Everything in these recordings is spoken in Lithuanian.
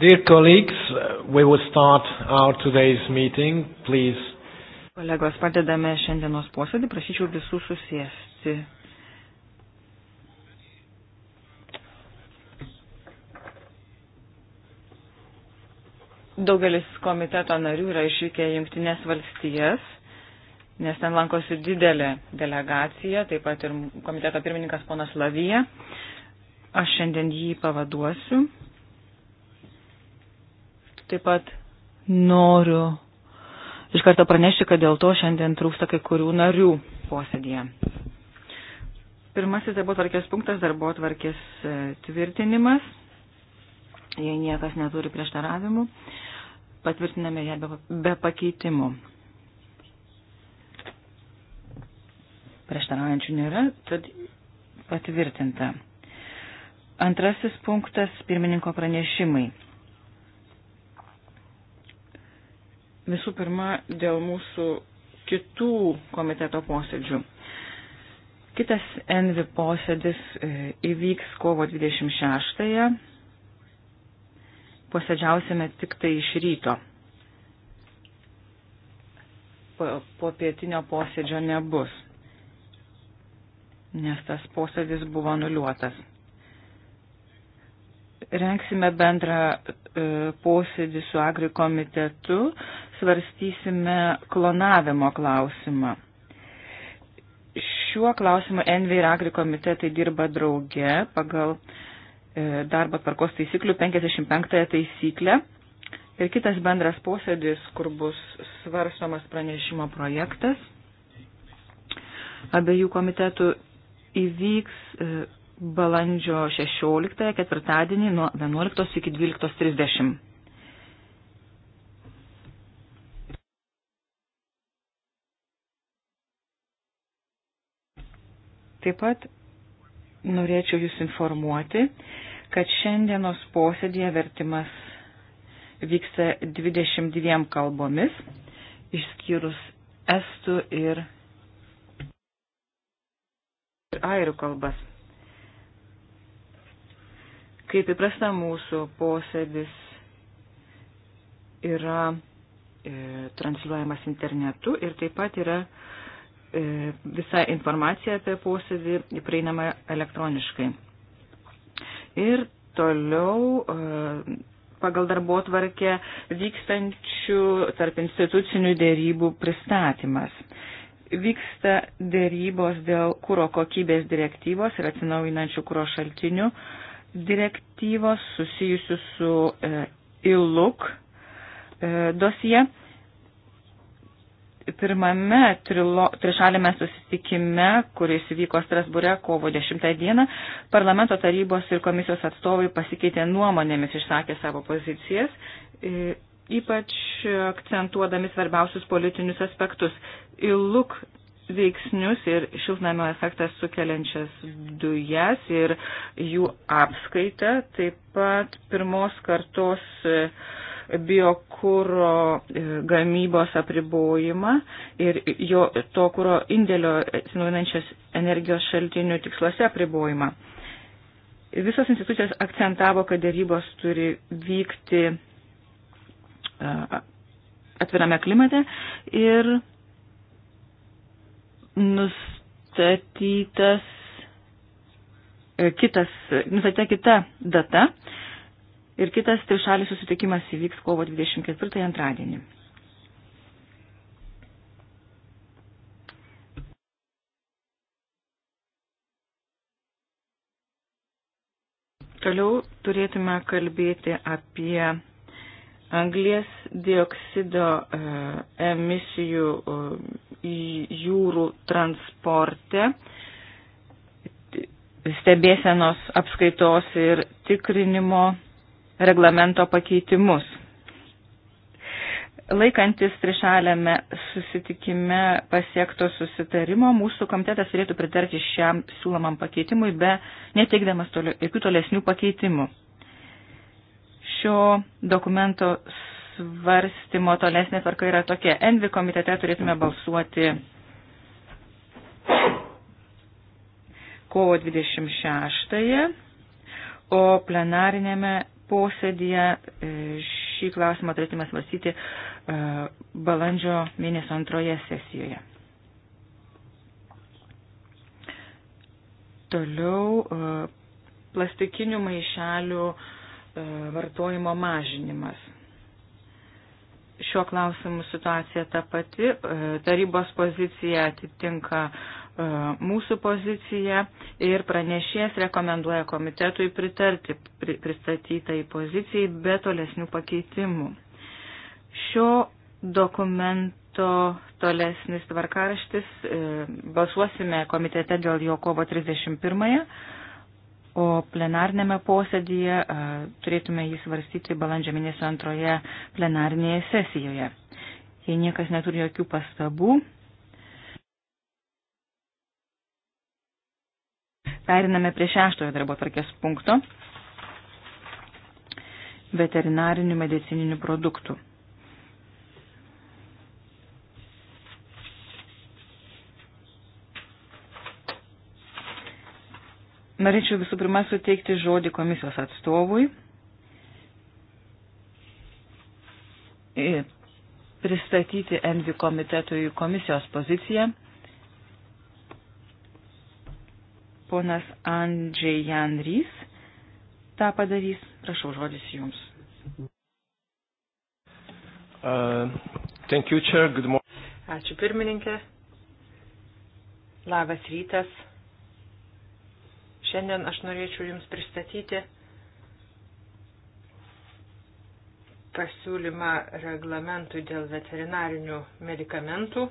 Dear colleagues, we will start our today's meeting, please. Kolegos, padedame šiandienos posėdį, prašyčiau visų susėsti. Daugelis komiteto narių yra išvykę Junktinės valstijas, nes ten lankosi didelė delegacija, taip pat ir komiteto pirmininkas ponas Lavija. Aš šiandien jį pavaduosiu. Taip pat noriu iš karto pranešti, kad dėl to šiandien trūksta kai kurių narių posėdėje. Pirmasis darbo tvarkės punktas - darbo tvarkės e, tvirtinimas. Jei niekas neturi prieštaravimų, patvirtiname ją be, be pakeitimų. Prieštaraujančių nėra, tad patvirtinta. Antrasis punktas - pirmininko pranešimai. Visų pirma, dėl mūsų kitų komiteto posėdžių. Kitas Envi posėdis e, įvyks kovo 26-ąją. Posėdžiausime tik tai iš ryto. Po, po pietinio posėdžio nebus, nes tas posėdis buvo nuliuotas. Renksime bendrą e, posėdį su Agri komitetu, svarstysime klonavimo klausimą. Šiuo klausimu NV ir Agri komitetai dirba drauge pagal e, darbo tvarkos taisyklių 55 taisyklę. Ir kitas bendras posėdis, kur bus svarstomas pranešimo projektas. Abiejų komitetų įvyks e, balandžio 16 ketvirtadienį nuo 11 iki 12.30. Taip pat norėčiau Jūs informuoti, kad šiandienos posėdėje vertimas vyksta 22 kalbomis, išskyrus estų ir airių kalbas. Kaip įprasta mūsų posėdis yra e, transliuojamas internetu ir taip pat yra e, visa informacija apie posėdį prieinama elektroniškai. Ir toliau e, pagal darbo tvarkę vykstančių tarp institucinių dėrybų pristatymas. Vyksta dėrybos dėl kūro kokybės direktyvos ir atsinaujinančių kūro šaltinių. E, direktyvos susijusių su e, ILUK e, dosije. Pirmame trilo, trišalėme susitikime, kuris vyko Strasbūre kovo 10 dieną, parlamento tarybos ir komisijos atstovai pasikeitė nuomonėmis, išsakė savo pozicijas, e, ypač akcentuodami svarbiausius politinius aspektus. ILUK veiksnius ir šiltnamio efektą sukeliančias dujas ir jų apskaitą, taip pat pirmos kartos e, biokūro e, gamybos apribojimą ir jo, to kūro indėlio atsinaujinančios energijos šaltinių tiksluose apribojimą. Visos institucijos akcentavo, kad dėrybos turi vykti e, atvirame klimate ir nustatytas e, kitas, nustatyta kita data ir kitas trišalis susitikimas įvyks kovo 24 antradienį. Toliau turėtume kalbėti apie anglės dioksido e, emisijų e, jūrų transporte, stebėsenos apskaitos ir tikrinimo reglamento pakeitimus. Laikantis trišalėme susitikime pasiekto susitarimo, mūsų komitetas turėtų pritarti šiam siūlomam pakeitimui, be neteikdamas toliau, jokių tolesnių pakeitimų. Šio dokumento svarstymo tolesnė tvarka yra tokia. Envi komitete turėtume balsuoti kovo 26, o plenarinėme posėdėje e, šį klausimą turėtume svarstyti e, balandžio mėnesio antroje sesijoje. Toliau e, plastikinių maišelių vartojimo mažinimas šiuo klausimu situacija ta pati, e, tarybos pozicija atitinka e, mūsų poziciją ir pranešėjas rekomenduoja komitetui pritarti pristatytai pozicijai be tolesnių pakeitimų. Šio dokumento tolesnis tvarkaraštis e, balsuosime komitete dėl jo kovo 31. -ąją o plenarnėme posėdėje turėtume jį svarstyti balandžio mėnesio antroje plenarnėje sesijoje. Jei niekas neturi jokių pastabų, periname prie šeštojo darbo tvarkės punkto veterinarinių medicininių produktų. Norėčiau visų pirma suteikti žodį komisijos atstovui. E, pristatyti Envi komitetui komisijos poziciją. Ponas Andžiai Janrys tą padarys. Prašau, žodis jums. Uh, thank you, Chair. Good morning. Ačiū pirmininkė. Labas rytas. Šiandien aš norėčiau Jums pristatyti pasiūlymą reglamentui dėl veterinarinių medikamentų.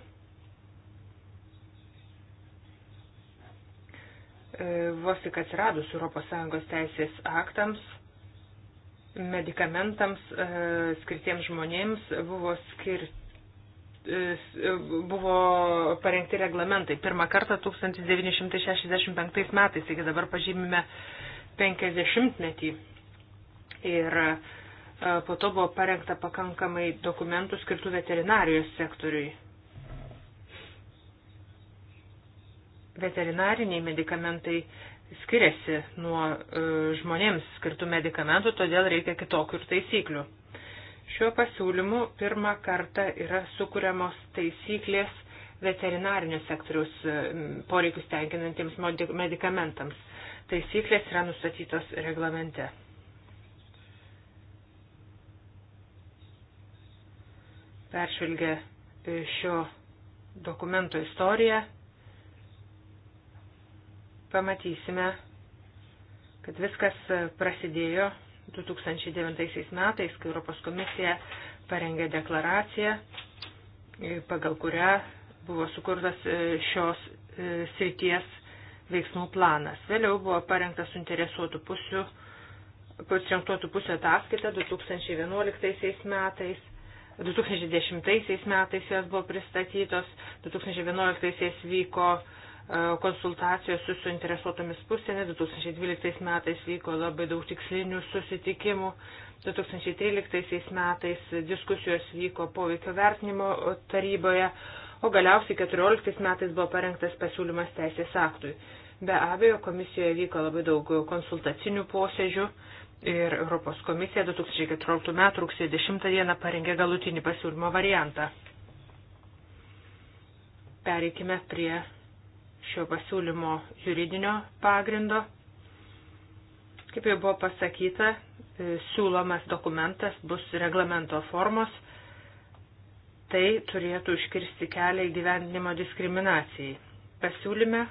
E, vos tik atsiradus ES teisės aktams, medikamentams e, skirtiems žmonėms buvo skirti buvo parengti reglamentai. Pirmą kartą 1965 metais, taigi dabar pažymime 50-metį. Ir e, po to buvo parengta pakankamai dokumentų skirtų veterinarijos sektoriui. Veterinariniai medikamentai skiriasi nuo e, žmonėms skirtų medikamentų, todėl reikia kitokių ir taisyklių. Šiuo pasiūlymu pirmą kartą yra sukūriamos taisyklės veterinarinio sektoriaus poreikius tenkinantiems medikamentams. Taisyklės yra nustatytos reglamente. Peršvilgę e, šio dokumento istoriją, pamatysime, kad viskas e, prasidėjo 2009 metais, kai Europos komisija parengė deklaraciją, e, pagal kurią buvo sukurtas e, šios e, srities veiksmų planas. Vėliau buvo parengtas suinteresuotų pusių, suinteresuotų pusių ataskaita 2011 metais. 2010 metais jos buvo pristatytos, 2011 vyko uh, E, konsultacijos su suinteresuotomis pusėmis. 2012 metais vyko labai daug tikslinių susitikimų. 2013 metais diskusijos vyko poveikio vertinimo taryboje, o galiausiai 2014 metais buvo parengtas pasiūlymas teisės aktui. Be abejo, komisijoje vyko labai daug konsultacinių posėdžių ir Europos komisija 2014 m. rugsėjo 10 d. parengė galutinį pasiūlymo variantą. Pereikime prie šio pasiūlymo juridinio pagrindo. Kaip jau buvo pasakyta, e, siūlomas dokumentas bus reglamento formos. Tai turėtų iškirsti kelią įgyvendinimo diskriminacijai. Pasiūlyme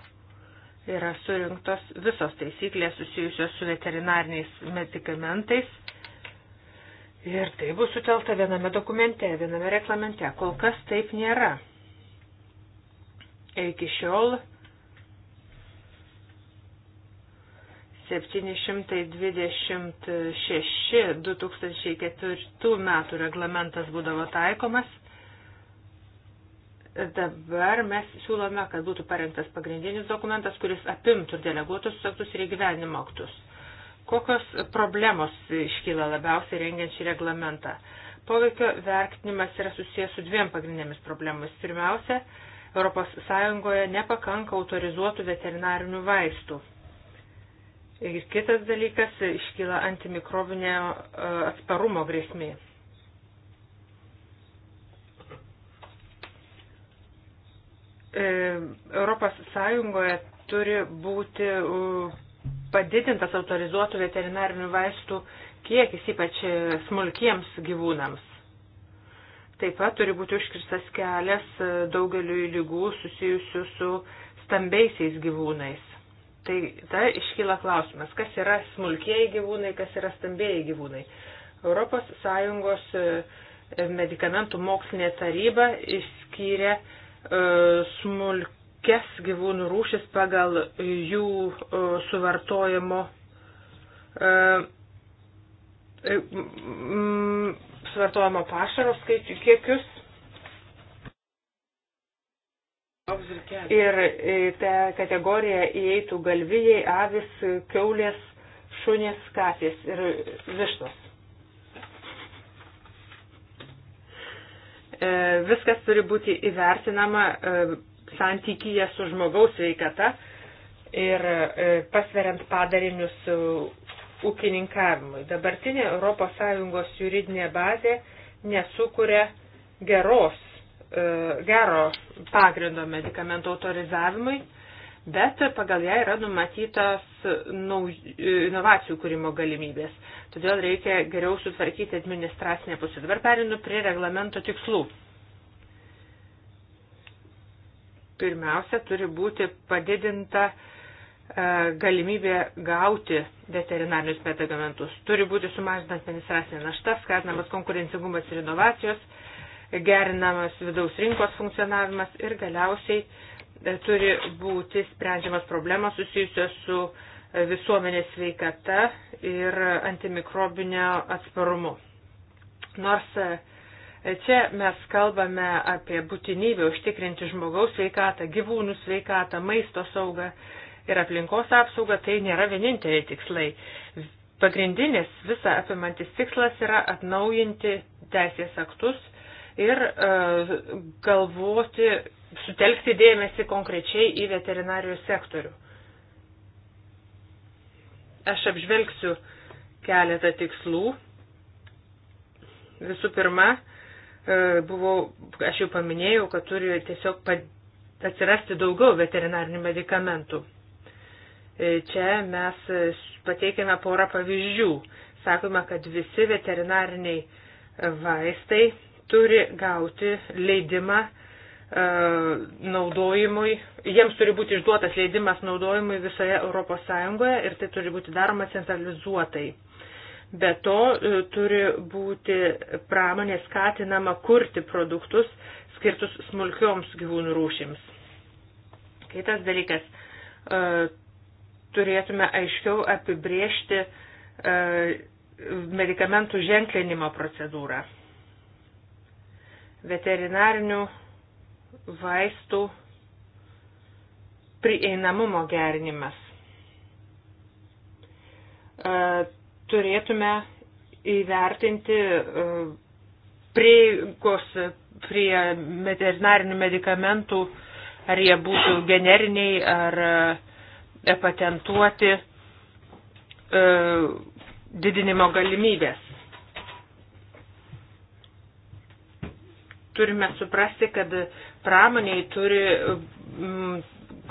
yra surinktos visos taisyklės susijusios su veterinariniais medikamentais. Ir tai bus sutelta viename dokumente, viename reglamente. Kol kas taip nėra. Iki šiol 726 2004 metų reglamentas būdavo taikomas. Dabar mes siūlome, kad būtų parengtas pagrindinis dokumentas, kuris apimtų deleguotus aktus ir įgyvenimo aktus. Kokios problemos iškyla labiausiai rengiant šį reglamentą? Poveikio vertinimas yra susijęs su dviem pagrindinėmis problemomis. Pirmiausia, ES nepakanka autorizuotų veterinarinių vaistų. Ir kitas dalykas iškyla antimikrobinė e, atsparumo grėsmė. E, Europos Sąjungoje turi būti padidintas autorizuotų veterinarinių vaistų kiekis, ypač e, smulkiems gyvūnams. Taip pat turi būti užkirstas kelias daugeliu lygų susijusių su stambiaisiais gyvūnais. Tai tada iškyla klausimas, kas yra smulkieji gyvūnai, kas yra stambėjai gyvūnai. ES e, medikamentų mokslinė taryba išskyrė e, smulkes gyvūnų rūšis pagal jų e, suvartojimo suvartojamo pašaro skaičių kiekius Ir e, ta kategorija įeitų galvijai, avis, keulės, šunės, katės ir vištos. E, viskas turi būti įvertinama e, santykyje su žmogaus veikata ir pasveriant padarinius ūkininkavimui. Dabartinė ES juridinė bazė nesukuria geros E, gero pagrindo medikamentų autorizavimui, bet pagal ją yra numatytas nauj, e, inovacijų kūrimo galimybės. Todėl reikia geriau sutvarkyti administracinę pusę. Dabar perinu prie reglamento tikslų. Pirmiausia, turi būti padidinta e, galimybė gauti veterinarinius medikamentus. Turi būti sumažinta administracinė našta, skatinamas konkurencingumas ir inovacijos gerinamas vidaus rinkos funkcionavimas ir galiausiai e, turi būti sprendžiamas problemas susijusios su e, visuomenės sveikata ir antimikrobinio atsparumu. Nors e, čia mes kalbame apie būtinybę užtikrinti žmogaus sveikatą, gyvūnų sveikatą, maisto saugą ir aplinkos apsaugą, tai nėra vieninteliai tikslai. Pagrindinis visą apimantis tikslas yra atnaujinti teisės aktus ir e, galvoti, sutelkti dėmesį konkrečiai į veterinarijos sektorių. Aš apžvelgsiu keletą tikslų. Visų pirma, e, buvau, aš jau paminėjau, kad turi tiesiog atsirasti daugiau veterinarinių medikamentų. E, čia mes pateikėme porą pavyzdžių. Sakome, kad visi veterinariniai vaistai turi gauti leidimą e, naudojimui, jiems turi būti išduotas leidimas naudojimui visoje Europos Sąjungoje ir tai turi būti daroma centralizuotai. Be to e, turi būti pramonė skatinama kurti produktus skirtus smulkioms gyvūnų rūšims. Kitas dalykas, e, turėtume aiškiau apibriežti medikamentų ženklinimo procedūrą veterinarinių vaistų prieinamumo gerinimas. E, turėtume įvertinti e, prieigos prie veterinarinių medikamentų, ar jie būtų generiniai ar e, patentuoti didinimo galimybės. turime suprasti, kad pramoniai turi mm,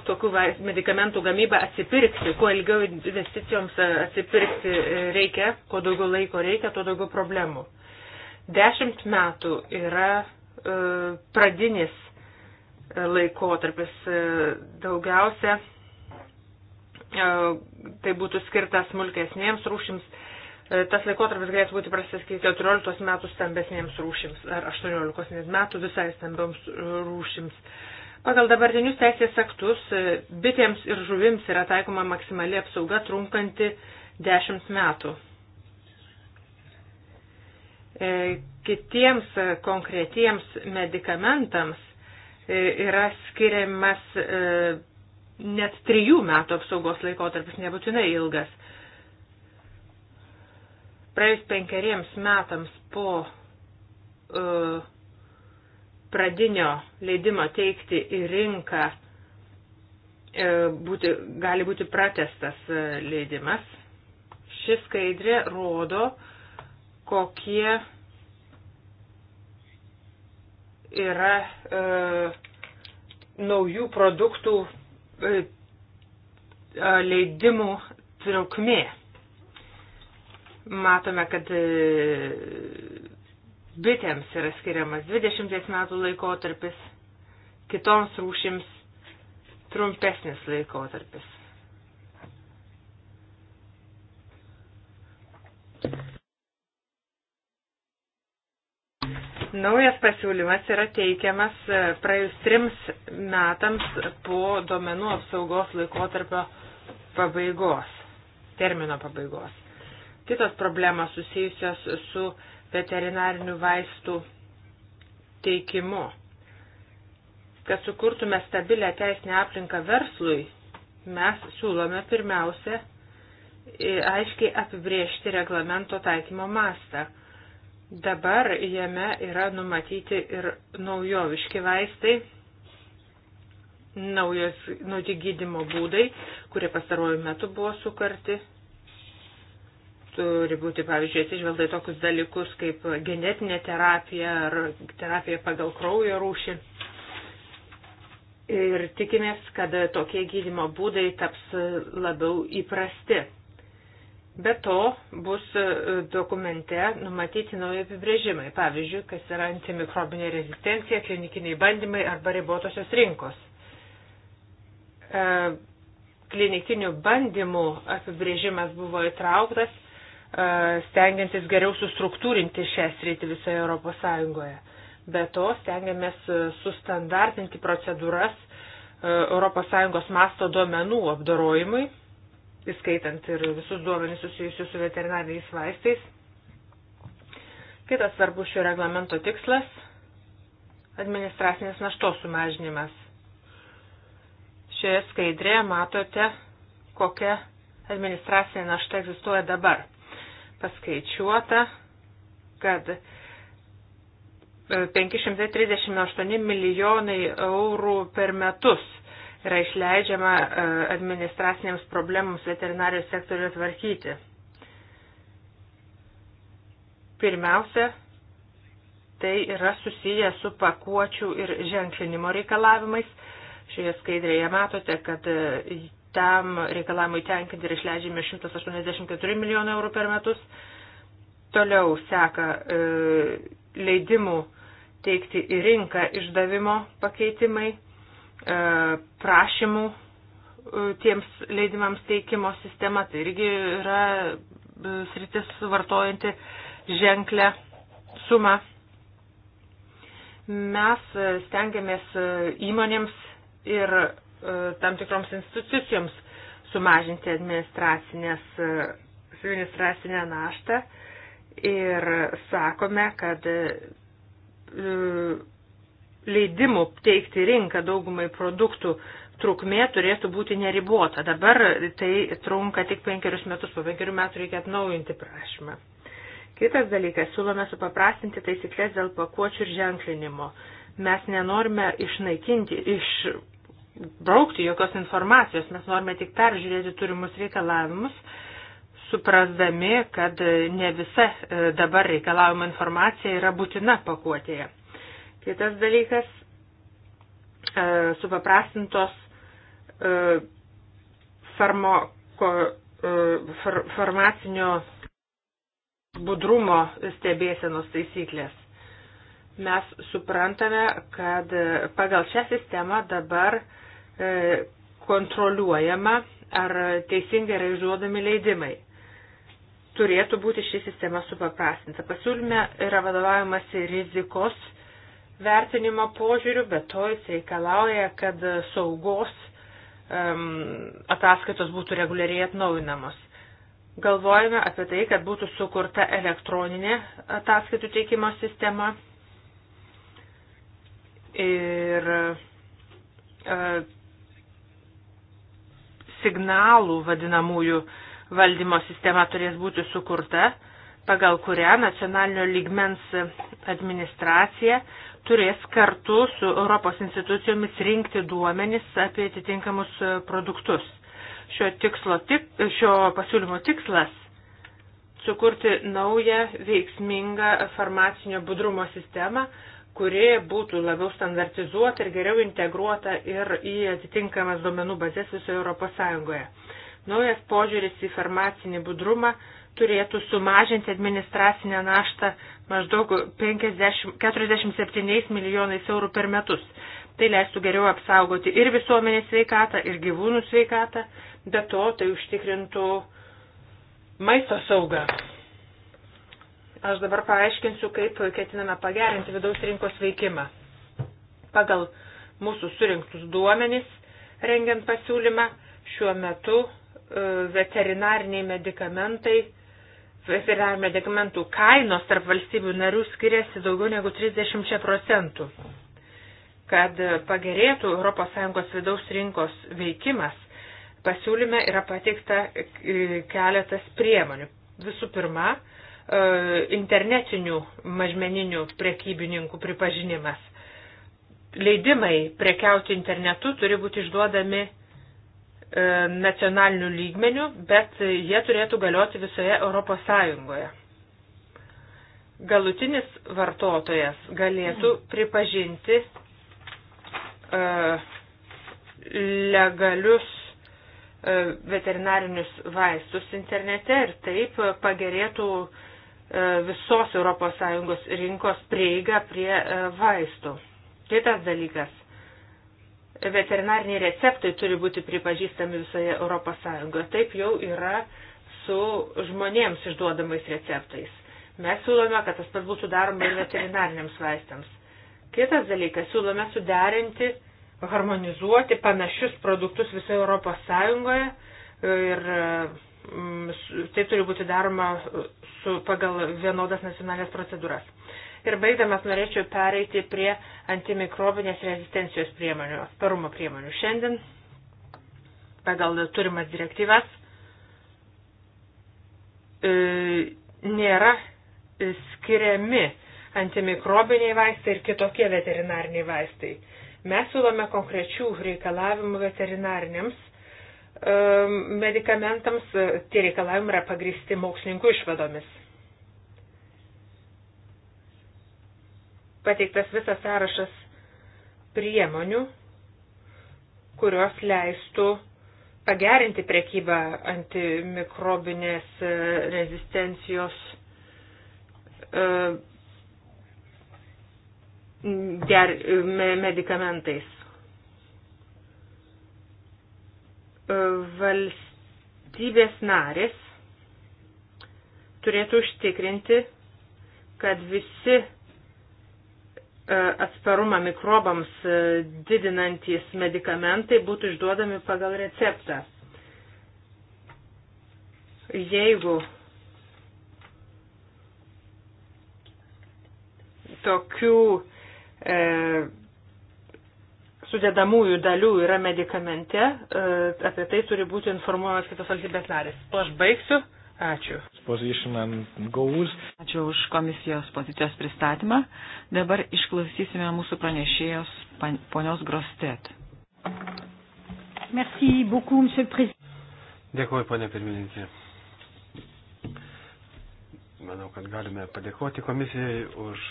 tokių medikamentų gamybą atsipirkti. Kuo ilgiau investicijoms atsipirkti reikia, kuo daugiau laiko reikia, tuo daugiau problemų. Dešimt metų yra e, pradinis e, laikotarpis e, daugiausia. E, tai būtų skirta smulkesnėms rūšims E, tas laikotarpis galėtų būti prastas iki 14 metų stambesnėms rūšims ar 18 metų visai stambioms rūšims. Pagal dabartinius teisės aktus e, bitėms ir žuvims yra taikoma maksimali apsauga trunkanti 10 metų. E, kitiems konkretiems medikamentams yra skiriamas net 3 metų apsaugos laikotarpis, nebūtinai ilgas. Praėjus penkeriems metams po uh, pradinio leidimo teikti į rinką uh, būti, gali būti pratestas uh, leidimas. Šis skaidrė rodo, kokie yra e, naujų produktų e, leidimų trukmė matome, kad e, bitėms yra skiriamas 20 metų laikotarpis, kitoms rūšims trumpesnis laikotarpis. Naujas pasiūlymas yra teikiamas e, praėjus trims metams po domenų apsaugos laikotarpio pabaigos, termino pabaigos kitos problemos susijusios su veterinarinių vaistų teikimu. Kad sukurtume stabilę teisinę aplinką verslui, mes siūlome pirmiausia e, aiškiai apibriežti reglamento taikymo mastą. Dabar jame yra numatyti ir naujoviški vaistai, naujos, nauji gydimo būdai, kurie pastaruoju metu buvo sukarti turi būti, pavyzdžiui, atsižvelgta į tokius dalykus kaip genetinė terapija ar terapija pagal kraujo rūšį. Ir tikimės, kad tokie gydimo būdai taps labiau įprasti. Be to bus dokumente numatyti nauji apibrėžimai, pavyzdžiui, kas yra antimikrobinė rezistencija, klinikiniai bandymai arba ribotosios rinkos. E, klinikinių bandymų apibrėžimas buvo įtrauktas stengiantis geriau sustruktūrinti šią sritį visoje Europos Sąjungoje. Be to, stengiamės sustandartinti procedūras Europos Sąjungos masto duomenų apdorojimui, įskaitant ir visus duomenys susijusius su veterinariniais vaistais. Kitas svarbus šio reglamento tikslas - administracinės naštos sumažinimas. Šioje skaidrėje matote, kokia administracinė našta egzistuoja dabar paskaičiuota, kad 538 e, milijonai eurų per metus yra išleidžiama e, administracinėms problemams veterinarijos sektoriuje tvarkyti. Pirmiausia, tai yra susiję su pakuočių ir ženklinimo reikalavimais. Šioje skaidrėje matote, kad e, tam reikalavimui tenkinti ir išleidžiame 184 milijonų eurų per metus. Toliau seka e, leidimų teikti į rinką išdavimo pakeitimai, e, prašymų e, tiems leidimams teikimo sistema, tai irgi yra e, sritis vartojanti ženklę sumą. Mes e, stengiamės e, įmonėms ir E, tam tikroms institucijoms sumažinti administracinės, e, administracinę naštą ir sakome, kad e, leidimų teikti rinką daugumai produktų trukmė turėtų būti neribota. Dabar tai trunka tik penkerius metus, po penkerių metų reikia atnaujinti prašymą. Kitas dalykas, siūlome supaprastinti taisyklės dėl pakuočių ir ženklinimo. Mes nenorime išnaikinti, iš braukti jokios informacijos, mes norime tik peržiūrėti turimus reikalavimus, suprasdami, kad ne visa e, dabar reikalaujama informacija yra būtina pakuotėje. Kitas dalykas e, - supaprastintos e, farmako, far, farmacinio budrumo stebėsenos taisyklės. Mes suprantame, kad pagal šią sistemą dabar uh, E, kontroliuojama, ar teisingai yra išduodami leidimai. Turėtų būti ši sistema supaprastinta. Pasiūlyme yra vadovavimasi rizikos vertinimo požiūriu, bet to jis reikalauja, kad saugos um, ataskaitos būtų reguliariai atnaujinamos. Galvojame apie tai, kad būtų sukurta elektroninė ataskaitų teikimo sistema ir uh, signalų vadinamųjų valdymo sistema turės būti sukurta, pagal kurią nacionalinio lygmens administracija turės kartu su Europos institucijomis rinkti duomenis apie atitinkamus produktus. Šio, tikslo, tik, šio pasiūlymo tikslas - sukurti naują veiksmingą farmacinio budrumo sistemą, kuri būtų labiau standartizuota ir geriau integruota ir į atitinkamas duomenų bazės visoje Europos Sąjungoje. Naujas požiūris į farmacinį budrumą turėtų sumažinti administracinę naštą maždaug 50, 47 milijonais eurų per metus. Tai leistų geriau apsaugoti ir visuomenės sveikatą, ir gyvūnų sveikatą, be to tai užtikrintų maisto saugą. Aš dabar paaiškinsiu, kaip ketiname pagerinti vidaus rinkos veikimą. Pagal mūsų surinktus duomenys, rengiant pasiūlymą, šiuo metu e, veterinariniai medikamentai, veterinarinių medikamentų kainos tarp valstybių narių skiriasi daugiau negu 30 procentų. Kad pagerėtų ES vidaus rinkos veikimas, pasiūlyme yra pateikta e, keletas priemonių. Visų pirma, E, internetinių mažmeninių prekybininkų pripažinimas. Leidimai prekiauti internetu turi būti išduodami e, nacionalinių lygmenių, bet jie turėtų galioti visoje Europos Sąjungoje. Galutinis vartotojas galėtų pripažinti e, legalius veterinarinius vaistus internete ir taip pagerėtų uh, E, visos ES rinkos prieigą prie e, vaistų. Kitas dalykas. Veterinariniai receptai turi būti pripažįstami visoje ES. Taip jau yra su žmonėms išduodamais receptais. Mes siūlome, kad tas pats būtų daroma ir veterinariniams vaistams. Kitas dalykas, siūlome suderinti, harmonizuoti panašius produktus visoje ES ir e, Mm, tai turi būti daroma su, pagal vienodas nacionalinės procedūras. Ir baigdamas norėčiau pereiti prie antimikrobinės rezistencijos priemonių, atsparumo priemonių. Šiandien pagal turimas direktyvas e, nėra skiriami antimikrobiniai vaistai ir kitokie veterinariniai vaistai. Mes siūlome konkrečių reikalavimų veterinariniams medikamentams, e, tie reikalavimai yra pagristi mokslininkų išvadomis. Pateiktas visas sąrašas priemonių, kurios leistų pagerinti prekybą antimikrobinės e, rezistencijos e, medikamentais. valstybės narės turėtų užtikrinti, kad visi e, atsparumą mikrobams e, didinantys medikamentai būtų išduodami pagal receptą. Jeigu tokių e, sudėdamųjų dalių yra medikamente, e, apie tai turi būti informuojamas kitos valstybės narės. O aš baigsiu. Ačiū. Ačiū už komisijos pozicijos pristatymą. Dabar išklausysime mūsų pranešėjos ponios Grostet. Merci beaucoup, monsieur le président. Dėkuoju, ponė pirmininkė. Manau, kad galime padėkoti komisijai už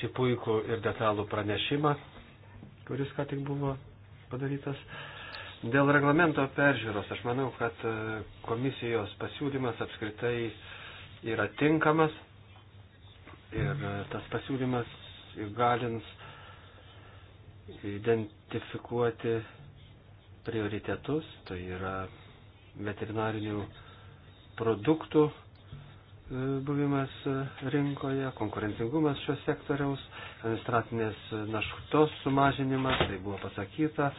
šį puikų ir detalų pranešimą kuris ką tik buvo padarytas. Dėl reglamento peržiūros aš manau, kad e, komisijos pasiūlymas apskritai yra tinkamas ir e, tas pasiūlymas įgalins identifikuoti prioritetus, tai yra veterinarinių produktų buvimas rinkoje, konkurencingumas šios sektoriaus, administratinės naštos sumažinimas, tai buvo pasakyta,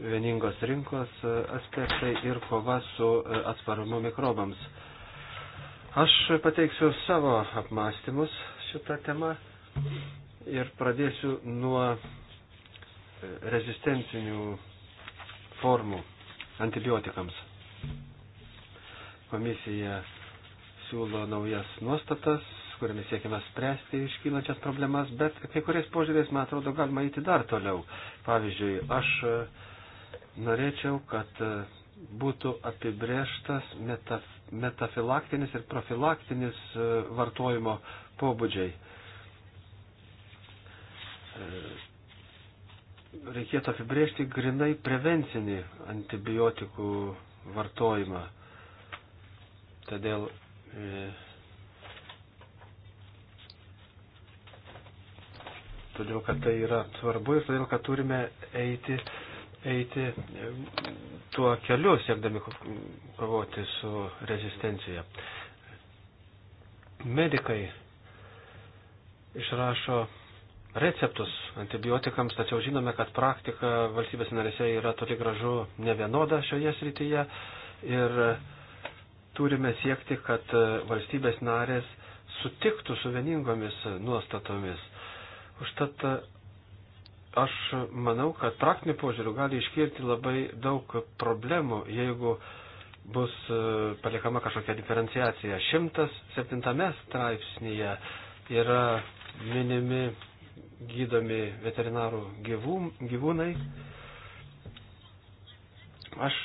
vieningos rinkos aspektai ir kova su e, atsparumu mikrobams. Aš pateiksiu savo apmąstymus šitą temą ir pradėsiu nuo e, rezistencinių formų antibiotikams. Komisija siūlo naujas nuostatas, kuriamis siekime spręsti iškylančias problemas, bet kai kuriais požiūrės, man atrodo, galima eiti dar toliau. Pavyzdžiui, aš e, norėčiau, kad e, būtų apibrėžtas metaf metafilaktinis ir profilaktinis e, vartojimo pobūdžiai. Reikėtų apibrėžti grinai prevencinį antibiotikų vartojimą. Todėl E, todėl, kad tai yra svarbu ir todėl, kad turime eiti, eiti e, tuo keliu, siekdami kovoti su rezistencija. Medikai išrašo receptus antibiotikams, tačiau žinome, kad praktika valstybės narėse yra toli gražu nevienoda šioje srityje ir turime siekti, kad e, valstybės narės sutiktų su vieningomis e, nuostatomis. Užtat e, aš manau, kad praktiniu požiūriu gali iškirti labai daug problemų, jeigu bus paliekama kažkokia diferenciacija. 107 straipsnėje yra minimi gydomi veterinarų gyvūm, gyvūnai. Aš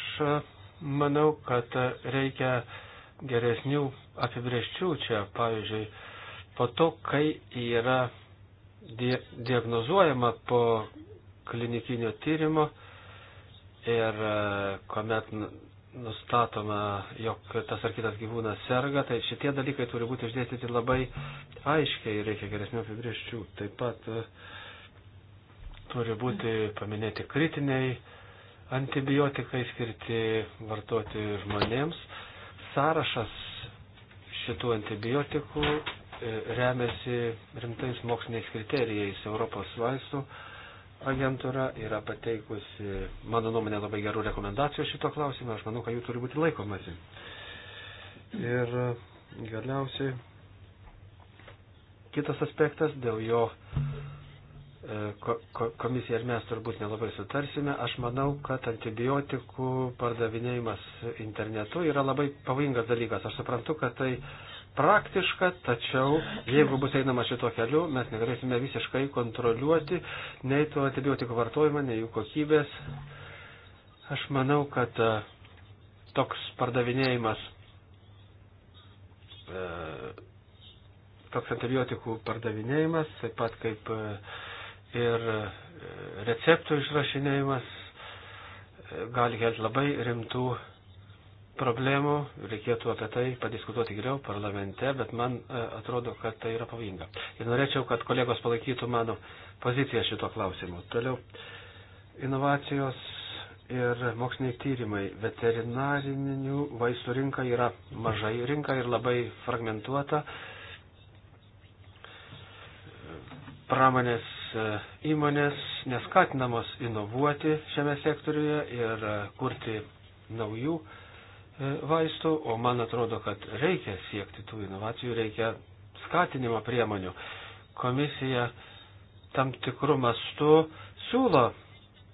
manau, kad reikia geresnių apibrieščių čia, pavyzdžiui, po to, kai yra die, diagnozuojama po klinikinio tyrimo ir e, kuomet nustatoma, jog tas ar kitas gyvūnas serga, tai šitie dalykai turi būti išdėstyti labai aiškiai ir reikia geresnių apibrieščių. Taip pat e, turi būti paminėti kritiniai antibiotikai skirti vartoti žmonėms sąrašas šitų antibiotikų e, remiasi rimtais moksliniais kriterijais. Europos vaistų agentūra yra pateikusi, mano nuomonė, labai gerų rekomendacijų šito klausimo. Aš manau, kad jų turi būti laikomasi. Ir galiausiai kitas aspektas, dėl jo E, komisija ir mes turbūt nelabai sutarsime. Aš manau, kad antibiotikų pardavinėjimas internetu yra labai pavojingas dalykas. Aš suprantu, kad tai praktiška, tačiau jeigu bus einama šito keliu, mes negalėsime visiškai kontroliuoti nei tų antibiotikų vartojimą, nei jų kokybės. Aš manau, kad e, toks pardavinėjimas, e, toks antibiotikų pardavinėjimas, taip pat kaip ir e, receptų išrašinėjimas e, gali kelti labai rimtų problemų, reikėtų apie tai padiskutuoti geriau parlamente, bet man e, atrodo, kad tai yra pavojinga. Ir norėčiau, kad kolegos palaikytų mano poziciją šito klausimu. Toliau, inovacijos ir moksliniai tyrimai. Veterinarinių vaistų rinka yra mažai rinka ir labai fragmentuota. Pramonės E, įmonės neskatinamos inovuoti šiame sektoriuje ir e, kurti naujų e, vaistų, o man atrodo, kad reikia siekti tų inovacijų, reikia skatinimo priemonių. Komisija tam tikrų mastų siūlo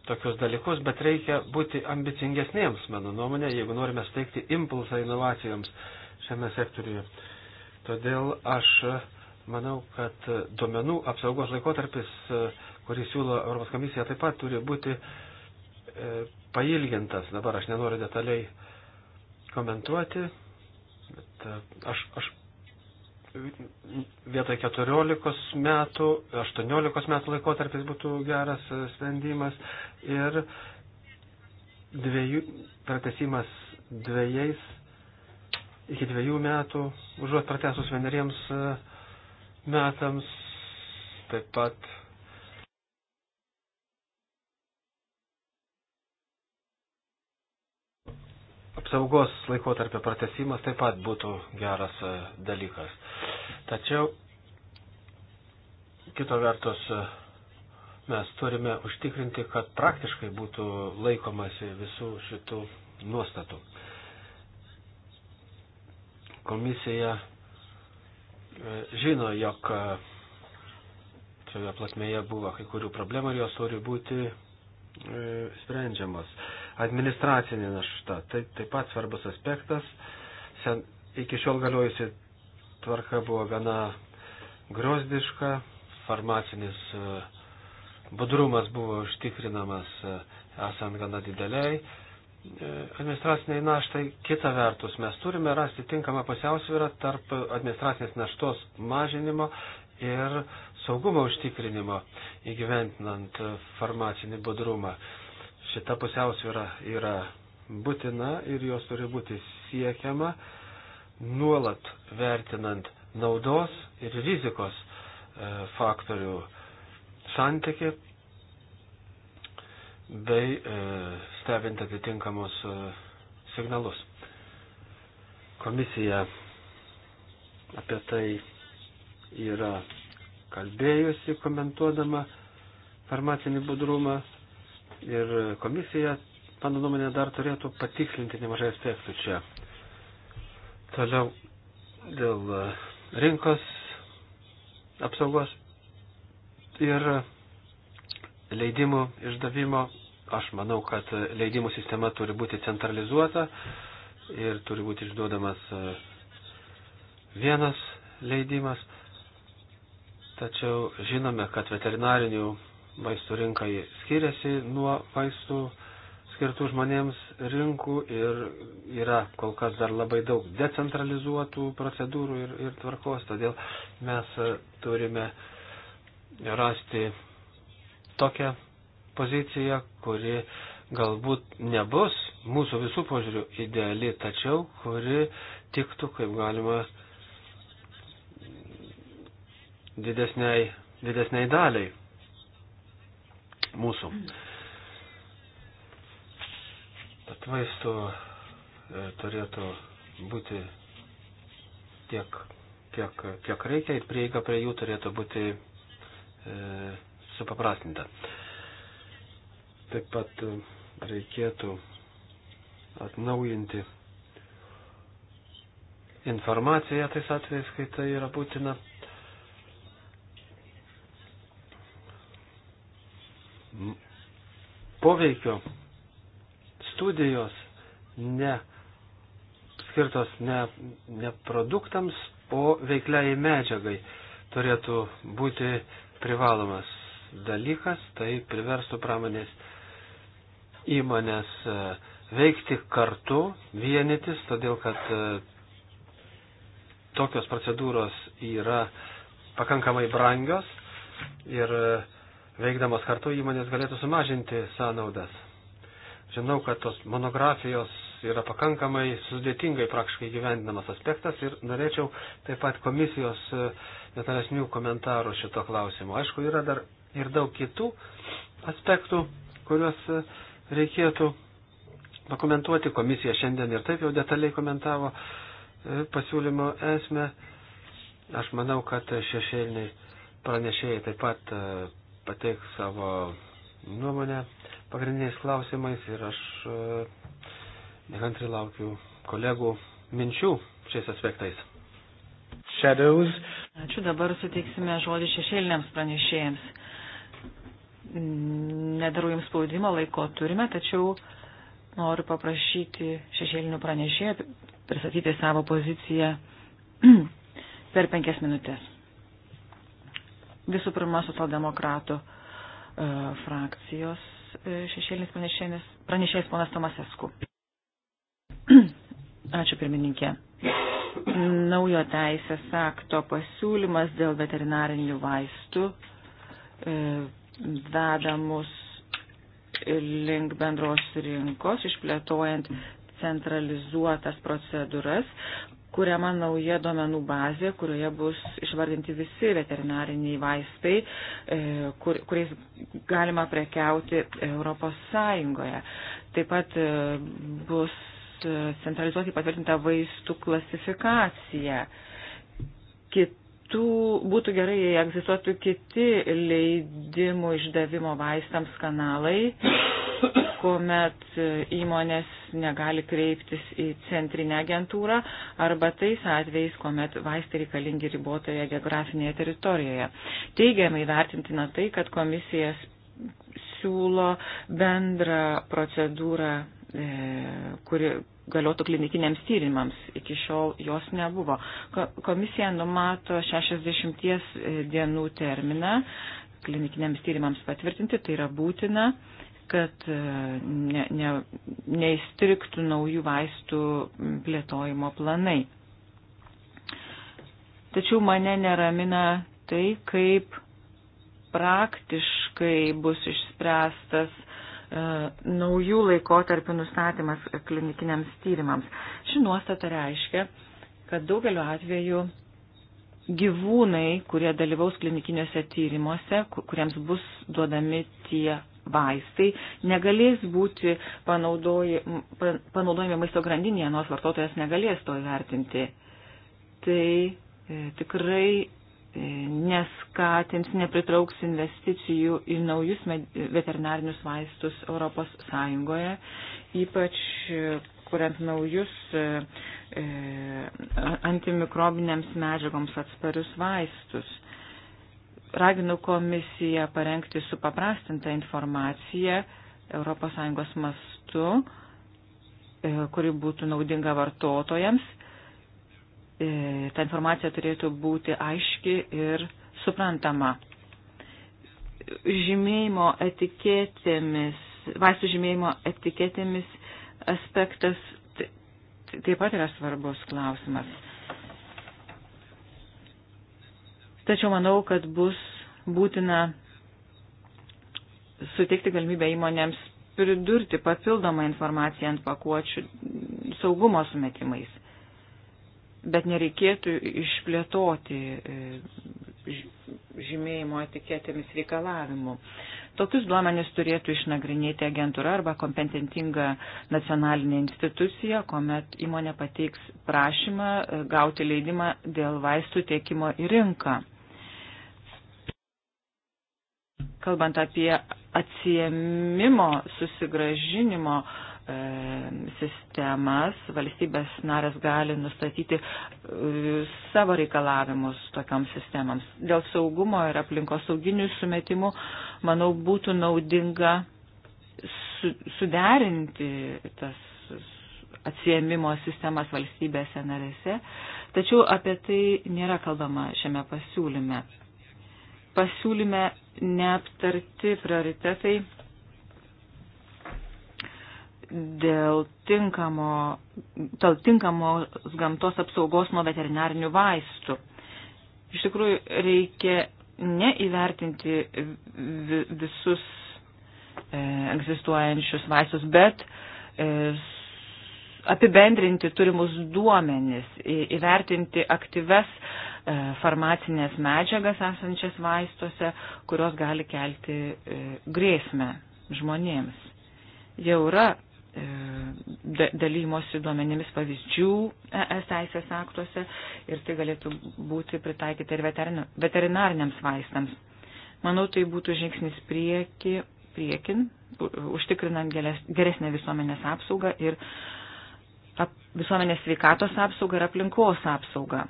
tokius dalykus, bet reikia būti ambicingesniems, mano nuomonė, jeigu norime steigti impulsą inovacijoms šiame sektoriuje. Todėl aš Manau, kad duomenų apsaugos laikotarpis, kurį siūlo Europos komisija, taip pat turi būti e, pailgintas. Dabar aš nenoriu detaliai komentuoti, bet e, aš, aš vietoj 14 metų, 18 metų laikotarpis būtų geras e, sprendimas ir dviejų, pratesimas dviejais iki dviejų metų, užuot pratesus vieneriems metų metams, taip pat apsaugos laikotarpio pratesimas taip pat būtų geras e, dalykas. Tačiau, kito vertus, e, mes turime užtikrinti, kad praktiškai būtų laikomasi visų šitų nuostatų. Komisija žino, jog e, šioje platmėje buvo kai kurių problemų ir jos turi būti e, sprendžiamos. Administracinė našta, tai taip pat svarbus aspektas. Sen, iki šiol galiojusi tvarka buvo gana grozdiška, farmacinis e, budrumas buvo užtikrinamas esant gana dideliai administraciniai naštai. Kita vertus, mes turime rasti tinkamą pusiausvyrą tarp administracinės naštos mažinimo ir saugumo užtikrinimo įgyventinant farmacinį budrumą. Šita pusiausvyrą yra būtina ir jos turi būti siekiama nuolat vertinant naudos ir rizikos e, faktorių santyki bei e, stebint atitinkamus e, signalus. Komisija apie tai yra kalbėjusi, komentuodama farmacinį budrumą ir komisija, mano nuomonė, dar turėtų patikslinti nemažai aspektų čia. Toliau dėl e, rinkos apsaugos ir leidimų išdavimo Aš manau, kad leidimų sistema turi būti centralizuota ir turi būti išduodamas e, vienas leidimas. Tačiau žinome, kad veterinarinių vaistų rinkai skiriasi nuo vaistų skirtų žmonėms rinkų ir yra kol kas dar labai daug decentralizuotų procedūrų ir, ir tvarkos, todėl mes e, turime rasti tokią pozicija, kuri galbūt nebus mūsų visų požiūrių ideali, tačiau kuri tiktų kaip galima didesniai, didesniai daliai mūsų. Tad maisto e, turėtų būti tiek, kiek, kiek reikia ir prieiga prie jų turėtų būti e, supaprastinta. E, Taip pat e, reikėtų atnaujinti informaciją tais atvejais, kai tai yra būtina. Poveikio studijos ne skirtos ne, ne produktams, o veikliai medžiagai turėtų būti privalomas dalykas, tai priverstų pramonės įmonės e, veikti kartu, vienytis, todėl kad e, tokios procedūros yra pakankamai brangios ir e, veikdamas kartu įmonės galėtų sumažinti sąnaudas. Žinau, kad tos monografijos yra pakankamai sudėtingai praktiškai gyvendinamas aspektas ir norėčiau taip pat komisijos detalesnių komentarų šito klausimo. Aišku, yra dar ir daug kitų aspektų, kuriuos reikėtų pakomentuoti. Komisija šiandien ir taip jau detaliai komentavo e, pasiūlymo esmę. Aš manau, kad šešėliniai pranešėjai taip pat e, pateiks savo nuomonę pagrindiniais klausimais ir aš e, nekantri laukiu kolegų minčių šiais aspektais. Shadows. Ačiū, dabar suteiksime žodį šešėliniams pranešėjams nedarau jums spaudimo, laiko turime, tačiau noriu paprašyti šešėlinių pranešėjų pristatyti savo poziciją per penkias minutės. Visų pirma, socialdemokratų e, frakcijos e, šešėlinis pranešėjas, pranešėjas ponas Tomasesku. Ačiū pirmininkė. Naujo teisės akto pasiūlymas dėl veterinarinių vaistų e, vedamus link bendros rinkos, išplėtojant centralizuotas procedūras, kuriama nauja duomenų bazė, kurioje bus išvardinti visi veterinariniai vaistai, e, kur, kuriais galima prekiauti Europos Sąjungoje. Taip pat e, bus e, centralizuoti patvirtinta vaistų klasifikacija. Kit kitų, būtų gerai, jei egzistuotų kiti leidimų išdavimo vaistams kanalai, kuomet įmonės negali kreiptis į centrinę agentūrą arba tais atvejais, kuomet vaistai reikalingi ribotoje geografinėje teritorijoje. Teigiamai vertintina tai, kad komisijas siūlo bendrą procedūrą, e, kuri galiotų klinikiniams tyrimams. Iki šiol jos nebuvo. Komisija numato 60 e, dienų terminą klinikiniams tyrimams patvirtinti, tai yra būtina kad e, ne, ne, neįstriktų naujų vaistų plėtojimo planai. Tačiau mane neramina tai, kaip praktiškai bus išspręstas E, naujų laikotarpių nustatymas klinikiniams tyrimams. Ši nuostata reiškia, kad daugeliu atveju gyvūnai, kurie dalyvaus klinikiniuose tyrimuose, kuriems bus duodami tie vaistai, negalės būti panaudoji, panaudojami maisto grandinėje, nors vartotojas negalės to įvertinti. Tai e, tikrai E, neskatins, nepritrauks investicijų į naujus veterinarinius vaistus Europos Sąjungoje, ypač e, kuriant naujus e, antimikrobinėms medžiagoms atsparius vaistus. Raginu komisiją parengti supaprastintą informaciją Europos Sąjungos mastu, kuri būtų naudinga vartotojams E, ta informacija turėtų būti aiški ir suprantama. Žymėjimo etiketėmis, vaistų žymėjimo etiketėmis aspektas taip pat yra svarbus klausimas. Tačiau manau, kad bus būtina suteikti galimybę įmonėms pridurti papildomą informaciją ant pakuočių saugumo sumetimais bet nereikėtų išplėtoti e, žymėjimo etiketėmis reikalavimų. Tokius duomenis turėtų išnagrinėti agentūra arba kompetentinga nacionalinė institucija, kuomet įmonė pateiks prašymą e, gauti leidimą dėl vaistų tiekimo į rinką. Kalbant apie atsiemimo, susigražinimo, uh, E, sistemas, valstybės narės gali nustatyti e, savo reikalavimus tokioms sistemams. Dėl saugumo ir aplinkos sauginių sumetimų, manau, būtų naudinga su, suderinti tas atsiemimo sistemas valstybėse narėse, tačiau apie tai nėra kalbama šiame pasiūlyme. Pasiūlyme neaptarti prioritetai dėl tinkamo, dėl tinkamos gamtos apsaugos nuo veterinarinių vaistų. Iš tikrųjų, reikia neįvertinti visus e, egzistuojančius vaistus, bet e, apibendrinti turimus duomenis, įvertinti aktyves e, farmacinės medžiagas esančias vaistuose, kurios gali kelti e, grėsmę žmonėms. Jau yra E, dalymosi duomenimis pavyzdžių ES teisės aktuose ir tai galėtų būti pritaikyta ir veterinariniams vaistams. Manau, tai būtų žingsnis prieki, priekin, užtikrinant geresnę visuomenės apsaugą ir ap, visuomenės sveikatos apsaugą ir aplinkos apsaugą.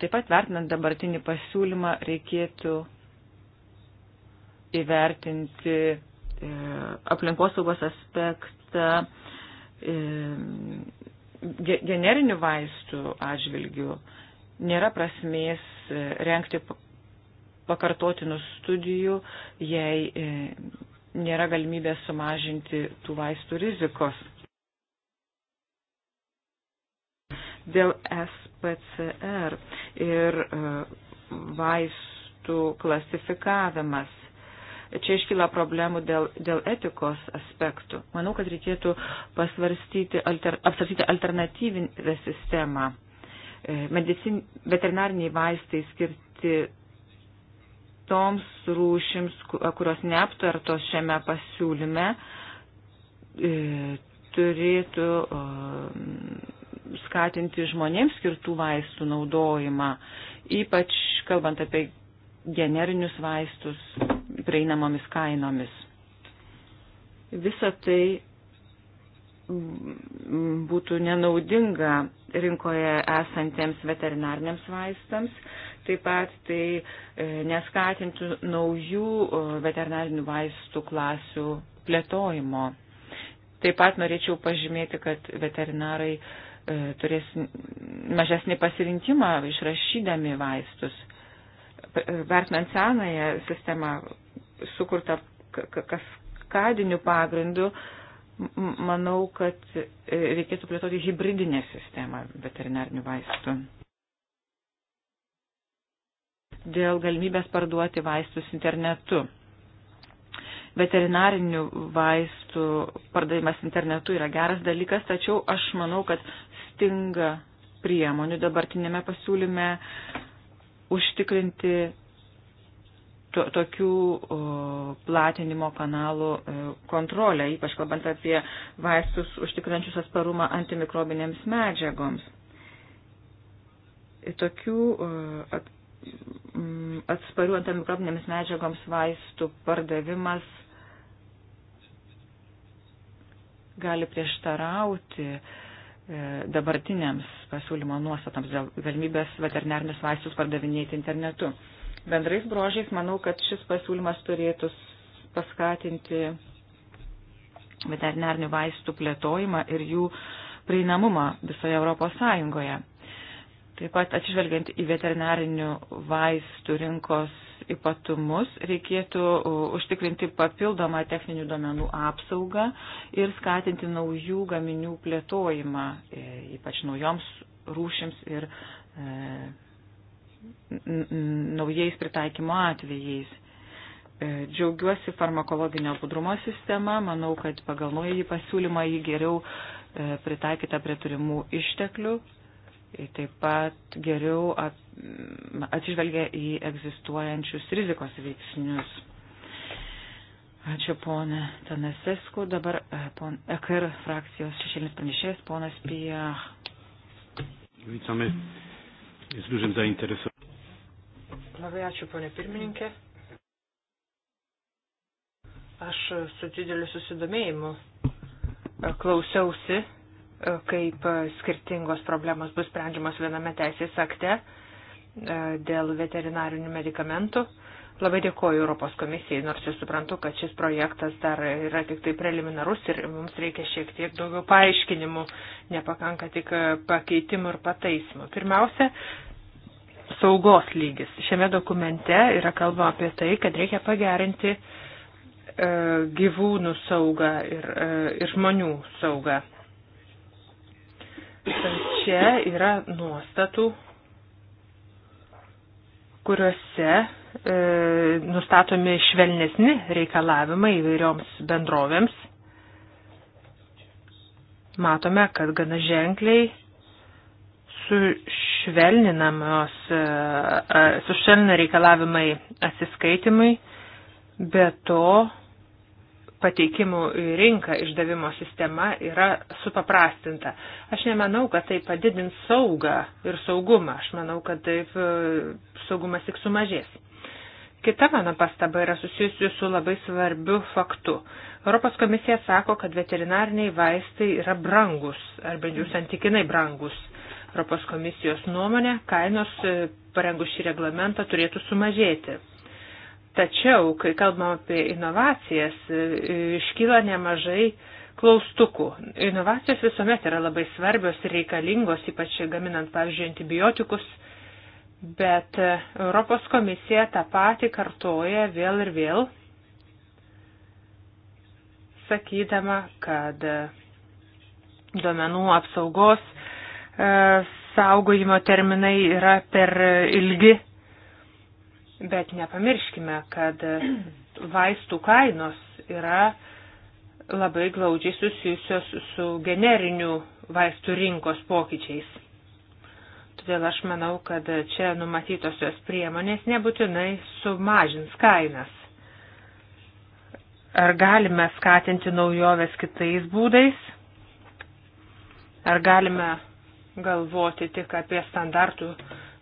Taip pat vertinant dabartinį pasiūlymą reikėtų įvertinti e, aplinkosaugos aspektą nuostata e, generinių vaistų atžvilgių nėra prasmės e, renkti pakartotinų studijų, jei e, nėra galimybės sumažinti tų vaistų rizikos. Dėl SPCR ir vaistų klasifikavimas čia iškyla problemų dėl, dėl etikos aspektų. Manau, kad reikėtų pasvarstyti, alter, apsvarstyti alternatyvinę sistemą. E, medicin, veterinariniai vaistai skirti toms rūšims, kurios neaptartos šiame pasiūlyme, e, turėtų skatinti žmonėms skirtų vaistų naudojimą, ypač kalbant apie generinius vaistus, prieinamomis kainomis. Visa tai būtų nenaudinga rinkoje esantiems veterinarniams vaistams, taip pat tai e, neskatintų naujų e, veterinarinių vaistų klasių plėtojimo. Taip pat norėčiau pažymėti, kad veterinarai e, turės mažesnį pasirinkimą išrašydami vaistus. Vertinant senąją sistemą, sukurta kaskadiniu pagrindu, manau, kad e, reikėtų plėtoti hybridinę sistemą veterinarinių vaistų. Dėl galimybės parduoti vaistus internetu. Veterinarinių vaistų pardavimas internetu yra geras dalykas, tačiau aš manau, kad stinga priemonių dabartinėme pasiūlyme užtikrinti to, tokių o, platinimo kanalų e, kontrolę, ypač kalbant apie vaistus užtikrančius atsparumą antimikrobinėms medžiagoms. Ir tokių o, at, atsparių antimikrobinėms medžiagoms vaistų pardavimas gali prieštarauti e, dabartiniams pasiūlymo nuostatams dėl galimybės veterinarinius vaistus pardavinėti internetu. E, Bendrais brožiais manau, kad šis pasiūlymas turėtų paskatinti veterinarnių vaistų plėtojimą ir jų prieinamumą visoje Europos Sąjungoje. Taip pat atsižvelgiant į veterinarinių vaistų rinkos ypatumus, reikėtų užtikrinti papildomą techninių domenų apsaugą ir skatinti naujų gaminių plėtojimą, e, ypač naujoms rūšims ir e, naujais pritaikymo atvejais. E, džiaugiuosi farmakologinio budrumo sistema, manau, kad pagal naująjį pasiūlymą jį geriau e, pritaikyta prie turimų išteklių, e, taip pat geriau atsižvelgia į egzistuojančius rizikos veiksnius. Ačiū ponė Tanasesku, dabar pon EKR frakcijos šešėlinis pranešėjas, ponas Pija. Witamy z dużym zainteresowaniem. Labai ačiū, ponė pirmininkė. Aš su dideliu susidomėjimu e, klausiausi, e, kaip e, skirtingos problemos bus sprendžiamos viename teisės akte dėl veterinarinių medikamentų. Labai dėkoju Europos komisijai, nors jau suprantu, kad šis projektas dar yra tik tai preliminarus ir mums reikia šiek tiek daugiau paaiškinimų, nepakanka tik pakeitimų ir pataisimų. Pirmiausia, saugos lygis. Šiame dokumente yra kalbama apie tai, kad reikia pagerinti e, gyvūnų saugą ir, e, ir žmonių saugą. Čia yra nuostatų, kuriuose e, nustatomi švelnesni reikalavimai įvairioms bendrovėms. Matome, kad gana ženkliai sušvelninamos, e, e, sušvelnina reikalavimai atsiskaitimui, be to pateikimų į rinką išdavimo sistema yra supaprastinta. Aš nemanau, kad tai padidins saugą ir saugumą. Aš manau, kad taip e, saugumas tik sumažės. Kita mano pastaba yra susijusi su labai svarbiu faktu. Europos komisija sako, kad veterinariniai vaistai yra brangus, arba jų santykinai brangus. Europos komisijos nuomonė, kainos e, parengus šį reglamentą turėtų sumažėti. Tačiau, kai kalbam apie inovacijas, e, iškyla nemažai klaustukų. Inovacijos visuomet yra labai svarbios ir reikalingos, ypač gaminant, pavyzdžiui, antibiotikus, bet e, Europos komisija tą patį kartoja vėl ir vėl, sakydama, kad duomenų apsaugos E, saugojimo terminai yra per ilgi, bet nepamirškime, kad vaistų kainos yra labai glaudžiai susijusios su generinių vaistų rinkos pokyčiais. Todėl aš manau, kad čia numatytosios priemonės nebūtinai sumažins kainas. Ar galime skatinti naujoves kitais būdais? Ar galime galvoti tik apie standartų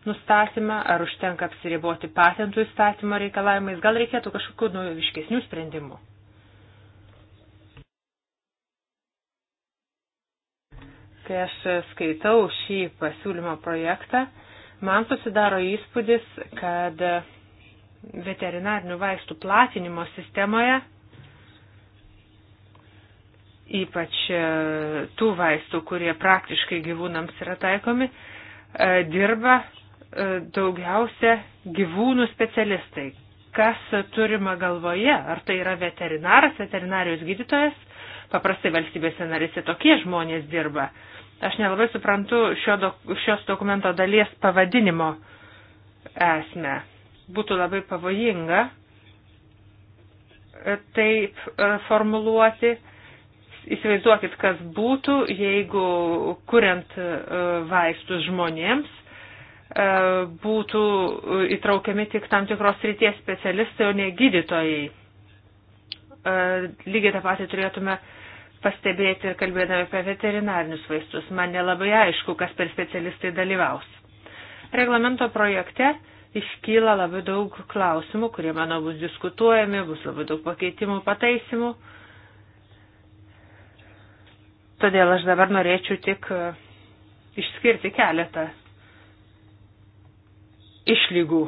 nustatymą, ar užtenka apsiriboti patentų įstatymo reikalavimais, gal reikėtų kažkokių naujoviškesnių nu, sprendimų. Kai aš skaitau šį pasiūlymo projektą, man susidaro įspūdis, kad veterinarinių vaistų platinimo sistemoje ypač e, tų vaistų, kurie praktiškai gyvūnams yra taikomi, e, dirba e, daugiausia gyvūnų specialistai. Kas turima galvoje? Ar tai yra veterinaras, veterinarijos gydytojas? Paprastai valstybėse narėse tokie žmonės dirba. Aš nelabai suprantu šio dok šios dokumento dalies pavadinimo esmę. Būtų labai pavojinga taip formuluoti, Įsivaizduokit, kas būtų, jeigu kuriant e, vaistus žmonėms e, būtų e, įtraukiami tik tam tikros ryties specialistai, o ne gydytojai. Lygiai tą patį turėtume pastebėti ir kalbėdami apie veterinarinius vaistus. Man nelabai aišku, kas per specialistai dalyvaus. Reglamento projekte iškyla labai daug klausimų, kurie, manau, bus diskutuojami, bus labai daug pakeitimų, pataisimų. Todėl aš dabar norėčiau tik e, išskirti keletą išlygų,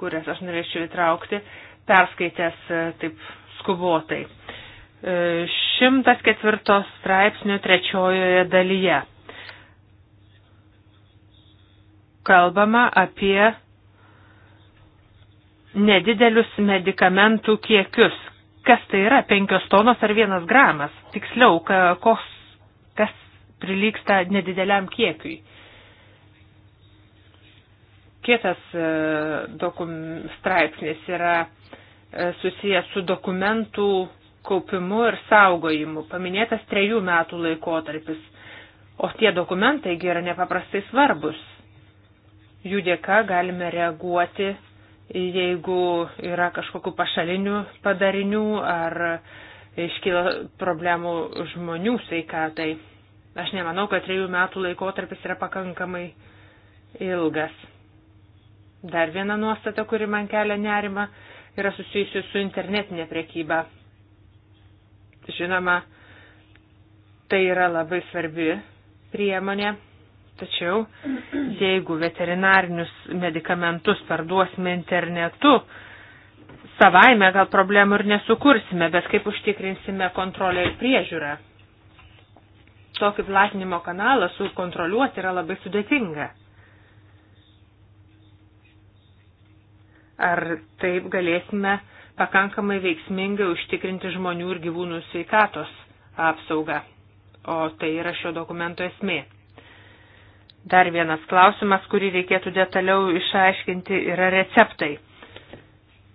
kurias aš norėčiau įtraukti, perskaitęs e, taip skubotai. 104 e, straipsnio trečiojoje dalyje kalbama apie nedidelius medikamentų kiekius, kas tai yra penkios tonos ar vienas gramas, tiksliau, kos, kas prilyksta nedideliam kiekiui. Kitas e, dokum, straipsnis yra e, susijęs su dokumentų kaupimu ir saugojimu, paminėtas trejų metų laikotarpis, o tie dokumentai yra nepaprastai svarbus. Jų dėka galime reaguoti jeigu yra kažkokiu pašalinių padarinių ar iškyla problemų žmonių sveikatai. Aš nemanau, kad trejų metų laikotarpis yra pakankamai ilgas. Dar viena nuostata, kuri man kelia nerima, yra susijusi su internetinė priekyba. Žinoma, tai yra labai svarbi priemonė Tačiau jeigu veterinarinius medikamentus parduosime internetu, savaime gal problemų ir nesukursime, bet kaip užtikrinsime kontrolę ir priežiūrą. Tokį platinimo kanalą sukontroliuoti yra labai sudėtinga. Ar taip galėsime pakankamai veiksmingai užtikrinti žmonių ir gyvūnų sveikatos apsaugą? O tai yra šio dokumento esmė. Dar vienas klausimas, kurį reikėtų detaliau išaiškinti, yra receptai.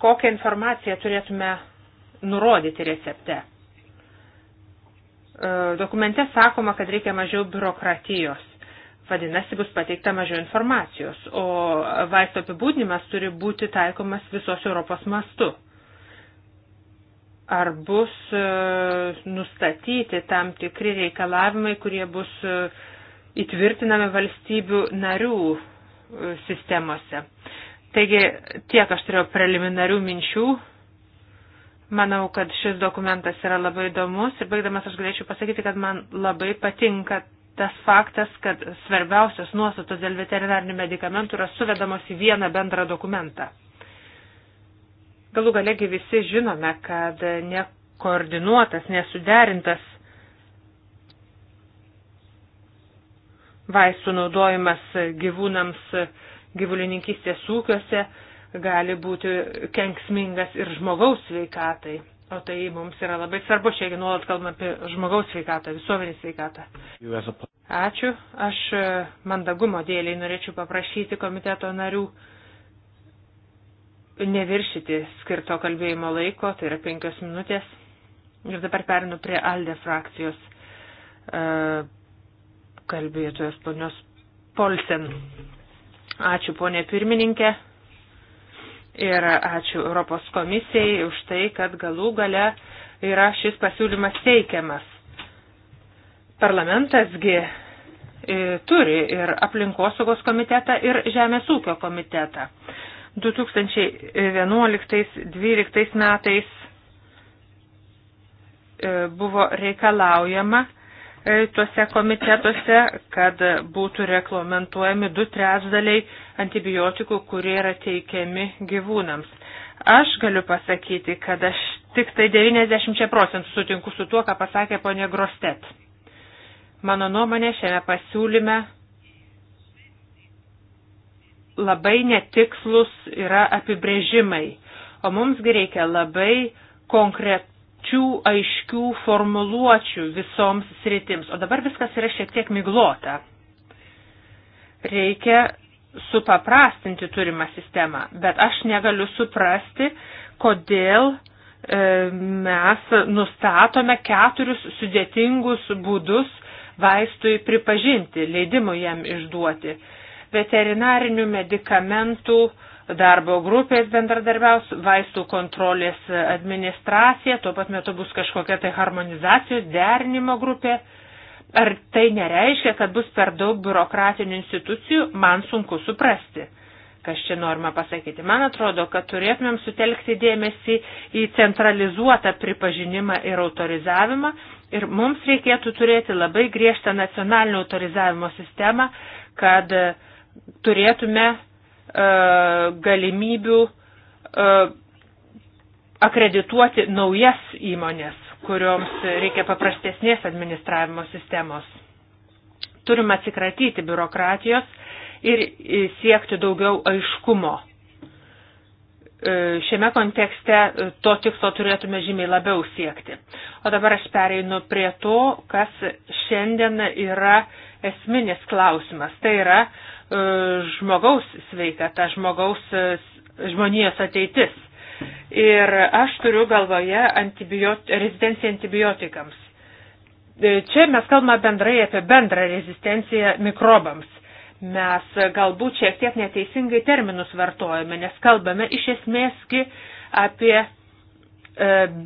Kokią informaciją turėtume nurodyti recepte? E, dokumente sakoma, kad reikia mažiau biurokratijos. Vadinasi, bus pateikta mažiau informacijos, o vaisto apibūdinimas turi būti taikomas visos Europos mastu. Ar bus e, nustatyti tam tikri reikalavimai, kurie bus uh, įtvirtinami valstybių narių e, sistemose. Taigi tiek aš turėjau preliminarių minčių. Manau, kad šis dokumentas yra labai įdomus ir baigdamas aš galėčiau pasakyti, kad man labai patinka tas faktas, kad svarbiausios nuostatos dėl veterinarinių medikamentų yra suvedamos į vieną bendrą dokumentą. Galų galėgi visi žinome, kad nekoordinuotas, nesuderintas vaistų naudojimas gyvūnams gyvulininkystės ūkiuose gali būti kenksmingas ir žmogaus sveikatai. O tai mums yra labai svarbu, šiandien nuolat kalbame apie žmogaus sveikatą, visuomenės sveikatą. Ačiū. Aš e, mandagumo dėliai norėčiau paprašyti komiteto narių neviršyti skirto kalbėjimo laiko, tai yra penkios minutės. Ir dabar perinu prie Alde frakcijos. Uh, kalbėtojos ponios Polsen. Ačiū ponė pirmininkė ir ačiū Europos komisijai už tai, kad galų gale yra šis pasiūlymas teikiamas. Parlamentasgi e, turi ir aplinkosaugos komitetą, ir žemės ūkio komitetą. 2011-2012 metais e, buvo reikalaujama E, tuose komitetuose, kad būtų reglamentuojami du trečdaliai antibiotikų, kurie yra teikiami gyvūnams. Aš galiu pasakyti, kad aš tik tai 90 procentų sutinku su tuo, ką pasakė ponė Grostet. Mano nuomonė šiame pasiūlyme labai netikslus yra apibrėžimai, o mums reikia labai konkret konkrečių aiškių formuluočių visoms sritims, o dabar viskas yra šiek tiek miglota. Reikia supaprastinti turimą sistemą, bet aš negaliu suprasti, kodėl e, mes nustatome keturius sudėtingus būdus vaistui pripažinti, leidimui jam išduoti veterinarinių medikamentų uh, darbo grupės bendradarbiaus, vaistų kontrolės administracija, tuo pat metu bus kažkokia tai harmonizacijos derinimo grupė. Ar tai nereiškia, kad bus per daug biurokratinių institucijų, man sunku suprasti, kas čia norima pasakyti. Man atrodo, kad turėtumėm sutelkti dėmesį į centralizuotą pripažinimą ir autorizavimą ir mums reikėtų turėti labai griežtą nacionalinio autorizavimo sistemą, kad turėtume E, galimybių e, akredituoti naujas įmonės, kurioms reikia paprastesnės administravimo sistemos. Turim atsikratyti biurokratijos ir siekti daugiau aiškumo. E, šiame kontekste to tikslo turėtume žymiai labiau siekti. O dabar aš pereinu prie to, kas šiandien yra esminis klausimas. Tai yra, uh, E, žmogaus sveikata, žmogaus, e, žmonijos ateitis. Ir aš turiu galvoje antibiot, rezistenciją antibiotikams. E, čia mes kalbame bendrai apie bendrą rezistenciją mikrobams. Mes galbūt šiek tiek neteisingai terminus vartojame, nes kalbame iš esmėski apie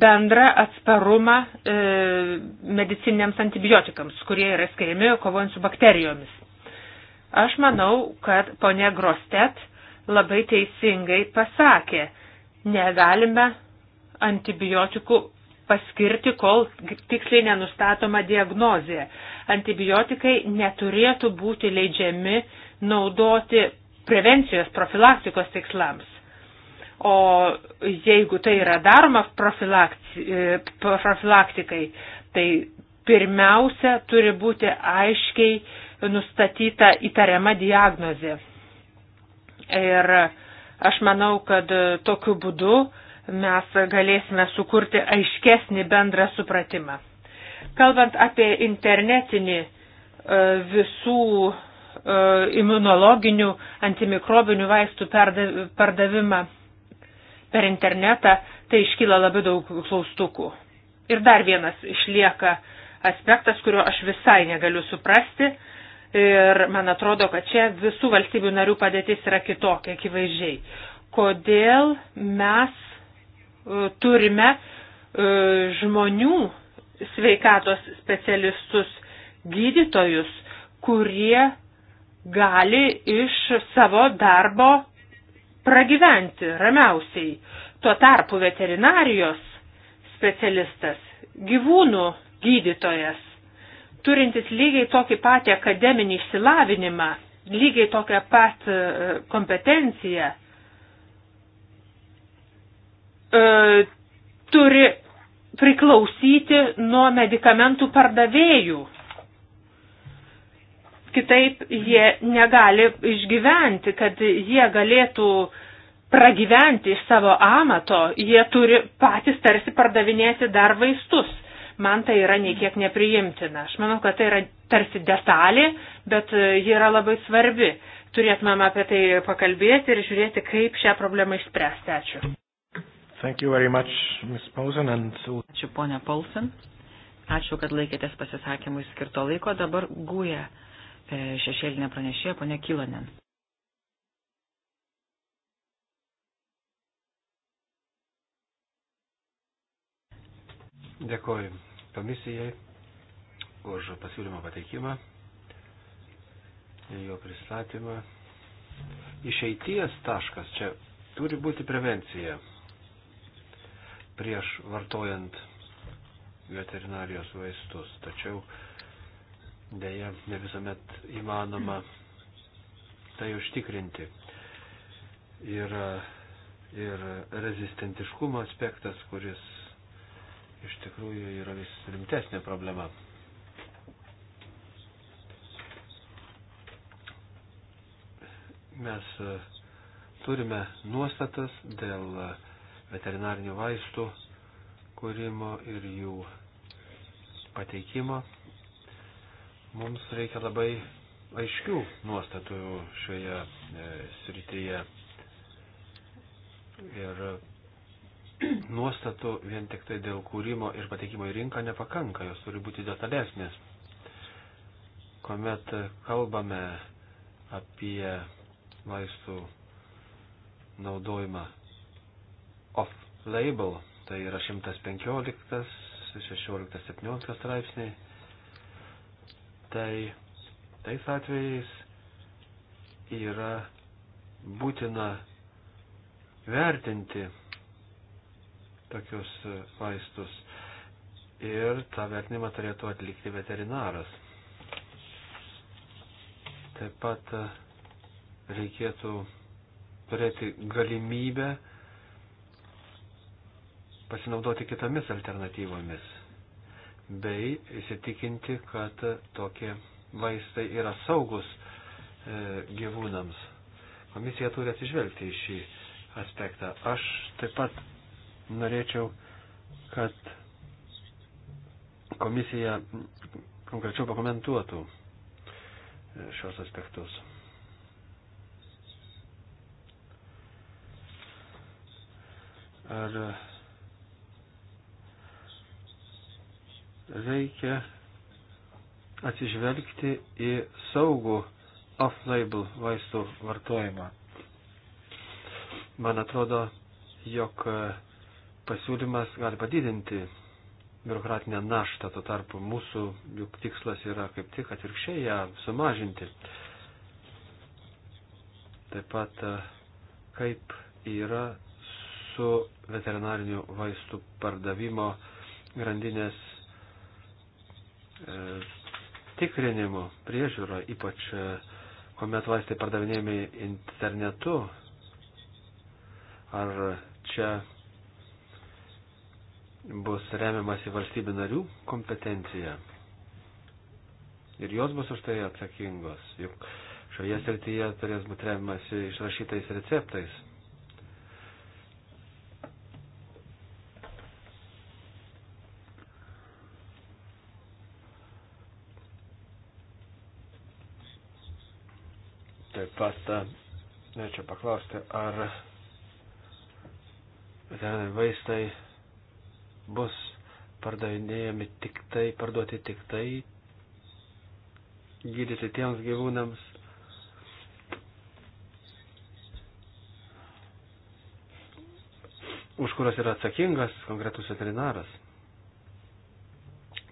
bendrą atsparumą medicininiams antibiotikams, kurie yra skiriami kovojant su bakterijomis. Aš manau, kad ponė Grostet labai teisingai pasakė, negalime antibiotikų paskirti, kol tiksliai nenustatoma diagnozė. Antibiotikai neturėtų būti leidžiami naudoti prevencijos profilaktikos tikslams. O jeigu tai yra daroma e, profilaktikai, tai pirmiausia turi būti aiškiai nustatyta įtariama diagnozė. Ir aš manau, kad tokiu būdu mes galėsime sukurti aiškesnį bendrą supratimą. Kalbant apie internetinį e, visų e, imunologinių antimikrobinių vaistų pardavimą per internetą, tai iškyla labai daug klaustukų. Ir dar vienas išlieka aspektas, kurio aš visai negaliu suprasti, Ir man atrodo, kad čia visų valstybių narių padėtis yra kitokia, akivaizdžiai. Kodėl mes e, turime e, žmonių sveikatos specialistus, gydytojus, kurie gali iš savo darbo pragyventi ramiausiai. Tuo tarpu veterinarijos specialistas, gyvūnų gydytojas turintis lygiai tokį patį akademinį išsilavinimą, lygiai tokią pat e, kompetenciją, e, turi priklausyti nuo medikamentų pardavėjų. Kitaip jie negali išgyventi, kad jie galėtų pragyventi iš savo amato, jie turi patys tarsi pardavinėti dar vaistus man tai yra niekiek nepriimtina. Aš manau, kad tai yra tarsi detalė, bet e, ji yra labai svarbi. Turėtumėm apie tai pakalbėti ir žiūrėti, kaip šią problemą išspręsti. Ačiū. Thank you very much, Ms. Paulsen. And... Ačiū, ponia Paulsen. Ačiū, kad laikėtės pasisakymui skirto laiko. Dabar guja e, šešėlinė pranešėja, ponia Kilonen. Dėkoju komisijai už pasiūlymo pateikimą ir jo pristatymą. Išeities taškas čia turi būti prevencija prieš vartojant veterinarijos vaistus. Tačiau dėja ne visuomet įmanoma tai užtikrinti. Ir, ir rezistentiškumo aspektas, kuris iš tikrųjų yra vis rimtesnė problema. Mes e, turime nuostatas dėl e, veterinarinių vaistų kūrimo ir jų pateikimo. Mums reikia labai aiškių nuostatų šioje e, srityje. Ir nuostatų vien tik tai dėl kūrimo ir patekimo į rinką nepakanka, jos turi būti detalesnės. Komet kalbame apie vaistų naudojimą off-label, tai yra 115, 16, 17 straipsniai, tai tais atvejais yra būtina vertinti tokius e, vaistus. Ir tą vertinimą turėtų atlikti veterinaras. Taip pat e, reikėtų turėti galimybę pasinaudoti kitomis alternatyvomis bei įsitikinti, kad tokie vaistai yra saugus e, gyvūnams. Komisija turi atsižvelgti į šį aspektą. Aš taip pat norėčiau, kad komisija konkrečiau pakomentuotų e, šios aspektus. Ar e, reikia atsižvelgti į saugų off-label vaistų vartojimą? Man atrodo, jog e, pasiūlymas gali padidinti biurokratinę naštą, tuo tarpu mūsų juk tikslas yra kaip tik atvirkščiai ją sumažinti. Taip pat e, kaip yra su veterinarinių vaistų pardavimo grandinės e, tikrinimu, priežiūra, ypač e, kuomet vaistai pardavinėjami internetu, ar čia bus remiamas į valstybių narių kompetenciją. Ir jos bus už tai atsakingos, juk šioje srityje turės būti remiamas išrašytais receptais. Taip pat, norėčiau paklausti, ar veterinarai vaistai bus pardavinėjami tik tai, parduoti tik tai, gydyti tiems gyvūnams. už kurios yra atsakingas konkretus veterinaras.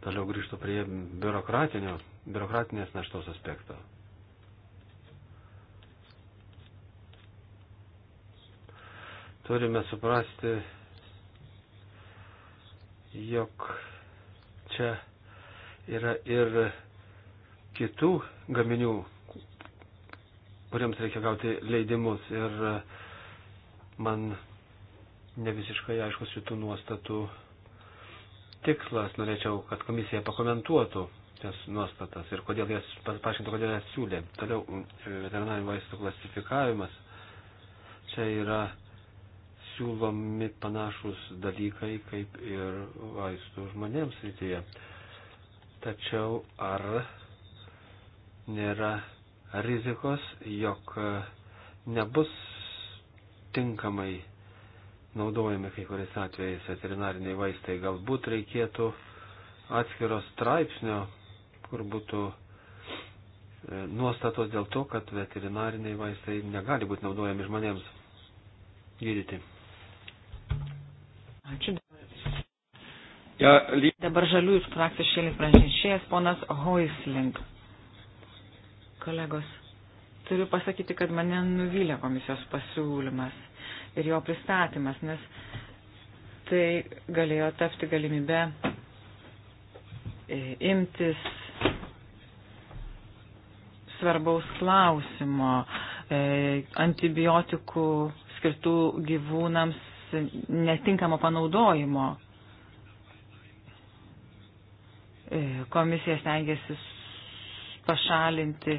Toliau grįžtų prie biurokratinio, biurokratinės naštos aspekto. Turime suprasti jog čia yra ir kitų gaminių, kuriems reikia gauti leidimus. Ir man ne visiškai aiškus šitų nuostatų tikslas. Norėčiau, kad komisija pakomentuotų tas nuostatas ir kodėl jas, paaiškintų, kodėl jas siūlė. Toliau mm, veterinarinių vaistų klasifikavimas. Čia yra siūlomi panašus dalykai kaip ir vaistų žmonėms rytyje. Tačiau ar nėra rizikos, jog nebus tinkamai naudojami kai kuriais atvejais veterinariniai vaistai. Galbūt reikėtų atskiro straipsnio, kur būtų e, nuostatos dėl to, kad veterinariniai vaistai negali būti naudojami žmonėms gydyti. Ačiū. Ja, ly... Dabar žaliųjų frakcijos šėlis pranešėjas ponas Hoisling. Kolegos, turiu pasakyti, kad mane nuvylė komisijos pasiūlymas ir jo pristatymas, nes tai galėjo tapti galimybę e, imtis svarbaus klausimo e, antibiotikų skirtų gyvūnams netinkamo panaudojimo. E, komisija stengiasi pašalinti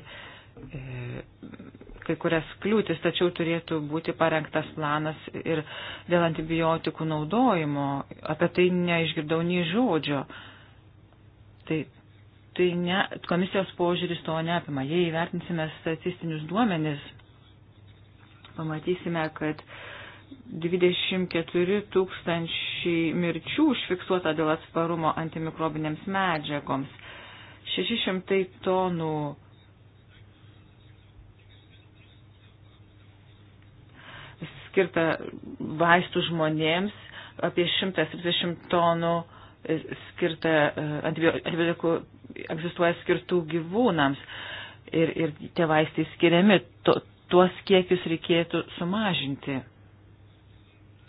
e, kai kurias kliūtis, tačiau turėtų būti parengtas planas ir dėl antibiotikų naudojimo. Apie tai neišgirdau nei žodžio. Tai, tai ne, komisijos požiūris to neapima. Jei įvertinsime statistinius duomenis, pamatysime, kad e, 24 tūkstančiai mirčių užfiksuota dėl atsparumo antimikrobinėms medžiagoms. 600 tonų skirta vaistų žmonėms, apie 170 tonų skirta e, antibiotikų egzistuoja skirtų gyvūnams ir, ir tie vaistai skiriami. To, tuos kiekius reikėtų sumažinti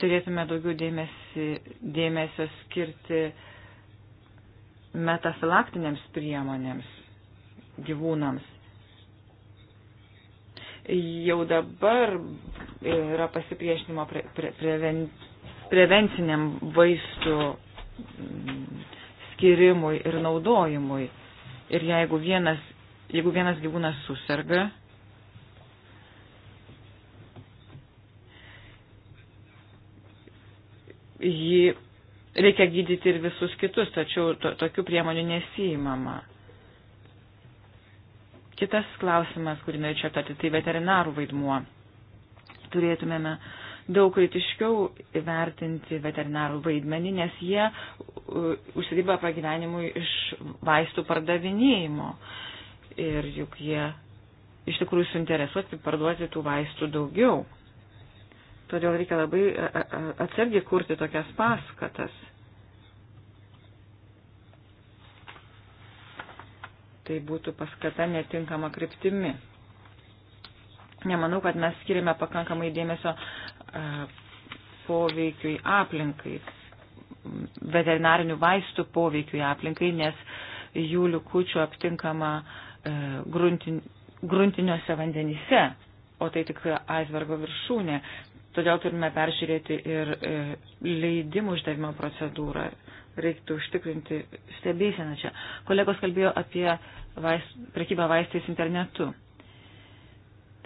turėtume daugiau dėmesį, dėmesio skirti metafilaktinėms priemonėms gyvūnams. Jau dabar yra pasipriešinimo pre, pre, preven, prevenciniam vaistų mm, skirimui ir naudojimui. Ir jeigu vienas, jeigu vienas gyvūnas susirga, jį reikia gydyti ir visus kitus, tačiau to, tokių priemonių nesijimama. Kitas klausimas, kurį norėčiau aptarti, tai veterinarų vaidmuo. Turėtumėme daug kritiškiau vertinti veterinarų vaidmenį, nes jie užsidirba pragyvenimui iš vaistų pardavinėjimo. Ir juk jie iš tikrųjų suinteresuoti parduoti tų vaistų daugiau. Todėl reikia labai e, e, e, atsargiai kurti tokias paskatas. Tai būtų paskata netinkama kryptimi. Nemanau, kad mes skiriame pakankamai dėmesio poveikiui aplinkai, veterinarinių vaistų poveikiui aplinkai, nes jų likučių aptinkama gruntin, gruntiniuose vandenyse, o tai tik aisbergo viršūnė. Todėl turime peržiūrėti ir e, leidimų išdavimo procedūrą. Reiktų užtikrinti stebėseną čia. Kolegos kalbėjo apie vaist, prekybą vaistais internetu.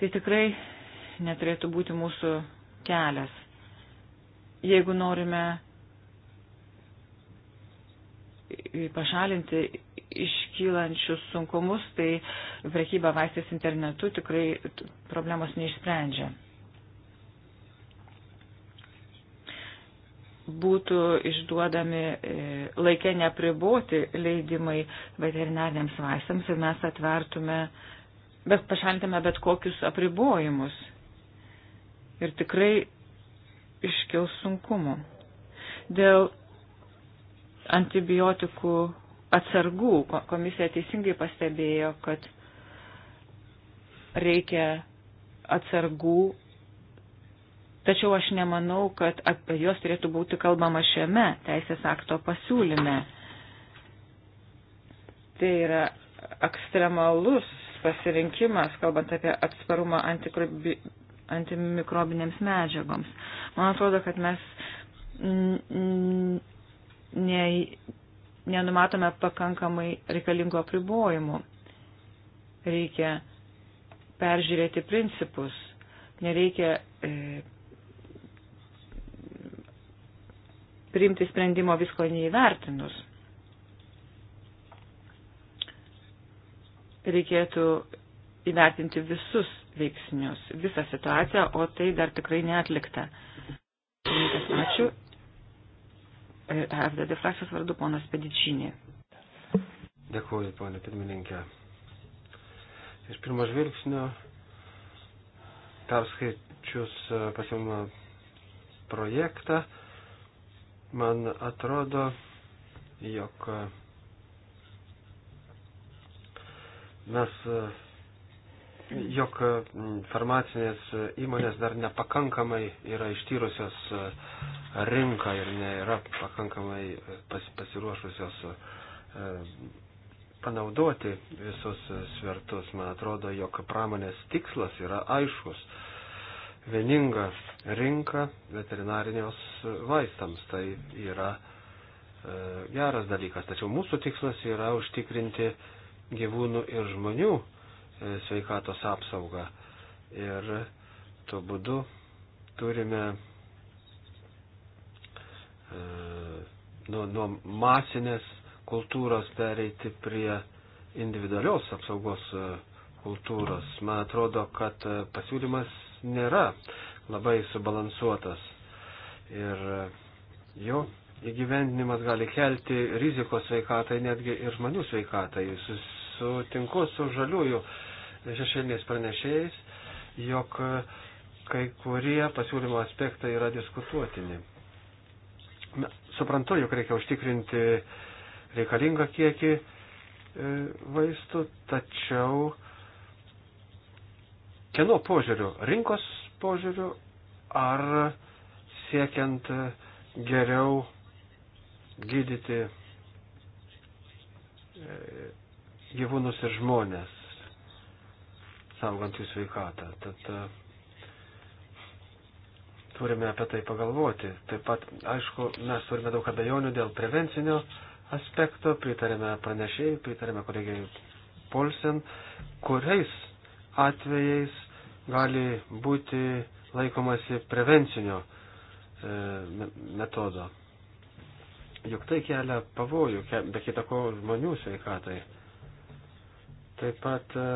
Tai tikrai neturėtų būti mūsų kelias. Jeigu norime pašalinti iškylančius sunkumus, tai prekyba vaistais internetu tikrai problemos neišsprendžia. būtų išduodami e, laikė nepriboti leidimai veterinariams vaistams ir mes atvertume, bet pašalintume bet kokius apribojimus. Ir tikrai iškils sunkumų. Dėl antibiotikų atsargų komisija teisingai pastebėjo, kad reikia atsargų Tačiau aš nemanau, kad apie juos turėtų būti kalbama šiame teisės akto pasiūlyme. Tai yra ekstremalus pasirinkimas, kalbant apie atsparumą antimikrobinėms medžiagoms. Man atrodo, kad mes ne, nenumatome pakankamai reikalingų apribojimų. Reikia peržiūrėti principus. Nereikia. E, priimti sprendimo visko neįvertinus. Reikėtų įvertinti visus veiksnius, visą situaciją, o tai dar tikrai neatlikta. Ačiū. FDD frakcijos vardu ponas Pedičinė. Dėkuoju, ponė pirmininkė. Iš pirmo žvilgsnio perskaičius pasiūlymą projektą, Man atrodo, jog mes, jog farmacinės įmonės dar nepakankamai yra ištyrusios rinką ir nėra pakankamai pas, pasiruošusios e, panaudoti visus svertus. Man atrodo, jog pramonės tikslas yra aiškus vieninga rinka veterinarinios vaistams. Tai yra e, geras dalykas. Tačiau mūsų tikslas yra užtikrinti gyvūnų ir žmonių e, sveikatos apsaugą. Ir tuo būdu turime e, nuo, nuo masinės kultūros pereiti prie individualios apsaugos kultūros. Man atrodo, kad pasiūlymas nėra labai subalansuotas ir jo įgyvendinimas gali kelti rizikos sveikatai, netgi ir žmonių sveikatai. Sutinku su žaliųjų šešėliniais pranešėjais, jog kai kurie pasiūlymo aspektai yra diskutuotini. Suprantu, jog reikia užtikrinti reikalingą kiekį e, vaistų, tačiau Kieno požiūriu? Rinkos požiūriu ar siekiant geriau gydyti e, gyvūnus ir žmonės, saugant jų sveikatą. Tad e, turime apie tai pagalvoti. Taip pat, aišku, mes turime daug abejonių dėl prevencinio aspekto, pritarėme pranešėjai, pritarėme kolegijai Polsen, kuriais atvejais gali būti laikomasi prevencinio e, metodo. Juk tai kelia pavojų, be kitako žmonių sveikatai. Taip pat e,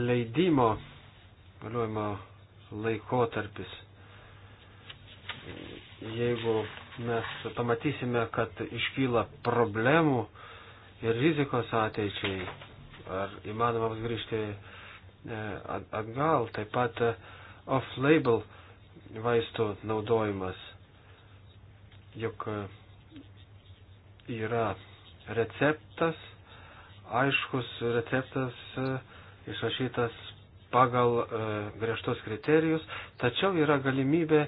leidimo galiojimo laikotarpis. Jeigu mes pamatysime, kad iškyla problemų ir rizikos ateičiai, ar įmanoma bus grįžti e, atgal, taip pat e, off-label vaistų naudojimas, juk e, yra receptas, aiškus receptas išrašytas pagal griežtus kriterijus, tačiau yra galimybė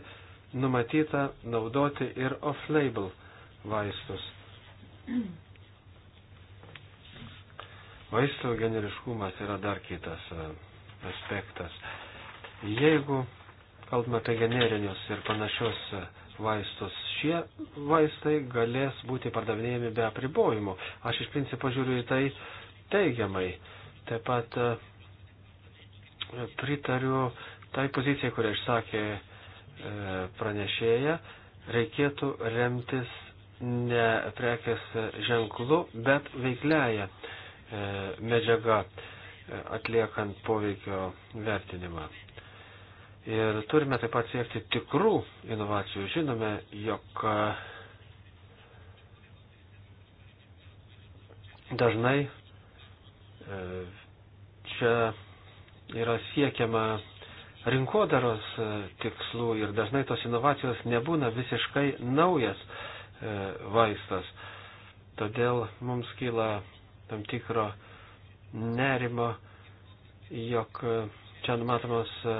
numatyta naudoti ir off-label vaistus. Mm. Vaisto generiškumas yra dar kitas e, aspektas. Jeigu kalbame apie generinius ir panašios e, vaistus, šie vaistai galės būti pardavinėjami be apribojimų. Aš iš principo žiūriu į tai teigiamai. Taip pat e, pritariu tai pozicijai, kurią išsakė pranešėja, reikėtų remtis ne prekės ženklu, bet veikliaja E, medžiaga e, atliekant poveikio vertinimą. Ir turime taip pat siekti tikrų inovacijų. Žinome, jog e, dažnai čia yra siekiama rinkodaros tikslų ir dažnai tos inovacijos nebūna visiškai naujas vaistas. Todėl mums kyla tam tikro nerimo, jog čia numatomos e,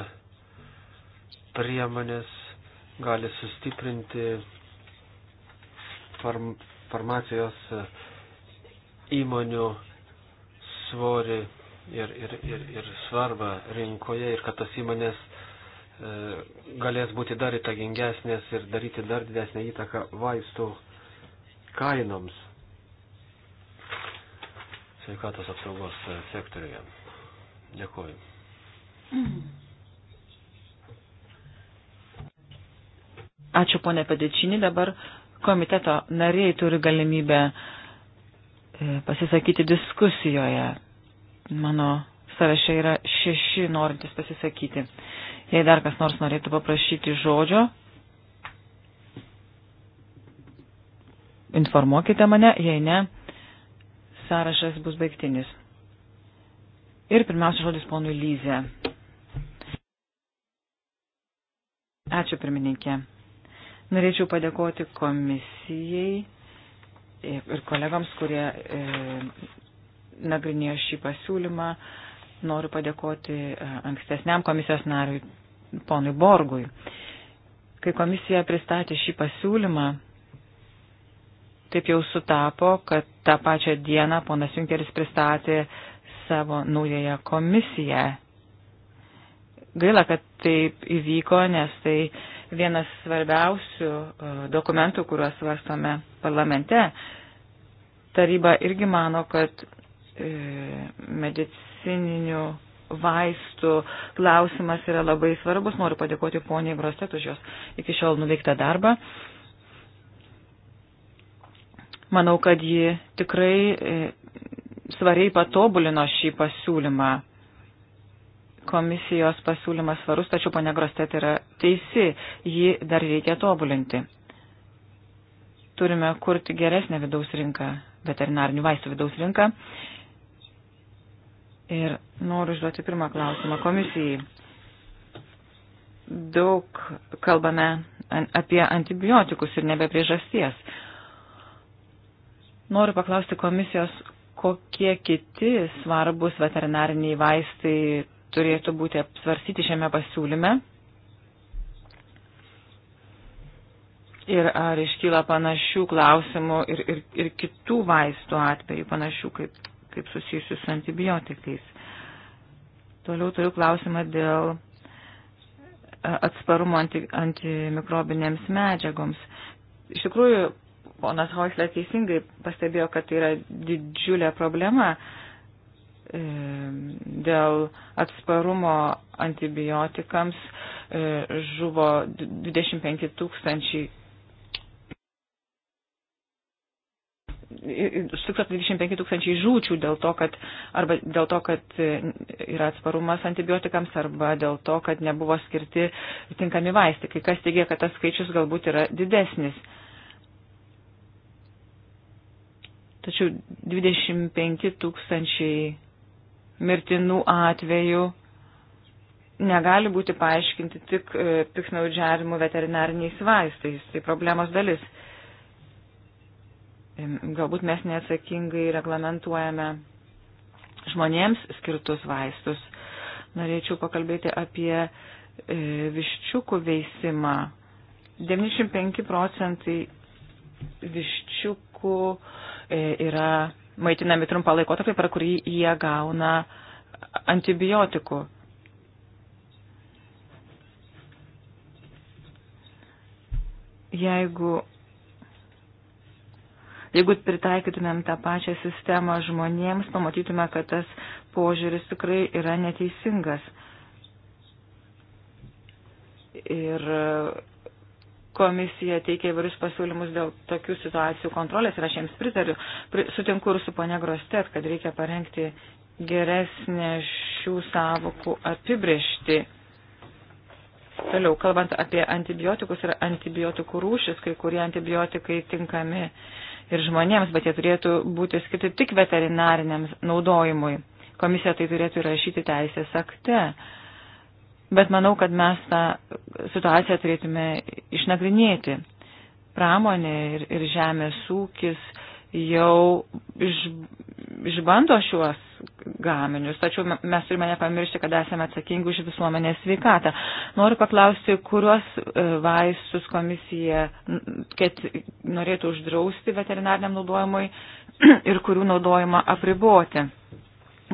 priemonės gali sustiprinti farm, farmacijos e, įmonių svorį ir, ir, ir, ir svarbą rinkoje ir kad tas įmonės e, galės būti dar įtakingesnės ir daryti dar didesnę įtaką vaistų kainoms sveikatos apsaugos sektoriuje. Dėkuoju. Ačiū ponė Padėčinį. Dabar komiteto nariai turi galimybę e, pasisakyti diskusijoje. Mano sąraše yra šeši norintys pasisakyti. Jei dar kas nors norėtų paprašyti žodžio, informuokite mane, jei ne, sąrašas bus baigtinis. Ir pirmiausia žodis ponui Lyze. Ačiū pirmininkė. Norėčiau padėkoti komisijai ir kolegams, kurie e, nagrinėjo šį pasiūlymą. Noriu padėkoti e, ankstesniam komisijos nariui, ponui Borgui. Kai komisija pristatė šį pasiūlymą, Taip jau sutapo, kad tą pačią dieną ponas Junkeris pristatė savo naująją komisiją. Gaila, kad taip įvyko, nes tai vienas svarbiausių e, dokumentų, kuriuos svarstome parlamente. Taryba irgi mano, kad e, medicininių vaistų klausimas yra labai svarbus. Noriu padėkoti poniai Grostet už jos iki šiol nuveiktą darbą. Manau, kad ji tikrai e, svariai patobulino šį pasiūlymą. Komisijos pasiūlymas svarus, tačiau ponia Grostet yra teisi, jį dar reikia tobulinti. Turime kurti geresnę vidaus rinką, veterinarinių vaistų vidaus rinką. Ir noriu užduoti pirmą klausimą komisijai. Daug kalbame apie antibiotikus ir nebe priežasties Noriu paklausti komisijos, kokie kiti svarbus veterinariniai vaistai turėtų būti apsvarstyti šiame pasiūlyme. Ir ar iškyla panašių klausimų ir, ir, ir kitų vaistų atveju, panašių kaip, kaip susijusių su antibiotikais. Toliau turiu klausimą dėl e, atsparumo anti, antimikrobinėms medžiagoms. Iš tikrųjų, ponas Hoisler teisingai pastebėjo, kad tai yra didžiulė problema e, dėl atsparumo antibiotikams e, žuvo 25 tūkstančiai. Sukrat 25 tūkstančiai žūčių dėl to, kad, arba dėl to, kad e, yra atsparumas antibiotikams arba dėl to, kad nebuvo skirti tinkami vaistai. Kai kas teigia, kad tas skaičius galbūt yra didesnis. E, Tačiau 25 tūkstančiai mirtinų atvejų negali būti paaiškinti tik e, piknaudžiavimu veterinariniais vaistais. Tai problemos dalis. Galbūt mes neatsakingai reglamentuojame žmonėms skirtus vaistus. Norėčiau pakalbėti apie e, viščiukų veisimą. 95 procentai viščiukų e, yra maitinami trumpą laikotarpį, per kurį jie gauna antibiotikų. Jeigu, jeigu pritaikytumėm tą pačią sistemą žmonėms, pamatytume, kad tas požiūris tikrai yra neteisingas. Ir Komisija teikia įvairius pasiūlymus dėl tokių situacijų kontrolės ir aš jiems pritariu. Sutinku ir su ponia Grostet, kad reikia parengti geresnę šių savokų apibriešti. Toliau, kalbant apie antibiotikus ir antibiotikų rūšis, kai kurie antibiotikai tinkami ir žmonėms, bet jie turėtų būti skirti tik veterinariniam naudojimui. Komisija tai turėtų įrašyti teisės akte. Uh, bet manau, kad mes tą situaciją turėtume išnagrinėti. Pramonė ir, ir žemės ūkis jau iš, išbando šiuos gaminius, tačiau mes turime nepamiršti, kad esame atsakingi už visuomenės sveikatą. Noriu paklausti, kuriuos e, vaistus komisija ket, norėtų uždrausti veterinariniam naudojimui ir kurių naudojimą apriboti.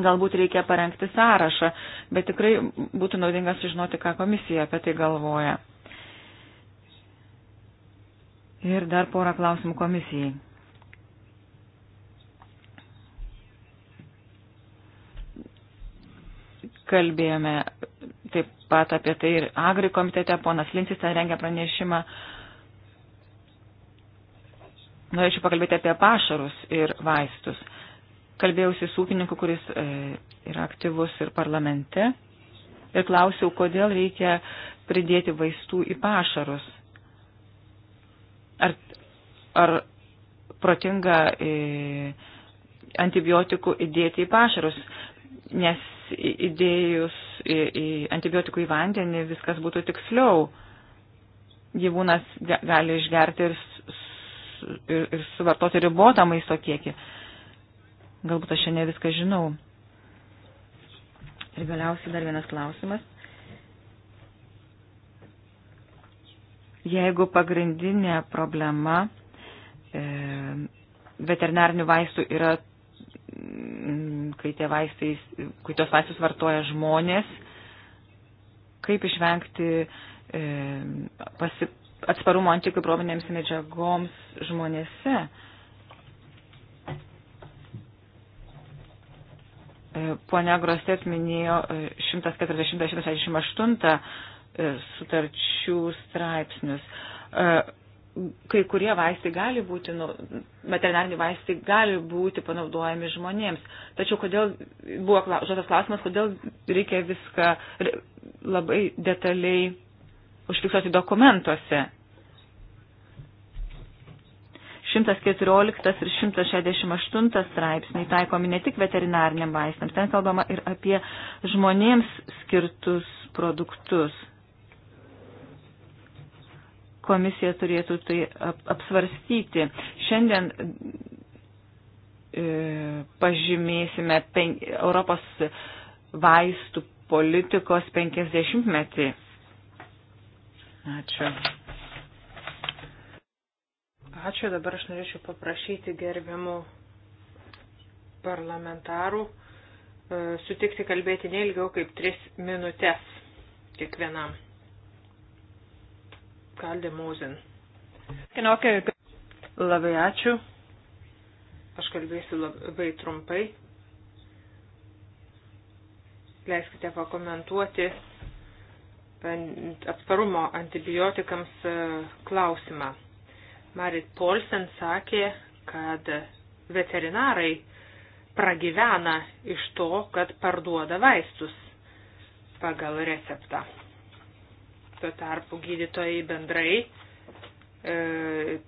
Galbūt reikia parengti sąrašą, bet tikrai būtų naudinga sužinoti, ką komisija apie tai galvoja. Ir dar porą klausimų komisijai. Kalbėjome taip pat apie tai ir Agri komitete, ponas Lincis ten rengia pranešimą. Norėčiau pakalbėti apie pašarus ir vaistus kalbėjausi su ūkininku, kuris e, yra aktyvus ir parlamente, ir klausiau, kodėl reikia pridėti vaistų į pašarus. Ar, ar protinga e, antibiotikų įdėti į pašarus, nes įdėjus į, į antibiotikų į vandenį viskas būtų tiksliau. Gyvūnas gali išgerti ir, ir, ir suvartoti ribotą maisto kiekį. E, Galbūt aš šiandien viską žinau. Ir galiausiai dar vienas klausimas. Jeigu pagrindinė problema e, veterinarinių vaistų yra, kai, tie vaistai, kai tos vaistus vartoja žmonės, kaip išvengti e, pasi, atsparumo antikriprobinėms medžiagoms žmonėse. E, E, Pone Grostet minėjo 140-168 e, e, sutarčių straipsnius. Kai kurie vaistai gali būti, nu, veterinariniai vaistai gali būti panaudojami žmonėms. Tačiau kodėl buvo žodas klausimas, kodėl reikia viską labai detaliai užfiksuoti dokumentuose. 114 ir 168 straipsniai taikomi ne tik veterinariniam vaistams, ten kalbama ir apie žmonėms skirtus produktus. Komisija turėtų tai apsvarstyti. Šiandien e, pažymėsime pen, Europos vaistų politikos 50 metį. Ačiū. Ačiū, dabar aš norėčiau paprašyti gerbiamų parlamentarų e, sutikti kalbėti neilgiau kaip tris minutės kiekvienam. Kaldė Mūzin. Labai ačiū. Aš kalbėsiu labai trumpai. Leiskite pakomentuoti atsparumo antibiotikams e, klausimą. Marit Polsen sakė, kad veterinarai pragyvena iš to, kad parduoda vaistus pagal receptą. Tuo tarpu gydytojai bendrai e,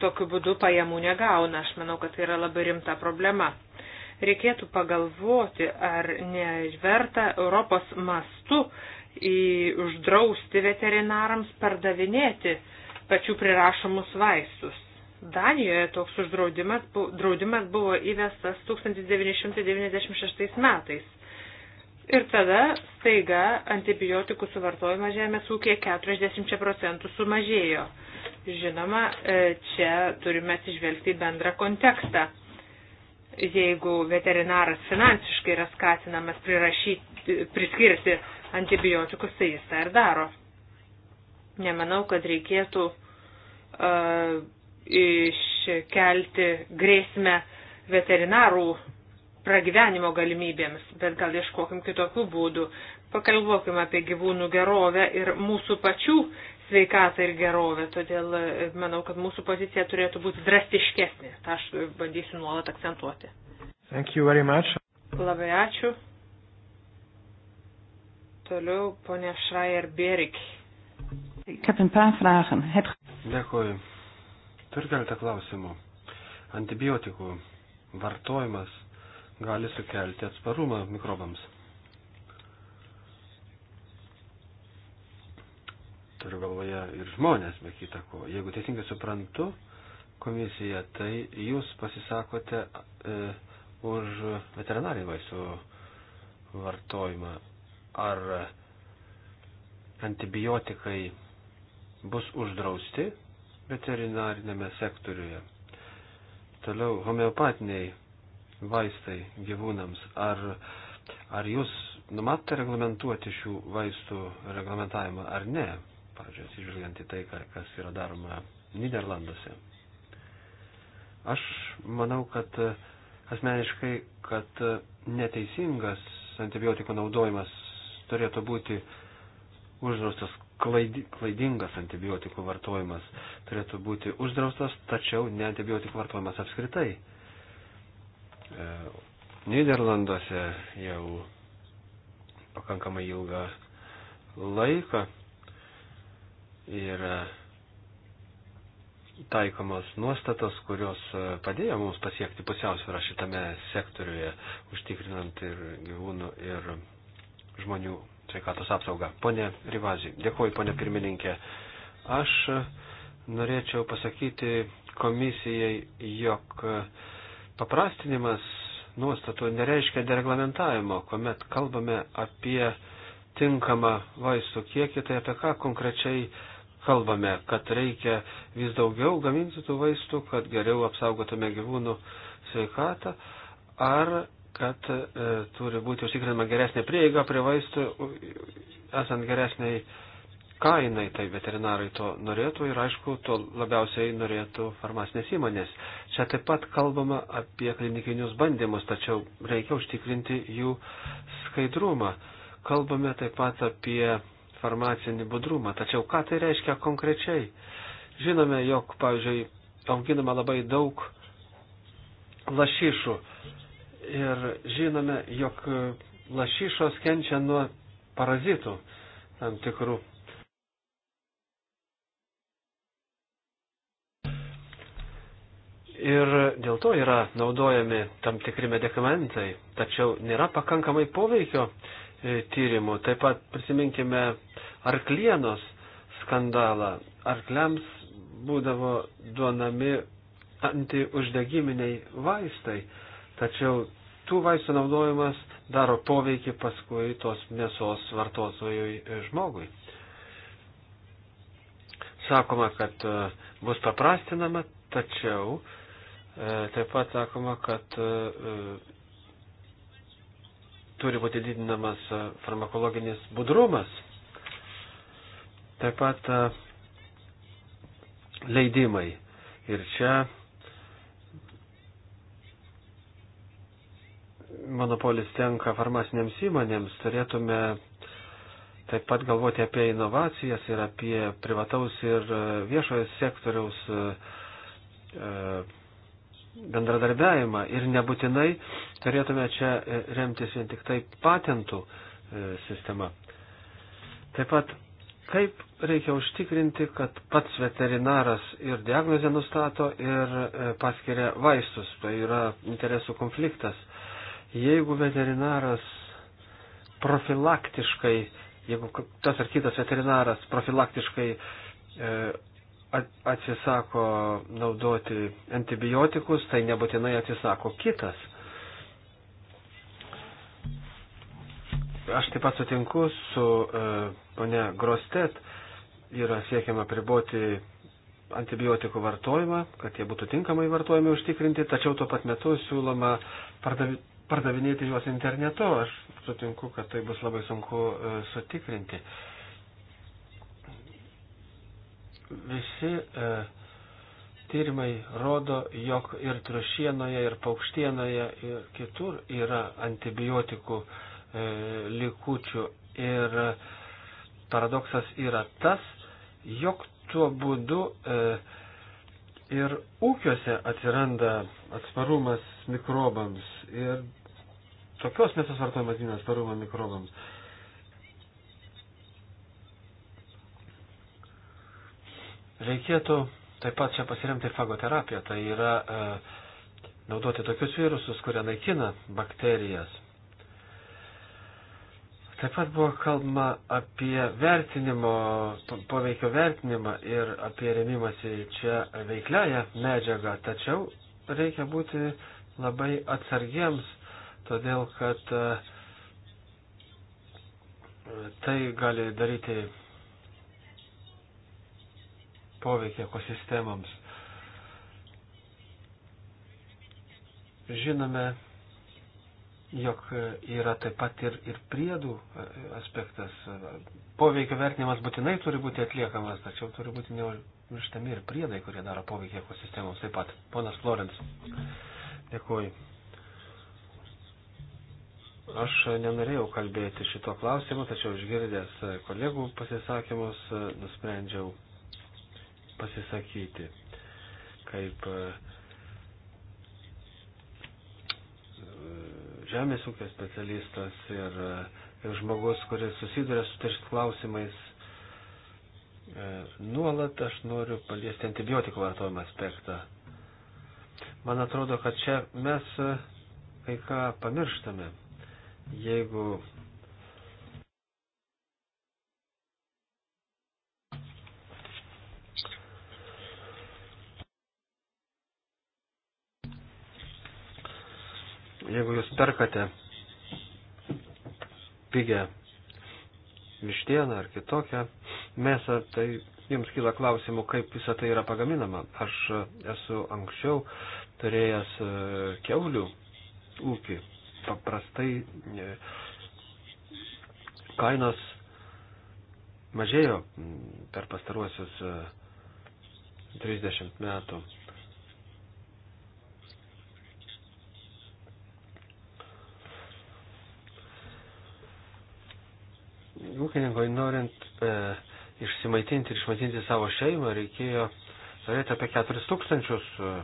tokiu būdu pajamų negauna. Aš manau, kad tai yra labai rimta problema reikėtų pagalvoti, ar neverta Europos mastu uždrausti veterinarams pardavinėti pačių prirašomus vaistus. Danijoje toks uždraudimas draudimas buvo įvestas 1996 metais. Ir tada staiga antibiotikų suvartojimas žemės ūkėje 40 procentų sumažėjo. Žinoma, e, čia turime atsižvelgti į bendrą kontekstą. Jeigu veterinaras finansiškai yra skatinamas priskirti antibiotikus, tai jis tą ir daro. Nemanau, kad reikėtų uh, iškelti grėsmę veterinarų pragyvenimo galimybėms, bet gal ieškokim kitokių būdų. Pakalbokime apie gyvūnų gerovę ir mūsų pačių sveikatą ir gerovę. Todėl e, manau, kad mūsų pozicija turėtų būti drastiškesnė. Ta aš bandysiu nuolat akcentuoti. Labai ačiū. Toliau ponė Šrajer Bėrik. Dėkuoju. Turiu keletą klausimų. Antibiotikų vartojimas gali sukelti atsparumą mikrobams. Turiu galvoje ir žmonės, be kita ko. Jeigu teisingai suprantu, komisija, tai jūs pasisakote e, už veterinarinį vaistų vartojimą. Ar antibiotikai bus uždrausti veterinarinėme sektoriuje. Toliau homeopatiniai vaistai gyvūnams. Ar, ar jūs numatote reglamentuoti šių vaistų reglamentavimą ar ne? Pavyzdžiui, atsižvelgiant į tai, kas yra daroma Niderlanduose. Aš manau, kad e, asmeniškai, kad e, neteisingas antibiotikų naudojimas turėtų būti uždraustas klaidingas antibiotikų vartojimas turėtų būti uždraustas, tačiau ne antibiotikų vartojimas apskritai. E, Niderlanduose jau pakankamai ilgą laiką yra taikomos nuostatos, kurios e, padėjo mums pasiekti pusiausvyrą šitame sektoriuje, užtikrinant ir gyvūnų, ir žmonių sveikatos apsaugą. Pone Rivazijai, dėkuoju, pone pirmininkė. Aš norėčiau pasakyti komisijai, jog paprastinimas nuostatų nereiškia dereglamentavimo, kuomet kalbame apie tinkamą vaistų kiekį, tai apie ką konkrečiai kalbame, kad reikia vis daugiau gaminti tų vaistų, kad geriau apsaugotume gyvūnų sveikatą, ar kad e, turi būti užtikrinama geresnė prieiga prie vaistų, esant geresniai kainai, tai veterinarai to norėtų ir aišku, to labiausiai norėtų farmacinės įmonės. Čia taip pat kalbama apie klinikinius bandymus, tačiau reikia užtikrinti jų skaidrumą. Kalbame taip pat apie farmacinį budrumą, tačiau ką tai reiškia konkrečiai? Žinome, jog, pavyzdžiui, auginama labai daug lašišų ir žinome, jog lašišos kenčia nuo parazitų tam tikrų. Ir dėl to yra naudojami tam tikri medikamentai, tačiau nėra pakankamai poveikio e, tyrimų. Taip pat prisiminkime arklienos skandalą. Arkliams būdavo duonami antiuždegiminiai vaistai, tačiau tų vaistų naudojimas daro poveikį paskui tos mėsos vartotojui e, žmogui. Sakoma, kad e, bus paprastinama, tačiau e, taip pat sakoma, kad turi būti didinamas farmakologinis budrumas. Taip pat leidimai. Ir čia monopolis tenka farmacinėms įmonėms, turėtume taip pat galvoti apie inovacijas ir apie privataus ir e, viešojo sektoriaus e, e, bendradarbiavimą ir nebūtinai turėtume čia remtis vien tik tai patentų sistema. Taip pat, kaip reikia užtikrinti, kad pats veterinaras ir diagnozę nustato ir paskiria vaistus, tai yra interesų konfliktas. Jeigu veterinaras profilaktiškai, jeigu tas ar kitas veterinaras profilaktiškai e, atsisako naudoti antibiotikus, tai nebūtinai atsisako kitas. Aš taip pat sutinku su e, ponia Grostet, yra siekiama priboti antibiotikų vartojimą, kad jie būtų tinkamai vartojami užtikrinti, tačiau tuo pat metu siūloma pardavi, pardavinėti juos internetu. Aš sutinku, kad tai bus labai sunku e, sutikrinti. Visi e, tyrimai rodo, jog ir trušienoje, ir paukštienoje, ir kitur yra antibiotikų e, likučių. Ir e, paradoksas yra tas, jog tuo būdu e, ir ūkiuose atsiranda atsparumas mikrobams ir tokios mėsos vartojimas didina atsparumą mikrobams. Reikėtų taip pat čia pasiremti fagoterapiją, tai yra e, naudoti tokius virusus, kurie naikina bakterijas. Taip pat buvo kalbama apie vertinimo, poveikio vertinimą ir apie remimąsi čia veikliają medžiagą, tačiau reikia būti labai atsargiems todėl kad e, tai gali daryti poveikį ekosistemams. Žinome, jog yra taip pat ir, ir priedų e, aspektas. Poveikio vertinimas būtinai turi būti atliekamas, tačiau turi būti neužmirštami ir priedai, kurie daro poveikį ekosistemams taip pat. Ponas Florence, dėkuoju. Aš nenorėjau kalbėti šito klausimu, tačiau išgirdęs kolegų pasisakymus nusprendžiau pasisakyti kaip e, žemės ūkio specialistas ir, ir žmogus, kuris susiduria su tais klausimais. E, nuolat aš noriu paliesti antibiotikų vartojimo aspektą. Man atrodo, kad čia mes e, kai ką pamirštame. Jeigu jeigu jūs perkate pigę vištieną ar kitokią mėsą, tai jums kyla klausimų, kaip visa tai yra pagaminama. Aš esu anksčiau turėjęs e, keulių ūkį paprastai e, kainos mažėjo per pastaruosius 30 e, metų. Ūkininkui norint e, išsimaitinti ir išmaitinti savo šeimą reikėjo turėti apie 4000 e,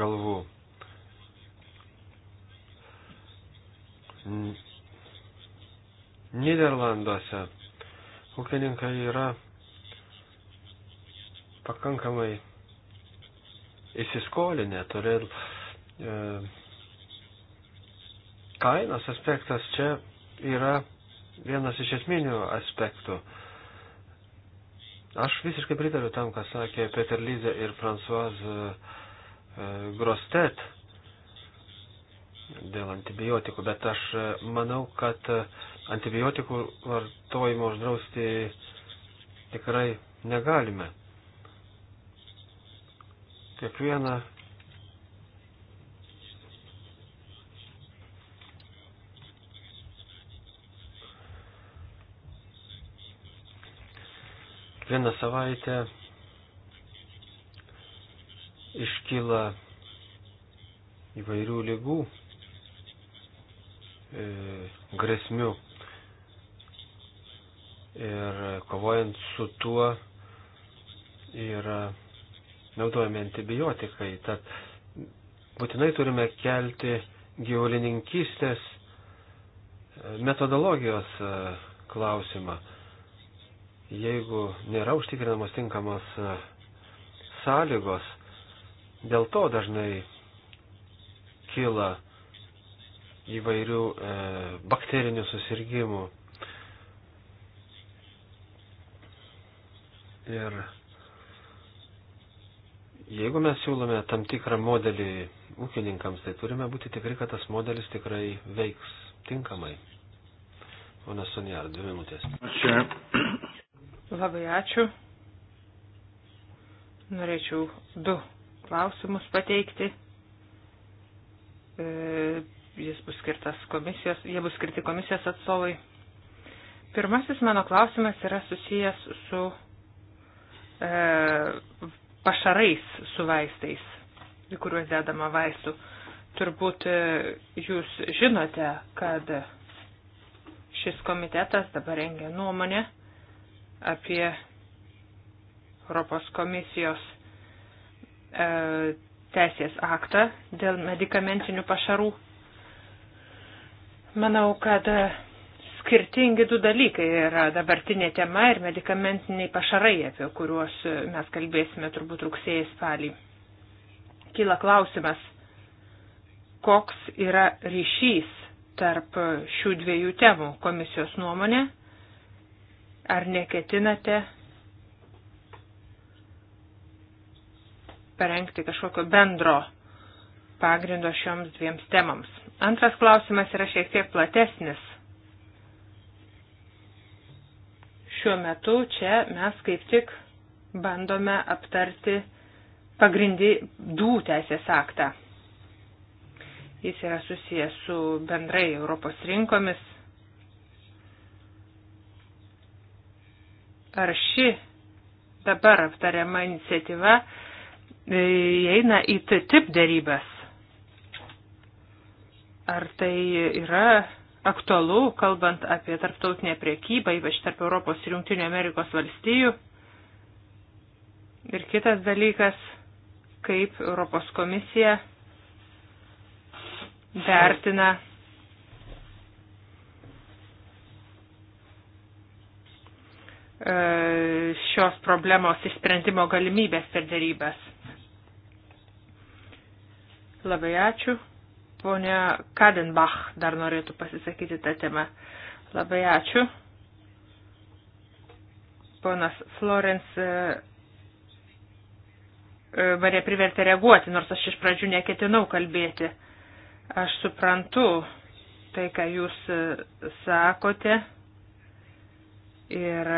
galvų. Niderlanduose ūkininkai yra pakankamai įsiskolinę, todėl e, kainos aspektas čia yra vienas iš esminių aspektų. Aš visiškai pritariu tam, ką sakė Peter Lyze ir François e, e, Grostet. E, dėl antibiotikų, bet aš e, manau, kad e, antibiotikų vartojimo uždrausti tikrai negalime. Kiekviena Vieną savaitę iškyla įvairių lygų E, grėsmių. Ir kovojant su tuo yra naudojami antibiotikai. Tad būtinai turime kelti gyvulininkystės metodologijos e, klausimą. Jeigu nėra užtikrinamos tinkamos e, sąlygos, dėl to dažnai kyla įvairių e, bakterinių susirgymų. Ir jeigu mes siūlome tam tikrą modelį ūkininkams, tai turime būti tikri, kad tas modelis tikrai veiks tinkamai. O nesuniar, dvi minutės. Ačiū. Labai ačiū. Norėčiau du klausimus pateikti. E jis bus skirtas komisijos, jie bus skirti komisijos atstovai. Pirmasis mano klausimas yra susijęs su e, pašarais, su vaistais, į kuriuos dedama vaistų. Turbūt e, jūs žinote, kad šis komitetas dabar rengia nuomonę apie Europos komisijos e, teisės aktą dėl medicamentinių pašarų Manau, kad e, skirtingi du dalykai yra dabartinė tema ir medicamentiniai pašarai, apie kuriuos e, mes kalbėsime turbūt rugsėjai spalį. Kyla klausimas, koks yra ryšys tarp šių dviejų temų komisijos nuomonė, ar neketinate parengti kažkokio bendro pagrindo šioms dviems temams. Antras klausimas yra šiek tiek platesnis. Šiuo metu čia mes kaip tik bandome aptarti pagrindį dų teisės aktą. Jis yra susijęs su bendrai Europos rinkomis. Ar ši dabar aptariama iniciatyva e, įeina į TTIP dėrybas? Ar tai yra aktualu, kalbant apie tarptautinę priekybą, ypač tarp Europos ir Junktinių Amerikos valstijų? Ir kitas dalykas, kaip Europos komisija vertina e, šios problemos išsprendimo galimybės per darybas. Labai ačiū. Pone Kadenbach dar norėtų pasisakyti tą temą. Labai ačiū. Ponas Florence e, e, mane privertė reaguoti, nors aš iš pradžių neketinau kalbėti. Aš suprantu tai, ką jūs e, sakote. Ir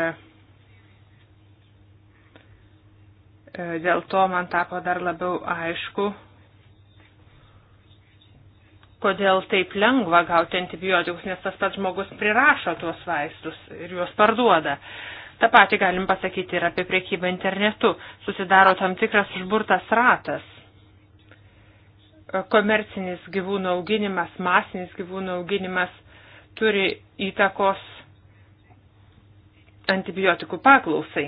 dėl to man tapo dar labiau aišku, kodėl taip lengva gauti antibiotikus, nes tas pats žmogus prirašo tuos vaistus ir juos parduoda. Ta pati galim pasakyti ir apie priekybą internetu. Susidaro tam tikras užburtas ratas. Komercinis gyvūnų auginimas, masinis gyvūnų auginimas turi įtakos antibiotikų paklausai.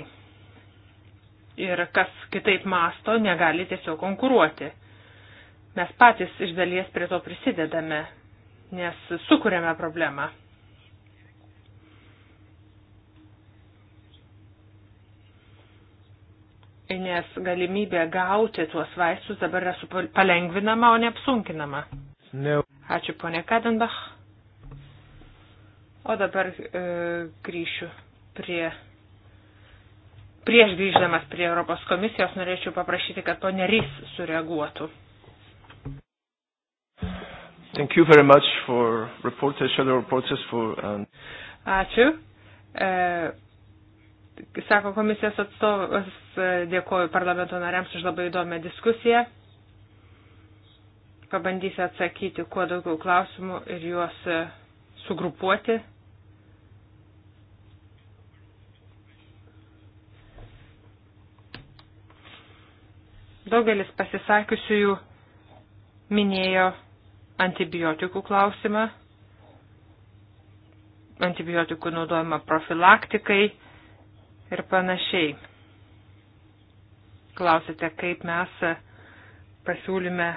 Ir kas kitaip masto, negali tiesiog konkuruoti. Mes patys iš dalies prie to prisidedame, nes sukūrėme problemą. Nes galimybė gauti tuos vaistus dabar yra palengvinama, o ne apsunkinama. No. Ačiū, ponė Kadenbach. O dabar e, grįšiu prie prieš grįždamas prie Europos komisijos norėčiau paprašyti, kad ponė Rys sureaguotų. Thank you very much for reporters, shadow reporters for. Um... Ačiū. E, sako komisijos atstovas, e, dėkoju parlamento nariams už labai įdomią diskusiją. Pabandysiu atsakyti kuo daugiau klausimų ir juos e, sugrupuoti. Daugelis pasisakiusiųjų minėjo antibiotikų klausimą, antibiotikų naudojimą profilaktikai ir panašiai. Klausite, kaip mes pasiūlyme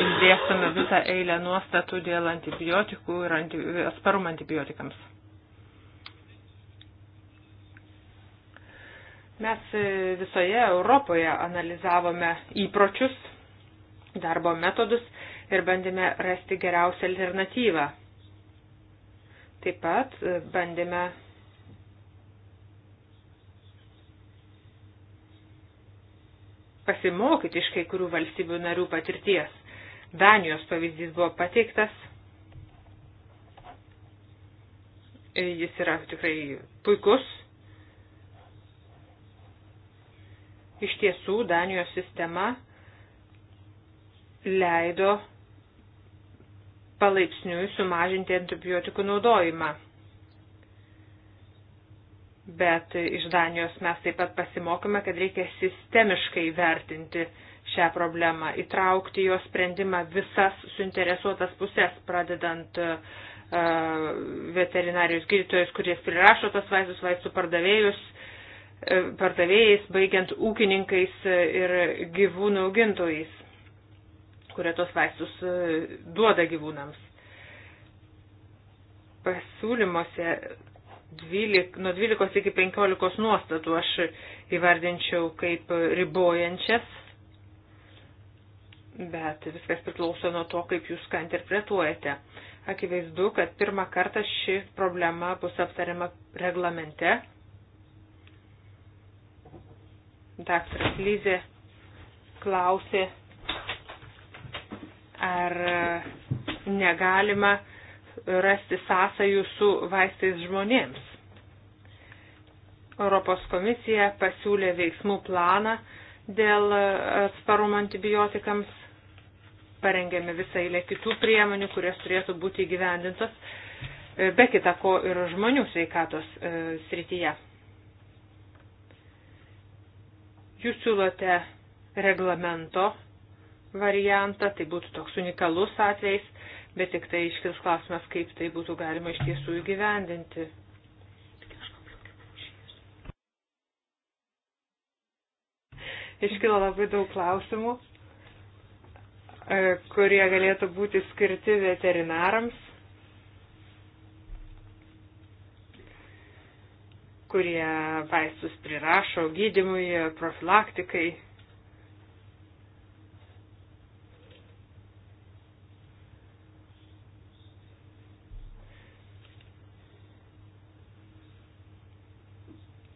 išdėstame visą eilę nuostatų dėl antibiotikų ir anti, atsparum antibiotikams. Mes e, visoje Europoje analizavome įpročius, darbo metodus ir bandėme rasti geriausią alternatyvą. Taip pat e, bandėme pasimokyti iš kai kurių valstybių narių patirties. Danijos pavyzdys buvo pateiktas. E, jis yra tikrai puikus, Iš tiesų, Danijos sistema leido palaipsniui sumažinti antibiotikų naudojimą. Bet iš Danijos mes taip pat pasimokome, kad reikia sistemiškai vertinti šią problemą, įtraukti jo sprendimą visas suinteresuotas pusės, pradedant uh, e, veterinarius gydytojus, kurie prirašo tas vaistus, vaistų pardavėjus, E, pardavėjais, baigiant ūkininkais e, ir gyvūnų augintojais, kurie tos vaistus e, duoda gyvūnams. Pasiūlymuose 12, nuo 12 iki 15 nuostatų aš įvardinčiau kaip ribojančias, bet viskas priklauso nuo to, kaip jūs ką interpretuojate. Akivaizdu, kad pirmą kartą ši problema bus aptariama reglamente, Daktaras Lyzė klausė, ar e, negalima rasti sąsajų su vaistais žmonėms. Europos komisija pasiūlė veiksmų planą dėl e, atsparumo antibiotikams, parengėme visą eilę kitų priemonių, kurios turėtų būti įgyvendintos, e, be kita ko ir žmonių sveikatos e, srityje. Jūs siūlote reglamento variantą, tai būtų toks unikalus atvejs, bet tik tai iškils klausimas, kaip tai būtų galima iš tiesų įgyvendinti. Iškilo labai daug klausimų, e, kurie galėtų būti skirti veterinarams kurie vaistus prirašo gydimui, profilaktikai.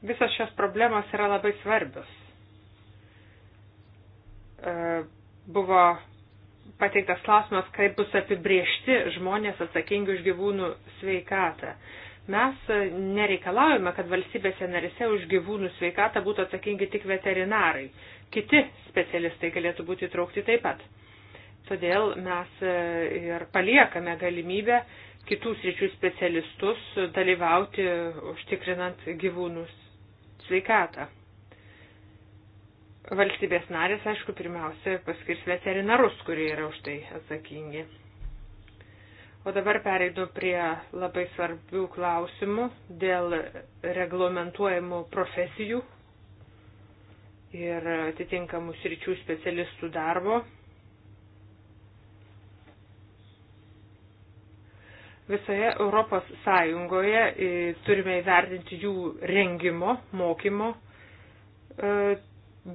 Visos šios problemos yra labai svarbios. E, buvo pateiktas klausimas, kaip bus apibriežti žmonės atsakingi už gyvūnų sveikatą. Mes nereikalaujame, kad valstybėse narise už gyvūnų sveikatą būtų atsakingi tik veterinarai. Kiti specialistai galėtų būti įtraukti taip pat. Todėl mes e, ir paliekame galimybę kitų sričių specialistus dalyvauti užtikrinant gyvūnų sveikatą. Valstybės narės, aišku, pirmiausia paskirs veterinarus, kurie yra už tai atsakingi. O dabar pereinu prie labai svarbių klausimų dėl reglamentuojamų profesijų ir atitinkamų sričių specialistų darbo. Visoje Europos Sąjungoje e, turime įvertinti jų rengimo, mokymo e,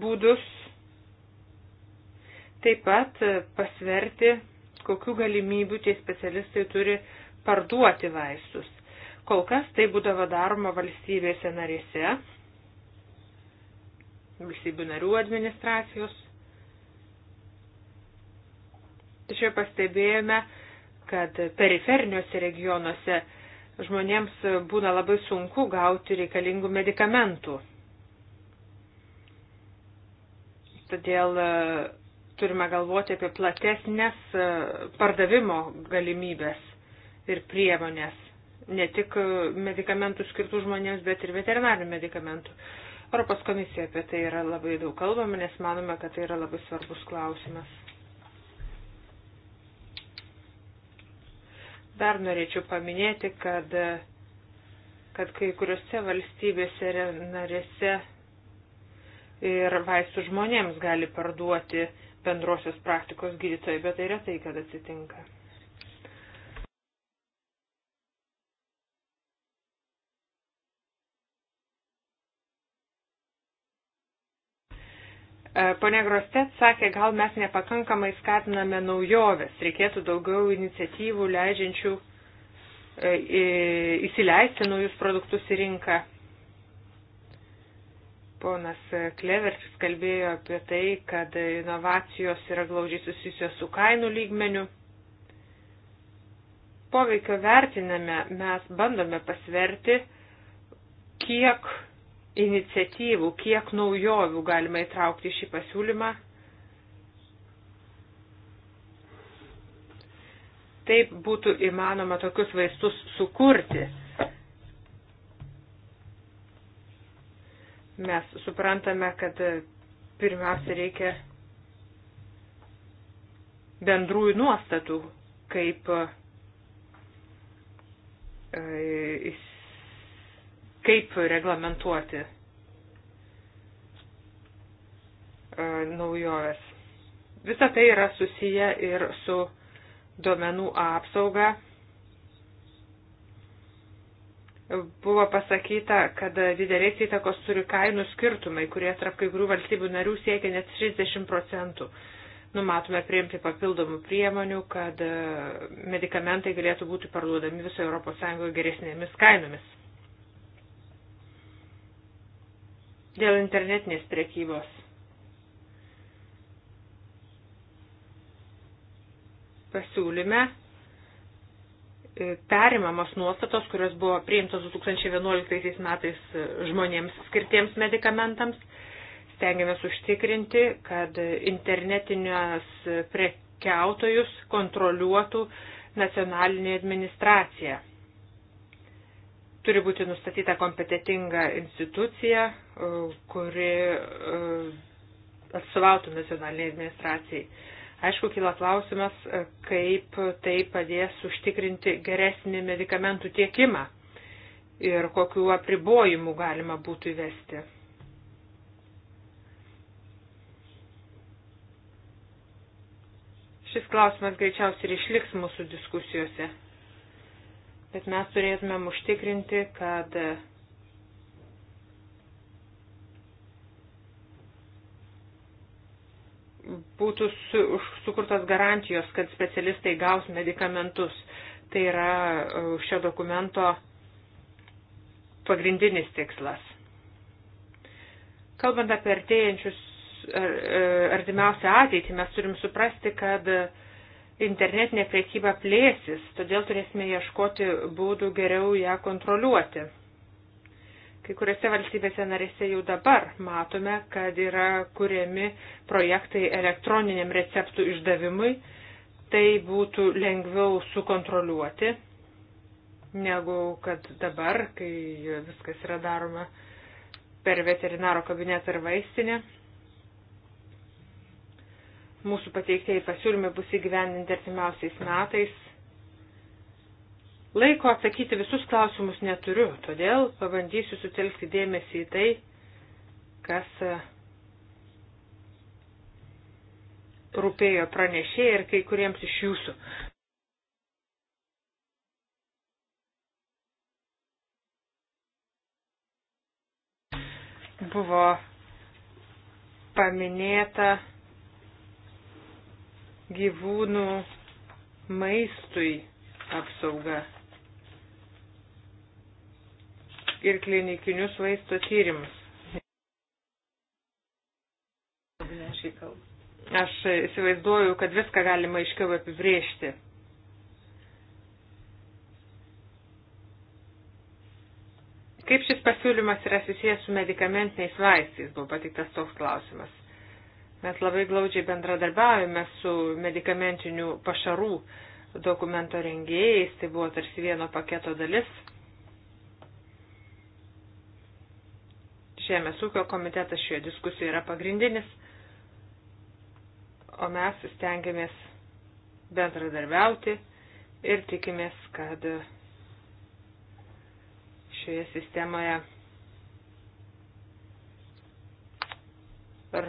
būdus, taip pat pasverti kokių galimybių tie specialistai turi parduoti vaistus. Kol kas tai būdavo daroma valstybėse narėse, valstybių narių administracijos. Tačiau pastebėjome, kad periferiniuose regionuose žmonėms būna labai sunku gauti reikalingų medikamentų. Todėl turime galvoti apie platesnės e, pardavimo galimybės ir priemonės, ne tik e, medikamentų skirtų žmonėms, bet ir veterinarinių medikamentų. Europos komisija apie tai yra labai daug kalbama, nes manome, kad tai yra labai svarbus klausimas. Dar norėčiau paminėti, kad, e, kad kai kuriuose valstybėse narėse ir vaistų žmonėms gali parduoti uh, bendrosios praktikos gydytojai, bet tai retai, kad atsitinka. E, Pone Grostet sakė, gal mes nepakankamai skatiname naujoves, reikėtų daugiau iniciatyvų leidžiančių e, įsileisti naujus produktus į rinką. Ponas Klevertis kalbėjo apie tai, kad inovacijos yra glaudžiai susijusios su kainų lygmeniu. Poveikio vertiname mes bandome pasverti, kiek iniciatyvų, kiek naujovių galima įtraukti į šį pasiūlymą. Taip būtų įmanoma tokius vaistus sukurti Mes suprantame, kad e, pirmiausia reikia bendrųjų nuostatų, kaip, e, kaip reglamentuoti e, naujoves. Visa tai yra susiję ir su duomenų apsauga buvo pasakyta, kad didelės įtakos turi kainų skirtumai, kurie tarp kai kurių valstybių narių siekia net 30 procentų. Numatome priimti papildomų priemonių, kad e, medikamentai galėtų būti parduodami visoje ES geresnėmis kainomis. Dėl internetinės priekybos. Pasiūlyme E, perimamos nuostatos, kurios buvo priimtos 2011 metais e, žmonėms skirtiems medikamentams. Stengiamės užtikrinti, kad internetinės prekiautojus kontroliuotų nacionalinė administracija. Turi būti nustatyta kompetitinga institucija, e, kuri atstovautų nacionaliniai administracijai Aišku, kila klausimas, e, kaip tai padės užtikrinti geresnį medikamentų tiekimą ir kokiu apribojimu galima būtų įvesti. Šis klausimas greičiausiai ir išliks mūsų diskusijose, bet mes turėtumėm užtikrinti, kad būtų su, sukurtos garantijos, kad specialistai gaus medikamentus. Tai yra e, šio dokumento pagrindinis tikslas. Kalbant apie artėjančius e, artimiausią ateitį, mes turim suprasti, kad internetinė priekyba plėsis, todėl turėsime ieškoti būdų geriau ją kontroliuoti. Kai kuriuose valstybėse narėse jau dabar matome, kad yra kuriami projektai elektroniniam receptų išdavimui. Tai būtų lengviau sukontroliuoti negu kad dabar, kai viskas yra daroma per veterinaro kabinetą ir vaistinę. Mūsų pateiktieji pasiūlymai bus įgyvendinti artimiausiais metais Laiko atsakyti visus klausimus neturiu, todėl pabandysiu sutelkti dėmesį į tai, kas e, rūpėjo pranešėjai ir kai kuriems iš jūsų. Buvo paminėta gyvūnų maistui apsauga ir klinikinius vaisto tyrimus. Aš įsivaizduoju, kad viską galima aiškiau apibriežti. Kaip šis pasiūlymas yra susijęs su medicamentiniais vaistais, buvo patiktas toks klausimas. Mes labai glaudžiai bendradarbiavime su medicamentinių pašarų dokumento rengėjais, tai buvo tarsi vieno paketo dalis. Žemės ūkio komitetas šioje diskusijoje yra pagrindinis, o mes stengiamės bendradarbiauti ir tikimės, kad šioje sistemoje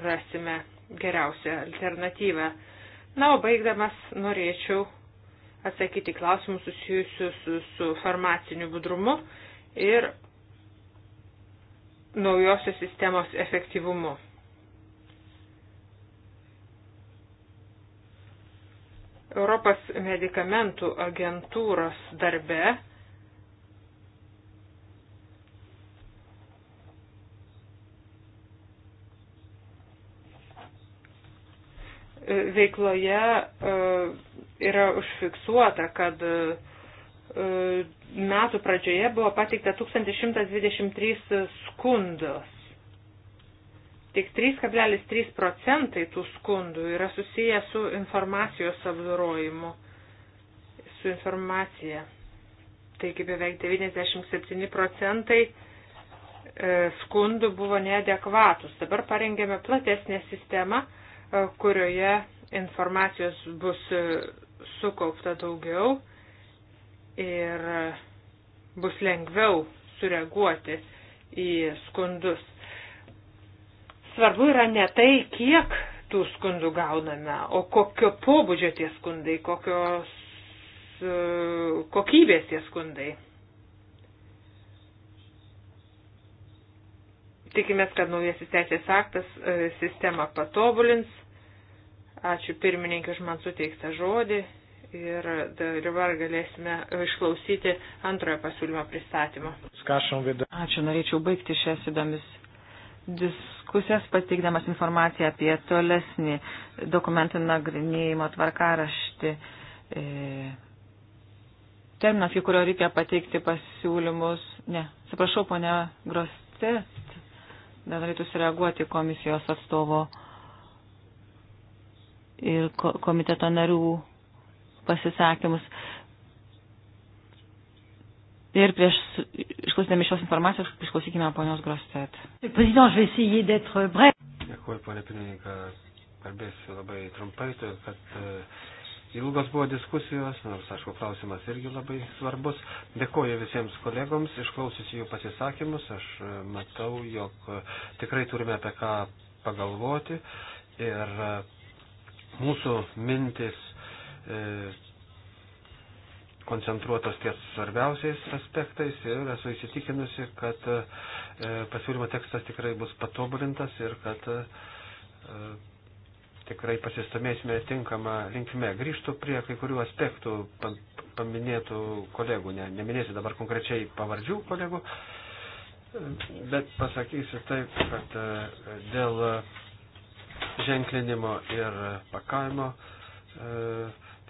rasime geriausią alternatyvą. Na, o baigdamas norėčiau atsakyti klausimus susijusius su, su farmaciniu budrumu ir naujosios sistemos efektyvumu. Europos medikamentų agentūros darbe veikloje e, yra užfiksuota, kad e, E, metų pradžioje buvo pateikta 1123 skundos. Tik 3,3 procentai tų skundų yra susiję su informacijos apdorojimu, su informacija. Taigi beveik 97 procentai e, skundų buvo neadekvatus. Dabar parengėme platesnę sistemą, e, kurioje informacijos bus sukaupta daugiau ir e, bus lengviau sureaguoti į skundus. Svarbu yra ne tai, kiek tų skundų gauname, o kokio pobūdžio tie skundai, kokios e, kokybės tie skundai. Tikimės, kad naujasis teisės aktas e, sistemą patobulins. Ačiū pirmininkė už man suteiktą žodį ir dabar galėsime išklausyti antrojo pasiūlymo pristatymo. Ačiū, norėčiau baigti šias įdomis diskusijas, pateikdamas informaciją apie tolesnį dokumentų nagrinėjimo tvarkaraštį. E, terminas, į kurio reikia pateikti pasiūlymus. Ne, atsiprašau, ponia Grostet, dar norėtų sureaguoti komisijos atstovo ir komiteto narių pasisakymus. Ir prieš išklausydami šios informacijos, išklausykime ponios Grostet. Dėkuoju, ponė pirmininkė, kalbėsiu labai trumpai, todėl kad e, ilgos buvo diskusijos, nors, aišku, klausimas irgi labai svarbus. Dėkuoju visiems kolegoms, išklausysiu jų pasisakymus, aš e, matau, jog e, tikrai turime apie ką pagalvoti ir mūsų mintis E, koncentruotos ties svarbiausiais aspektais ir esu įsitikinusi, kad e, pasiūlymo tekstas tikrai bus patobulintas ir kad e, tikrai pasistumėsime tinkamą linkme. Grįžtu prie kai kurių aspektų paminėtų kolegų, ne, neminėsiu dabar konkrečiai pavardžių kolegų, bet pasakysiu taip, kad dėl ženklinimo ir pakavimo e,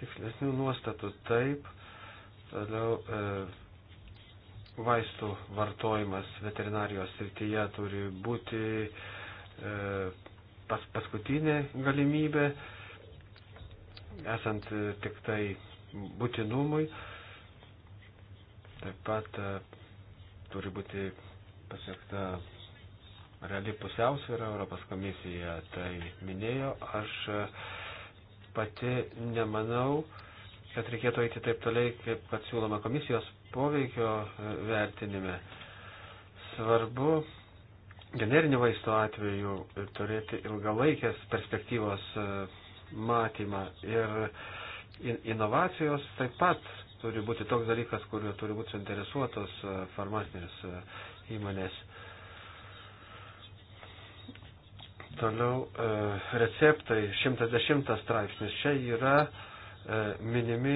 tikslesnių nuostatų. Taip, toliau e, vaistų vartojimas veterinarijos srityje turi būti e, pas, paskutinė galimybė, esant e, tik tai būtinumui. Taip pat e, turi būti pasiekta reali pusiausvėra, Europos komisija tai minėjo. Aš e, pati nemanau, kad reikėtų eiti taip toliai, kaip kad siūloma komisijos poveikio e, vertinime. Svarbu generinių vaisto atveju turėti ilgalaikės perspektyvos e, matymą ir inovacijos taip pat turi būti toks dalykas, kuriuo turi būti suinteresuotos e, farmacinės įmonės. Toliau e, receptai 110 straipsnis. Čia yra e, minimi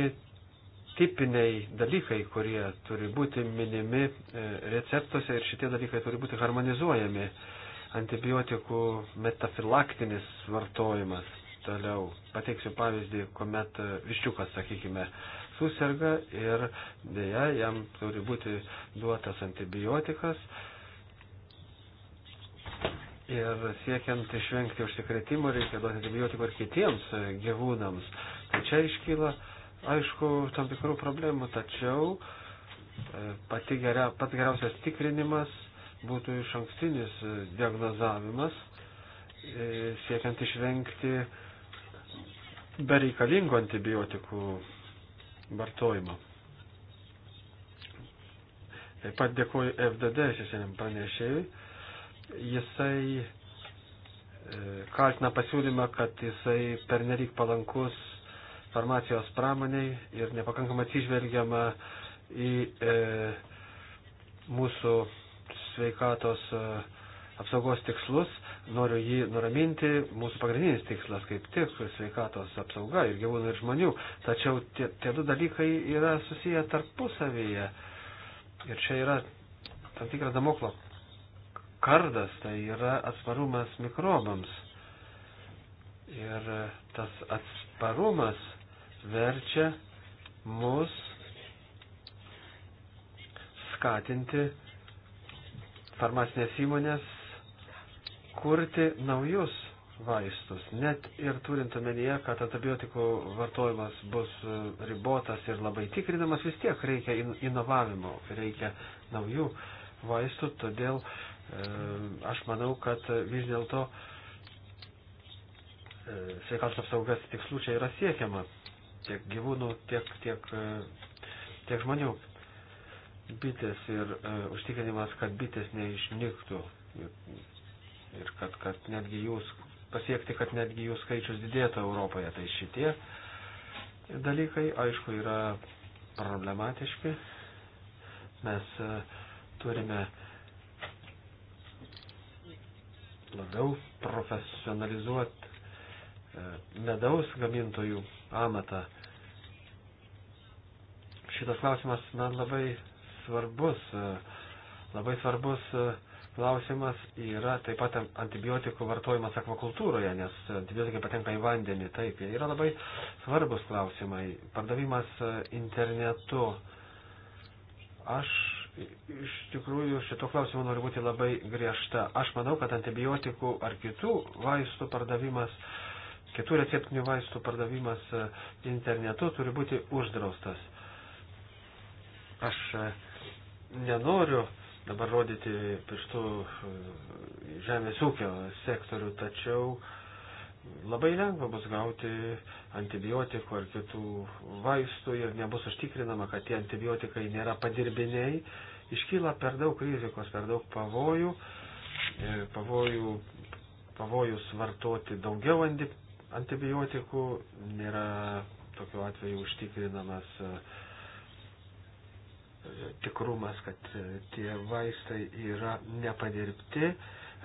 tipiniai dalykai, kurie turi būti minimi e, receptuose ir šitie dalykai turi būti harmonizuojami. Antibiotikų metafilaktinis vartojimas. Toliau pateiksiu pavyzdį, kuomet viščiukas, sakykime, susirga ir dėja jam turi būti duotas antibiotikas Ir siekiant išvengti užsikrėtimų reikia duoti antibiotikų ir kitiems e, gyvūnams. Tai čia iškyla, aišku, tam tikrų problemų, tačiau e, pati geria, pat geriausias tikrinimas būtų iš ankstinis e, diagnozavimas, siekiant išvengti bereikalingo antibiotikų vartojimo. Taip pat dėkuoju FDD šešėliam pranešėjui Jisai e, kaltina pasiūlymą, kad jisai pernelyg palankus farmacijos pramoniai ir nepakankamai atsižvelgiama į e, mūsų sveikatos e, apsaugos tikslus. Noriu jį nuraminti, mūsų pagrindinis tikslas kaip tik sveikatos apsauga ir gyvūnų ir žmonių, tačiau tie, tie du dalykai yra susiję tarpusavyje. Ir čia yra tam tikras damoklo kardas tai yra atsparumas mikrobams. Ir tas atsparumas verčia mus skatinti farmacinės įmonės kurti naujus vaistus. Net ir turint omenyje, kad antibiotikų vartojimas bus ribotas ir labai tikrinamas, vis tiek reikia in inovavimo, reikia naujų vaistų, todėl Aš manau, kad vis dėlto e, sveikatos apsaugas tikslų čia yra siekiama tiek gyvūnų, tiek, tiek, e, tiek žmonių. Bitės ir e, užtikrinimas, kad bitės neišnyktų ir, ir kad, kad netgi jūs pasiekti, kad netgi jų skaičius didėtų Europoje. Tai šitie dalykai, aišku, yra problematiški. Mes e, turime e, labiau profesionalizuoti e, medaus gamintojų amatą. Šitas klausimas man labai svarbus. E, labai svarbus e, klausimas yra taip pat antibiotikų vartojimas akvakultūroje, nes antibiotikai patenka į vandenį. Taip, jie yra labai svarbus klausimai. Pardavimas internetu. Aš iš tikrųjų šito klausimu noriu būti labai griežta. Aš manau, kad antibiotikų ar kitų vaistų pardavimas, kitų receptinių vaistų pardavimas e, internetu turi būti uždraustas. Aš e, nenoriu dabar rodyti pirštų e, žemės ūkio sektorių, tačiau uh, labai lengva bus gauti antibiotikų ar kitų vaistų ir nebus užtikrinama, kad tie antibiotikai nėra padirbiniai, iškyla per daug rizikos, per daug pavojų, e, pavojų pavojus vartoti daugiau antibiotikų, nėra tokiu atveju užtikrinamas e, e, tikrumas, kad tie vaistai yra nepadirbti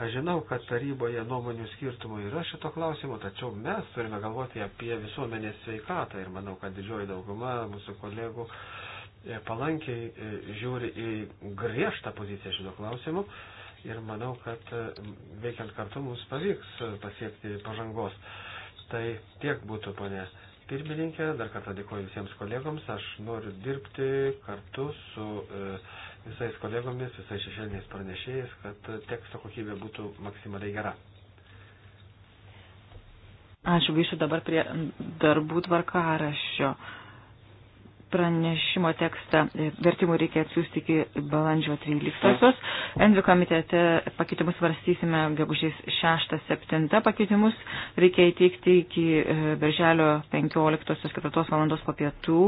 Aš žinau, kad taryboje nuomonių skirtumų yra šito klausimu, tačiau mes turime galvoti apie visuomenės sveikatą ir manau, kad didžioji dauguma mūsų kolegų e, palankiai e, žiūri į griežtą poziciją šito klausimu ir manau, kad e, veikiant kartu mums pavyks pasiekti pažangos. Tai tiek būtų, ponė pirmininkė, dar kartą dėkoju visiems kolegoms, aš noriu dirbti kartu su. E, visais kolegomis, visais šešėliniais pranešėjais, kad teksto kokybė būtų maksimaliai gera. Ačiū, grįšiu dabar prie darbų tvarkaraščio. Pranešimo tekstą vertimų reikia atsiųsti iki balandžio 13-osios. Envi komitete pakeitimus varstysime gegužės 6-7. Pakeitimus reikia įteikti iki e, birželio 15-osios 4 valandos po pietų.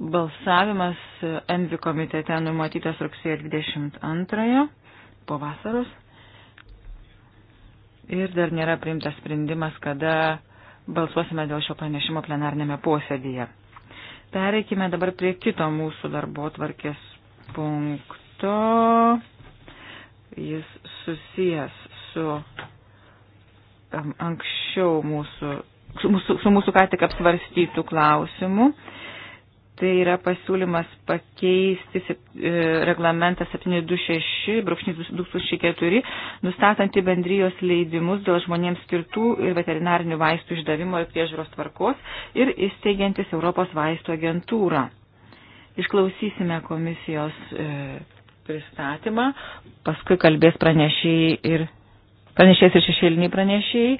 Balsavimas Envi komitete numatytas rugsėjo 22 po vasaros. Ir dar nėra priimtas sprendimas, kada balsuosime dėl šio pranešimo plenarnėme posėdėje. Pereikime dabar prie kito mūsų darbo tvarkės punkto. Jis susijęs su anksčiau mūsų, su mūsų, su mūsų ką tik apsvarstytų klausimų. Tai yra pasiūlymas pakeisti e, reglamentą 726-2004, nustatantį bendrijos leidimus dėl žmonėms skirtų ir veterinarinių vaistų išdavimo ir priežiūros tvarkos ir įsteigiantis Europos vaistų agentūrą. Išklausysime komisijos e, pristatymą, paskui kalbės pranešėjai ir pranešės ir šešėliniai pranešėjai.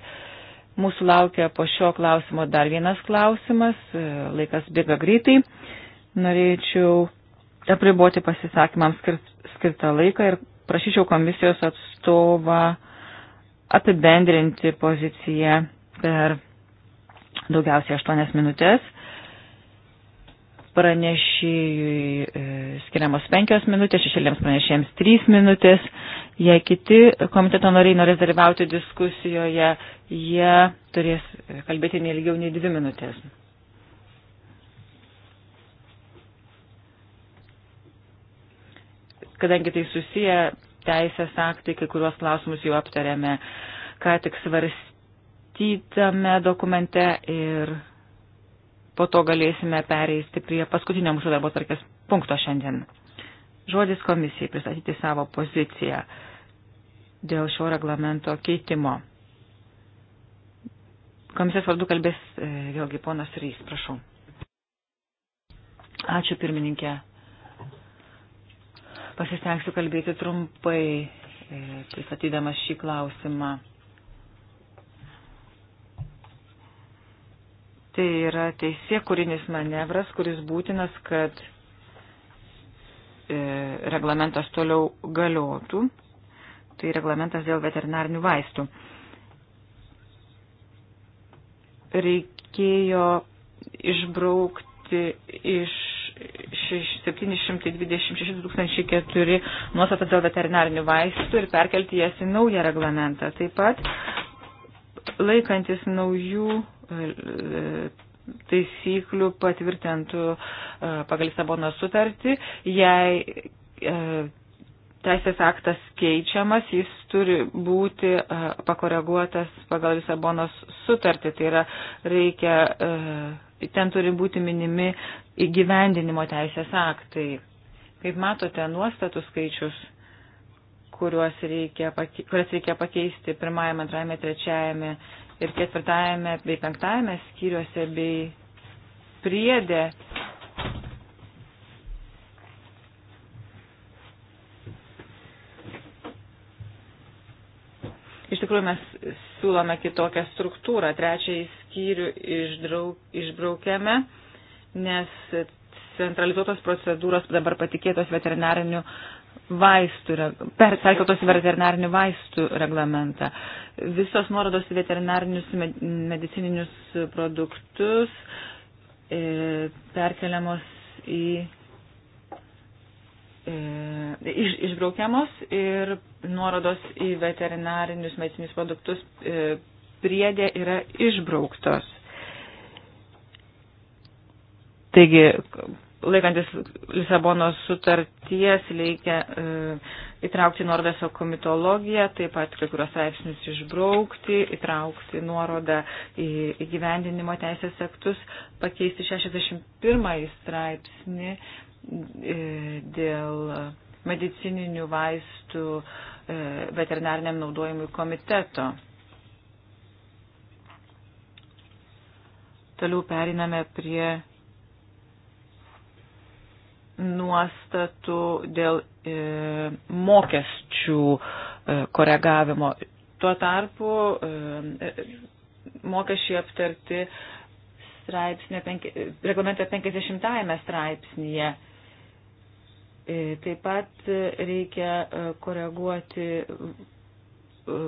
Mūsų laukia po šio klausimo dar vienas klausimas, e, laikas bėga greitai. Norėčiau apriboti pasisakymams skirtą laiką ir prašyčiau komisijos atstovą apibendrinti poziciją per daugiausiai 8 minutės. Pranešėjui e, skiriamos 5 minutės, šešėlėms pranešėjams 3 minutės. Jei kiti komiteto nariai norės dalyvauti diskusijoje, jie turės kalbėti neilgiau nei dvi minutės. Kadangi tai susiję teisės aktai, kai kuriuos klausimus jau aptarėme, ką tik svarstytame dokumente ir po to galėsime pereisti prie paskutinio mūsų darbo tarkės punkto šiandien. Žodis komisijai pristatyti savo poziciją dėl šio reglamento keitimo. Komisijos vardu kalbės e, vėlgi ponas Rys, prašau. Ačiū pirmininkė. Pasistengsiu kalbėti trumpai, e, pristatydamas šį klausimą. Tai yra teisėkūrinis manevras, kuris būtinas, kad e, reglamentas toliau galiotų tai reglamentas dėl veterinarinių vaistų. Reikėjo išbraukti iš 726-2004 nuostatas dėl veterinarinių vaistų ir perkelti jas į naują reglamentą. Taip pat laikantis naujų e, taisyklių patvirtintų e, pagal Lisabono sutartį, jei e, teisės aktas keičiamas, jis turi būti e, pakoreguotas pagal Lisabonos sutartį. Tai yra, reikia, e, ten turi būti minimi įgyvendinimo teisės aktai. Kaip matote, nuostatų skaičius, kuriuos reikia, kurias reikia pakeisti pirmajame, antrajame, trečiajame ir ketvirtajame bei penktajame skyriuose bei priedė tikrųjų mes siūlome kitokią struktūrą. Trečiąjį skyrių išdraug, išbraukėme, nes centralizuotos procedūros dabar patikėtos veterinarinių vaistų, perkeltos į veterinarinių vaistų reglamentą. Visos nuorodos į veterinarinius medicininius produktus e, perkeliamos į E, iš, išbraukiamos ir nuorodos į veterinarinius medicinius produktus e, priedė yra išbrauktos. Taigi, laikantis Lisabonos sutarties, reikia e, įtraukti nuorodas į komitologiją, taip pat kai kurios straipsnius išbraukti, įtraukti nuorodą į įgyvendinimo teisės aktus, pakeisti 61 straipsnį E, dėl medicininių vaistų e, veterinariniam naudojimui komiteto. Toliau periname prie nuostatų dėl e, mokesčių e, koregavimo. Tuo tarpu e, e mokesčiai aptarti straipsnio, penki, reglamento 50 straipsnėje. E, E, taip pat reikia e, koreguoti e,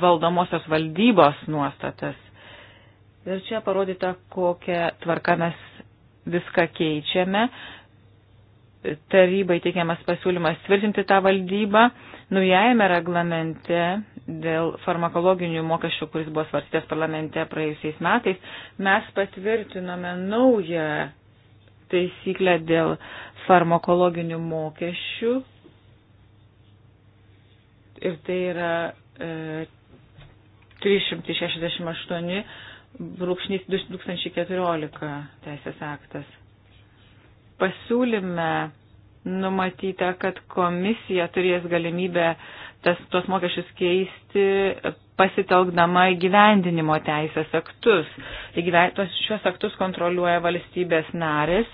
valdomosios valdybos nuostatas. Ir čia parodyta, kokią tvarką mes viską keičiame. Tarybai teikiamas pasiūlymas tvirtinti tą valdybą. Naujajame reglamente dėl farmakologinių mokesčių, kuris buvo svarstytas parlamente praėjusiais metais, mes patvirtinome naują taisyklę dėl farmakologinių mokesčių. Ir tai yra e, 368 brūkšnys 2014 teisės aktas. Pasiūlyme numatyta, kad komisija turės galimybę tas, tuos mokesčius keisti pasitelkdama įgyvendinimo teisės aktus. Įgyven, tuos, šios aktus kontroliuoja valstybės narės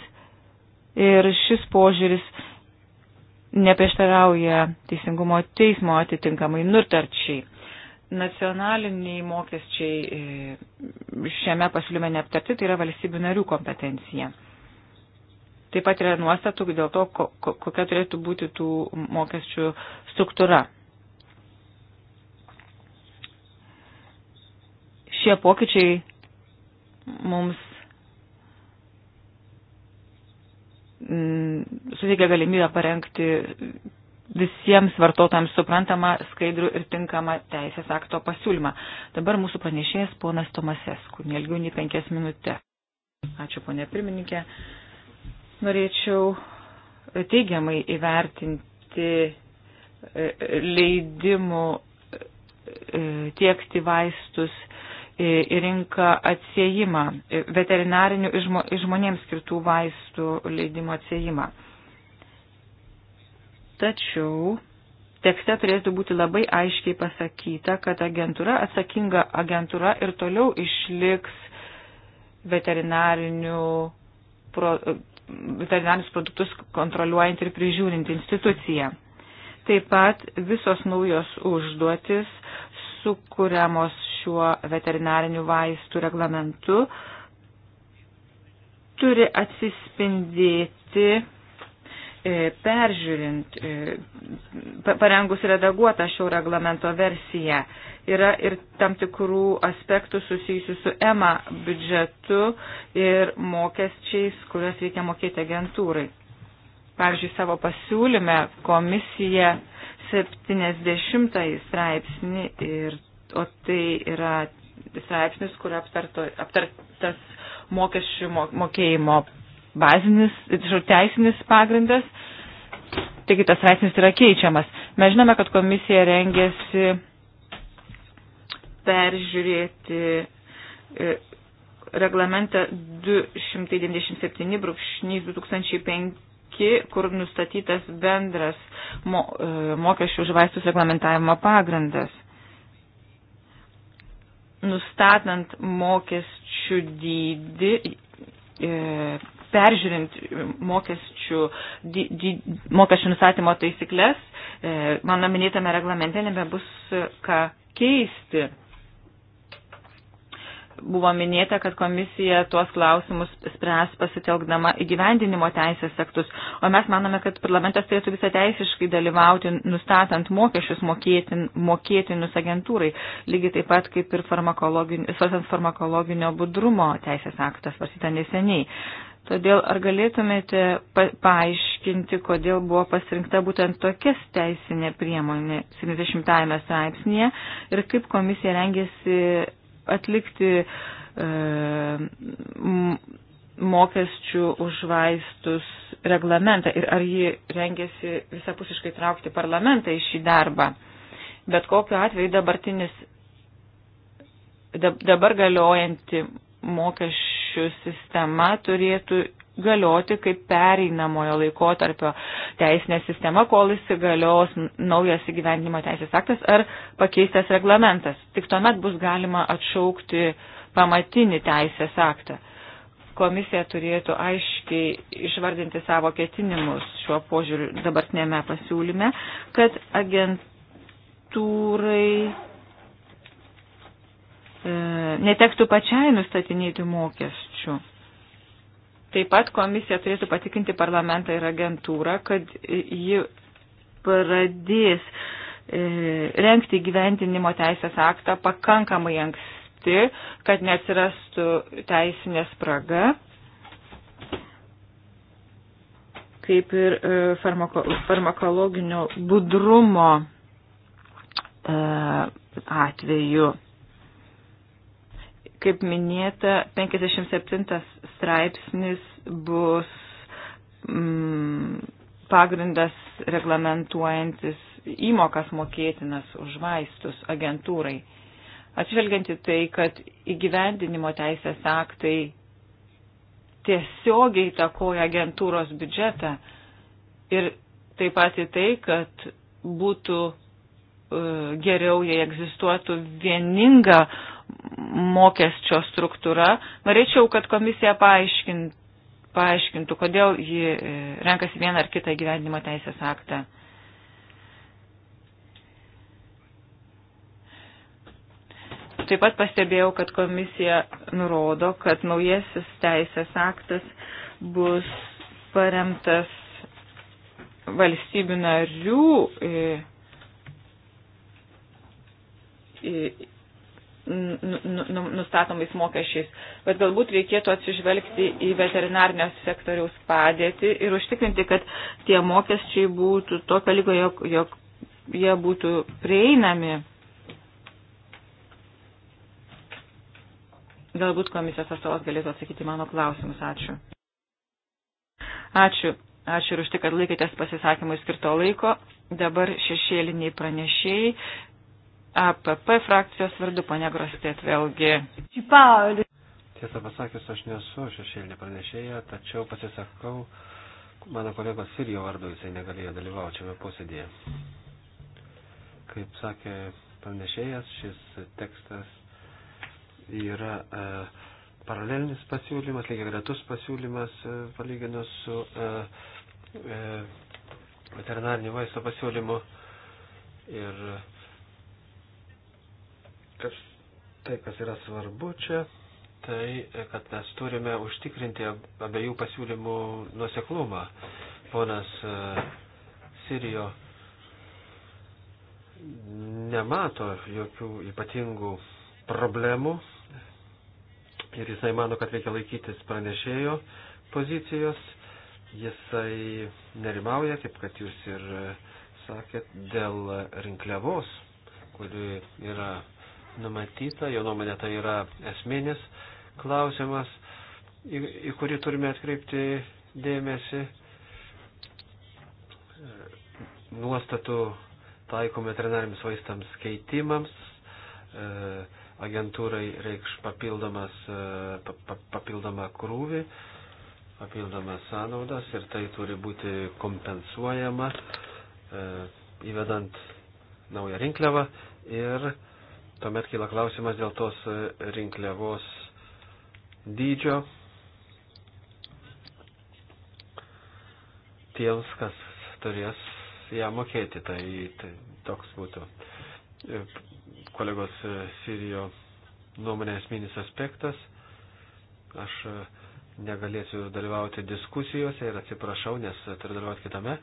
Ir šis požiūris neprieštarauja teisingumo teismo atitinkamai nutarčiai. Nacionaliniai mokesčiai e, šiame pasiūlyme neaptarti, tai yra valstybių narių kompetencija. Taip pat yra nuostatų dėl to, kokia turėtų būti tų mokesčių struktūra. Šie pokyčiai mums Mm, suteikia galimybę parengti visiems vartotojams suprantamą, skaidrų ir tinkamą teisės akto pasiūlymą. Dabar mūsų pranešėjas ponas Tomases, kur nelgiau nei penkias minutės. Ačiū, ponė pirmininkė. Norėčiau teigiamai įvertinti e, e, leidimų e, tiekti vaistus į rinką atsiejimą, veterinarinių ir žmonėms skirtų vaistų leidimo atsiejimą. Tačiau tekste turėtų būti labai aiškiai pasakyta, kad agentūra, atsakinga agentūra ir toliau išliks veterinarinių pro, veterinarinius produktus kontroliuojant ir prižiūrint instituciją. Taip pat visos naujos užduotis sukūriamos šiuo veterinariniu vaistų reglamentu, turi atsispindėti e, peržiūrint, e, parengus redaguotą šio reglamento versiją. Yra ir tam tikrų aspektų susijusių su EMA biudžetu ir mokesčiais, kurias reikia mokėti agentūrai. Pavyzdžiui, savo pasiūlyme komisija 70 straipsnį, ir, o tai yra straipsnis, kur aptarto, aptartas mokesčių mokėjimo bazinis, teisinis pagrindas. Taigi tas straipsnis yra keičiamas. Mes žinome, kad komisija rengėsi peržiūrėti e, reglamentą 297 brūkšnys 2005 5, kur nustatytas bendras mo, e, mokesčių už vaistus reglamentavimo pagrindas. Nustatant mokesčių dydį, e, peržiūrint mokesčių, di, di, mokesčių nustatymo taisyklės, e, mano minėtame reglamente nebebus ką keisti buvo minėta, kad komisija tuos klausimus spręs pasitelkdama įgyvendinimo teisės aktus, o mes manome, kad parlamentas turėtų visą teisiškai dalyvauti, nustatant mokesčius mokėtin, mokėtinius agentūrai, lygiai taip pat kaip ir farmakologinio, farmakologinio budrumo teisės aktas pasita neseniai. Todėl ar galėtumėte pa paaiškinti, kodėl buvo pasirinkta būtent tokia teisinė priemonė 70-ame straipsnėje ir kaip komisija rengėsi atlikti e, mokesčių už vaistus reglamentą ir ar ji rengėsi visapusiškai traukti parlamentą į šį darbą. Bet kokiu atveju dabartinis, dabar galiojanti mokesčių sistema turėtų galioti kaip pereinamojo laikotarpio teisinė sistema, kol įsigalios naujas įgyvendimo teisės aktas ar pakeistas reglamentas. Tik tuomet bus galima atšaukti pamatinį teisės aktą. Komisija turėtų aiškiai išvardinti savo ketinimus šiuo požiūriu dabartinėme pasiūlyme, kad agentūrai e, netektų pačiai nustatinėti mokesčių Taip pat komisija turėtų patikinti parlamentą ir agentūrą, kad ji pradės e, renkti gyventinimo teisės aktą pakankamai anksti, kad neatsirastų teisinė spraga, kaip ir e, farmako, farmakologinio budrumo e, atveju. Kaip minėta, 57 straipsnis bus mm, pagrindas reglamentuojantis įmokas mokėtinas už vaistus agentūrai. Atsižvelgianti tai, kad įgyvendinimo teisės aktai tiesiogiai takoja agentūros biudžetą ir taip pat į tai, kad būtų e, geriau, jei egzistuotų vieninga mokesčio struktūra. Norėčiau, kad komisija paaiškint, paaiškintų, kodėl ji e, renkasi vieną ar kitą gyvenimo teisės aktą. Taip pat pastebėjau, kad komisija nurodo, kad naujasis teisės aktas bus paremtas valstybių narių e, e, Nu, nu, nu, nustatomais mokesčiais, bet galbūt reikėtų atsižvelgti į veterinarnio sektoriaus padėtį ir užtikrinti, kad tie mokesčiai būtų tokio lygo, jog, jog jie būtų prieinami. Galbūt komisijos atstovas galėtų atsakyti mano klausimus. Ačiū. Ačiū. Ačiū ir už tai, kad laikėtės pasisakymui skirto laiko. Dabar šešėliniai pranešėjai APP frakcijos vardu, ponia Grostėt, vėlgi. Tiesą pasakius, aš nesu šešėlinė pranešėja, tačiau pasisakau, mano kolegos Sirijo vardu jisai negalėjo dalyvauti šiame posėdėje. Kaip sakė pranešėjas, šis tekstas yra e, paralelinis pasiūlymas, lygiai gretus pasiūlymas e, palyginus su e, e, veterinarinių vaisto pasiūlymu. Ir e, tai, kas yra svarbu čia, tai, kad mes turime užtikrinti abiejų pasiūlymų nuseklumą. Ponas e, Sirijo nemato jokių ypatingų problemų ir jisai mano, kad reikia laikytis pranešėjo pozicijos. Jisai nerimauja, kaip kad jūs ir e, sakėt, dėl rinkliavos, kuri yra numatyta, jo nuomonė tai yra esminis klausimas, į, į kurį turime atkreipti dėmesį. Nuostatų taikom veterinariams vaistams keitimams, e, agentūrai reikš papildomas, e, papildomą krūvį, papildomas sąnaudas ir tai turi būti kompensuojama e, įvedant naują rinkliavą ir Tuomet kyla klausimas dėl tos e, rinkliavos dydžio. Tiems, kas turės ją mokėti, tai, tai toks būtų e, kolegos e, Sirijo nuomonė esminis aspektas. Aš negalėsiu dalyvauti diskusijose ir atsiprašau, nes turiu dalyvauti kitame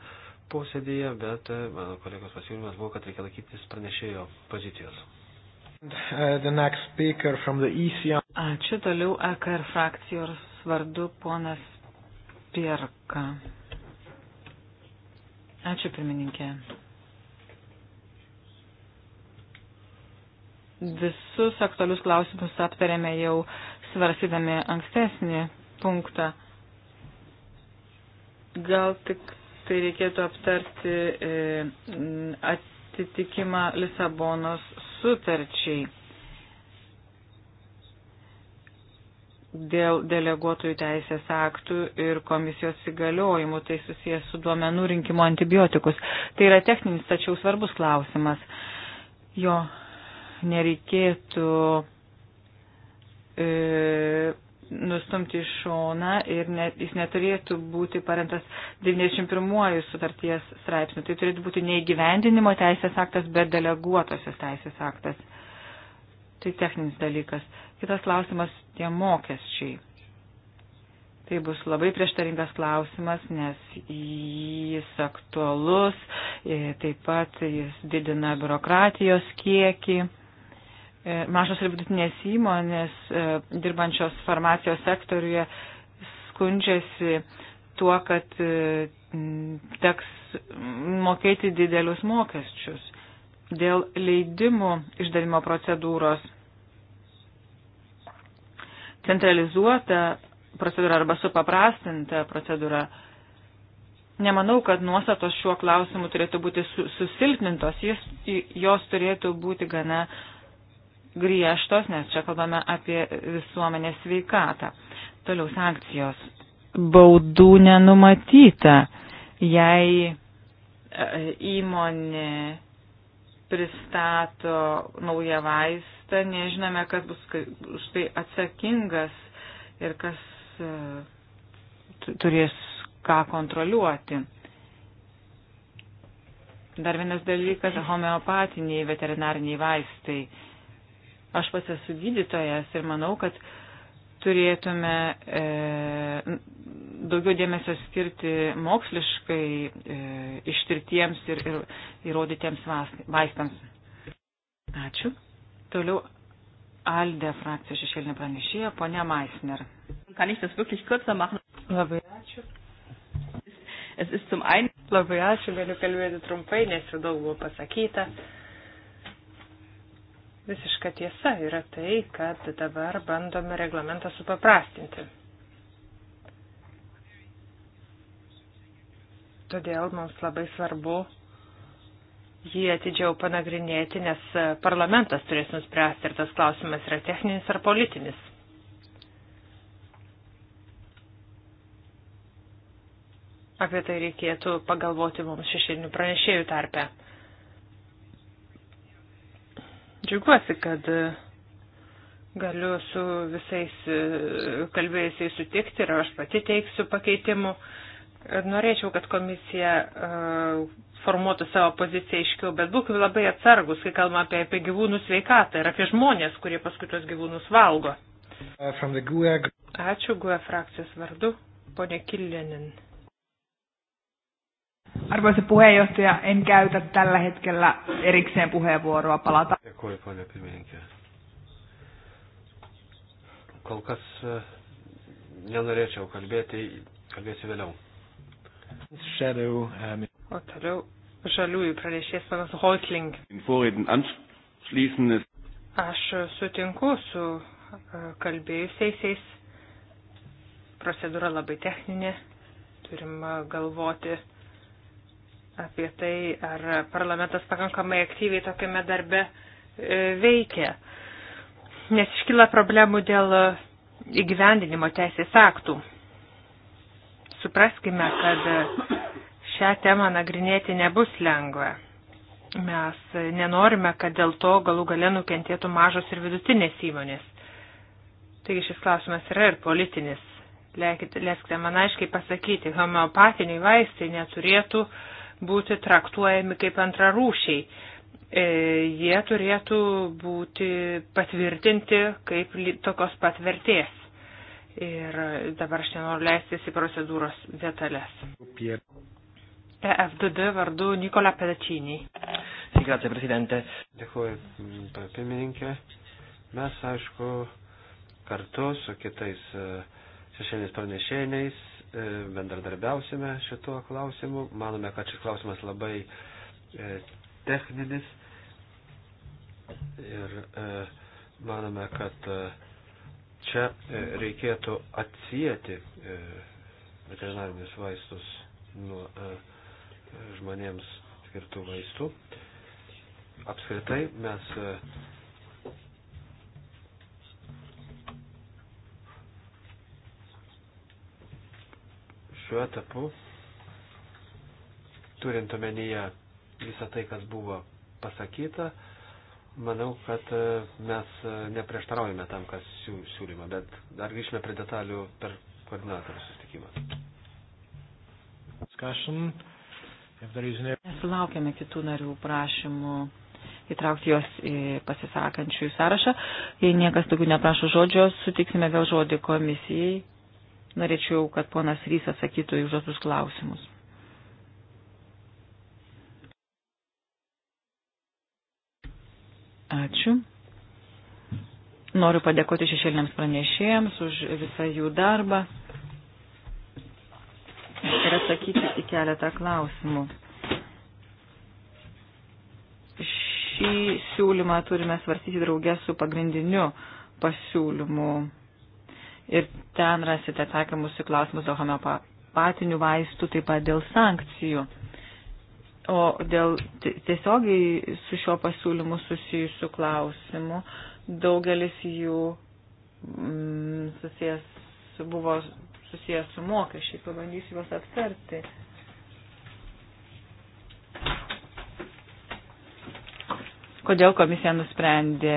posėdėje, bet mano kolegos pasiūlymas buvo, kad reikia laikytis pranešėjo pozicijos. Uh, e Ačiū toliau EKR frakcijos vardu ponas Pierka. Ačiū pirmininkė. Visus aktualius klausimus aptarėme jau svarsydami ankstesnį punktą. Gal tik tai reikėtų aptarti e, atitikimą Lisabonos sutarčiai dėl deleguotojų teisės aktų ir komisijos įgaliojimų, tai susijęs su duomenų rinkimo antibiotikus. Tai yra techninis, tačiau svarbus klausimas. Jo nereikėtų. E, nustumti į šoną ir net, jis neturėtų būti paremtas 91 sutarties straipsniu. Tai turėtų būti neįgyvendinimo teisės aktas, bet deleguotosios teisės aktas. Tai techninis dalykas. Kitas klausimas - tie mokesčiai. Tai bus labai prieštaringas klausimas, nes jis aktualus, e, taip pat jis didina biurokratijos kiekį E, mažos ir vidutinės įmonės e, dirbančios farmacijos sektoriuje skundžiasi tuo, kad e, teks mokėti didelius mokesčius dėl leidimų išdavimo procedūros. Centralizuota procedūra arba supaprastinta procedūra. Nemanau, kad nuostatos šiuo klausimu turėtų būti susilpnintos, jis, jos turėtų būti gana uh, griežtos, nes čia kalbame apie visuomenės sveikatą. Toliau sankcijos. Baudų nenumatyta, jei e, įmonė pristato naują vaistą, nežinome, kas bus už tai atsakingas ir kas e, turės ką kontroliuoti. Dar vienas dalykas - homeopatiniai veterinariniai vaistai. Aš pats esu gydytojas ir manau, kad turėtume e, daugiau dėmesio skirti moksliškai e, ištirtiems ir, ir įrodytiems vaistams. Ačiū. Toliau Alde frakcija šešėlinė pranešėja, ponia Meisner. Labai ačiū. Labai ačiū, galiu kalbėti trumpai, nes jau daug buvo pasakyta. E, Visiška tiesa yra tai, kad dabar bandome reglamentą supaprastinti. Todėl mums labai svarbu jį atidžiau panagrinėti, nes parlamentas turės nuspręsti, ar tas klausimas yra techninis ar politinis. Apie tai reikėtų pagalvoti mums šešėlinių pranešėjų tarpe. Džiaugiuosi, kad e, galiu su visais e, kalbėjusiais sutikti ir aš pati teiksiu pakeitimų. Norėčiau, kad komisija e, formuotų savo poziciją iškiau, bet būkime labai atsargus, kai kalbame apie, apie gyvūnų sveikatą ir apie žmonės, kurie paskui tos gyvūnus valgo. Uh, Ačiū GUE frakcijos vardu, ponė Killenin. Arvoisa puheenjohtaja, en käytä tällä hetkellä erikseen puheenvuoroa. Palata. Dėkuoju, ponė pirmininkė. Kol kas nenorėčiau eh, kalbėti, kalbėsiu vėliau. Shadow, um... O toliau žaliųjų pranešės panas Holtling. Aš sutinku su eh, kalbėjusiais. Procedūra labai techninė. Turim eh, galvoti apie tai, ar parlamentas pakankamai aktyviai tokiame darbe e, veikia. Nes iškyla problemų dėl įgyvendinimo teisės aktų. Supraskime, kad šią temą nagrinėti nebus lengva. Mes nenorime, kad dėl to galų gale nukentėtų mažos ir vidutinės įmonės. Taigi šis klausimas yra ir politinis. Leiskite man aiškiai pasakyti, homeopatiniai vaistai neturėtų uh, būti traktuojami kaip antrarūšiai. E, jie turėtų būti patvirtinti kaip tokios pat vertės. Ir dabar aš nenoriu leistis į procedūros detalės. EFDD vardu Nikola Pedacini. Sì, grazie Presidente. Dėkuoju, pirmininkė. Mes, aišku, kartu su kitais e, šešėliais pranešėjais E, bendradarbiausime šituo klausimu. Manome, kad šis klausimas labai e, techninis ir e, manome, kad čia reikėtų atsijėti veterinarinius vaistus nuo žmonėms skirtų vaistų. Apskritai mes šiuo etapu, turint omenyje visą tai, kas buvo pasakyta, manau, kad e, mes e, neprieštaraujame tam, kas siūlyma, bet dar grįžime prie detalių per koordinatorių susitikimą. Mes laukiame kitų narių prašymų įtraukti jos į pasisakančiųjų sąrašą. Jei niekas daugiau neprašo žodžio, sutiksime vėl žodį komisijai Norėčiau, kad ponas Rys atsakytų į užduotus klausimus. Ačiū. Noriu padėkoti šešėliniams pranešėjams už visą jų darbą ir atsakyti į keletą klausimų. Šį siūlymą turime svarstyti draugę su pagrindiniu pasiūlymu ir ten rasite atsakymus į klausimus dėl homeopatinių vaistų, taip pat dėl sankcijų. O dėl tiesiogiai su šiuo pasiūlymu susijusių klausimų, daugelis jų mm, susijęs, buvo susijęs su mokesčiais, pabandysiu juos aptarti. Kodėl komisija nusprendė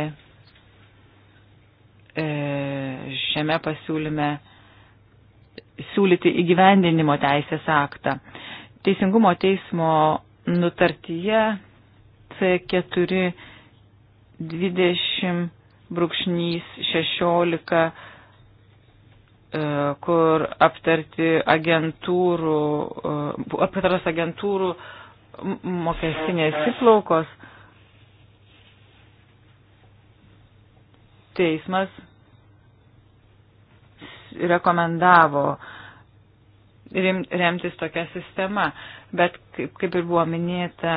E, šiame pasiūlyme siūlyti įgyvendinimo teisės aktą. Teisingumo teismo nutartyje C4 20 brūkšnys 16, e, kur aptarti agentūrų, e, aptartas agentūrų mokestinės įplaukos teismas rekomendavo remtis tokia sistema, bet kaip, kaip ir buvo minėta,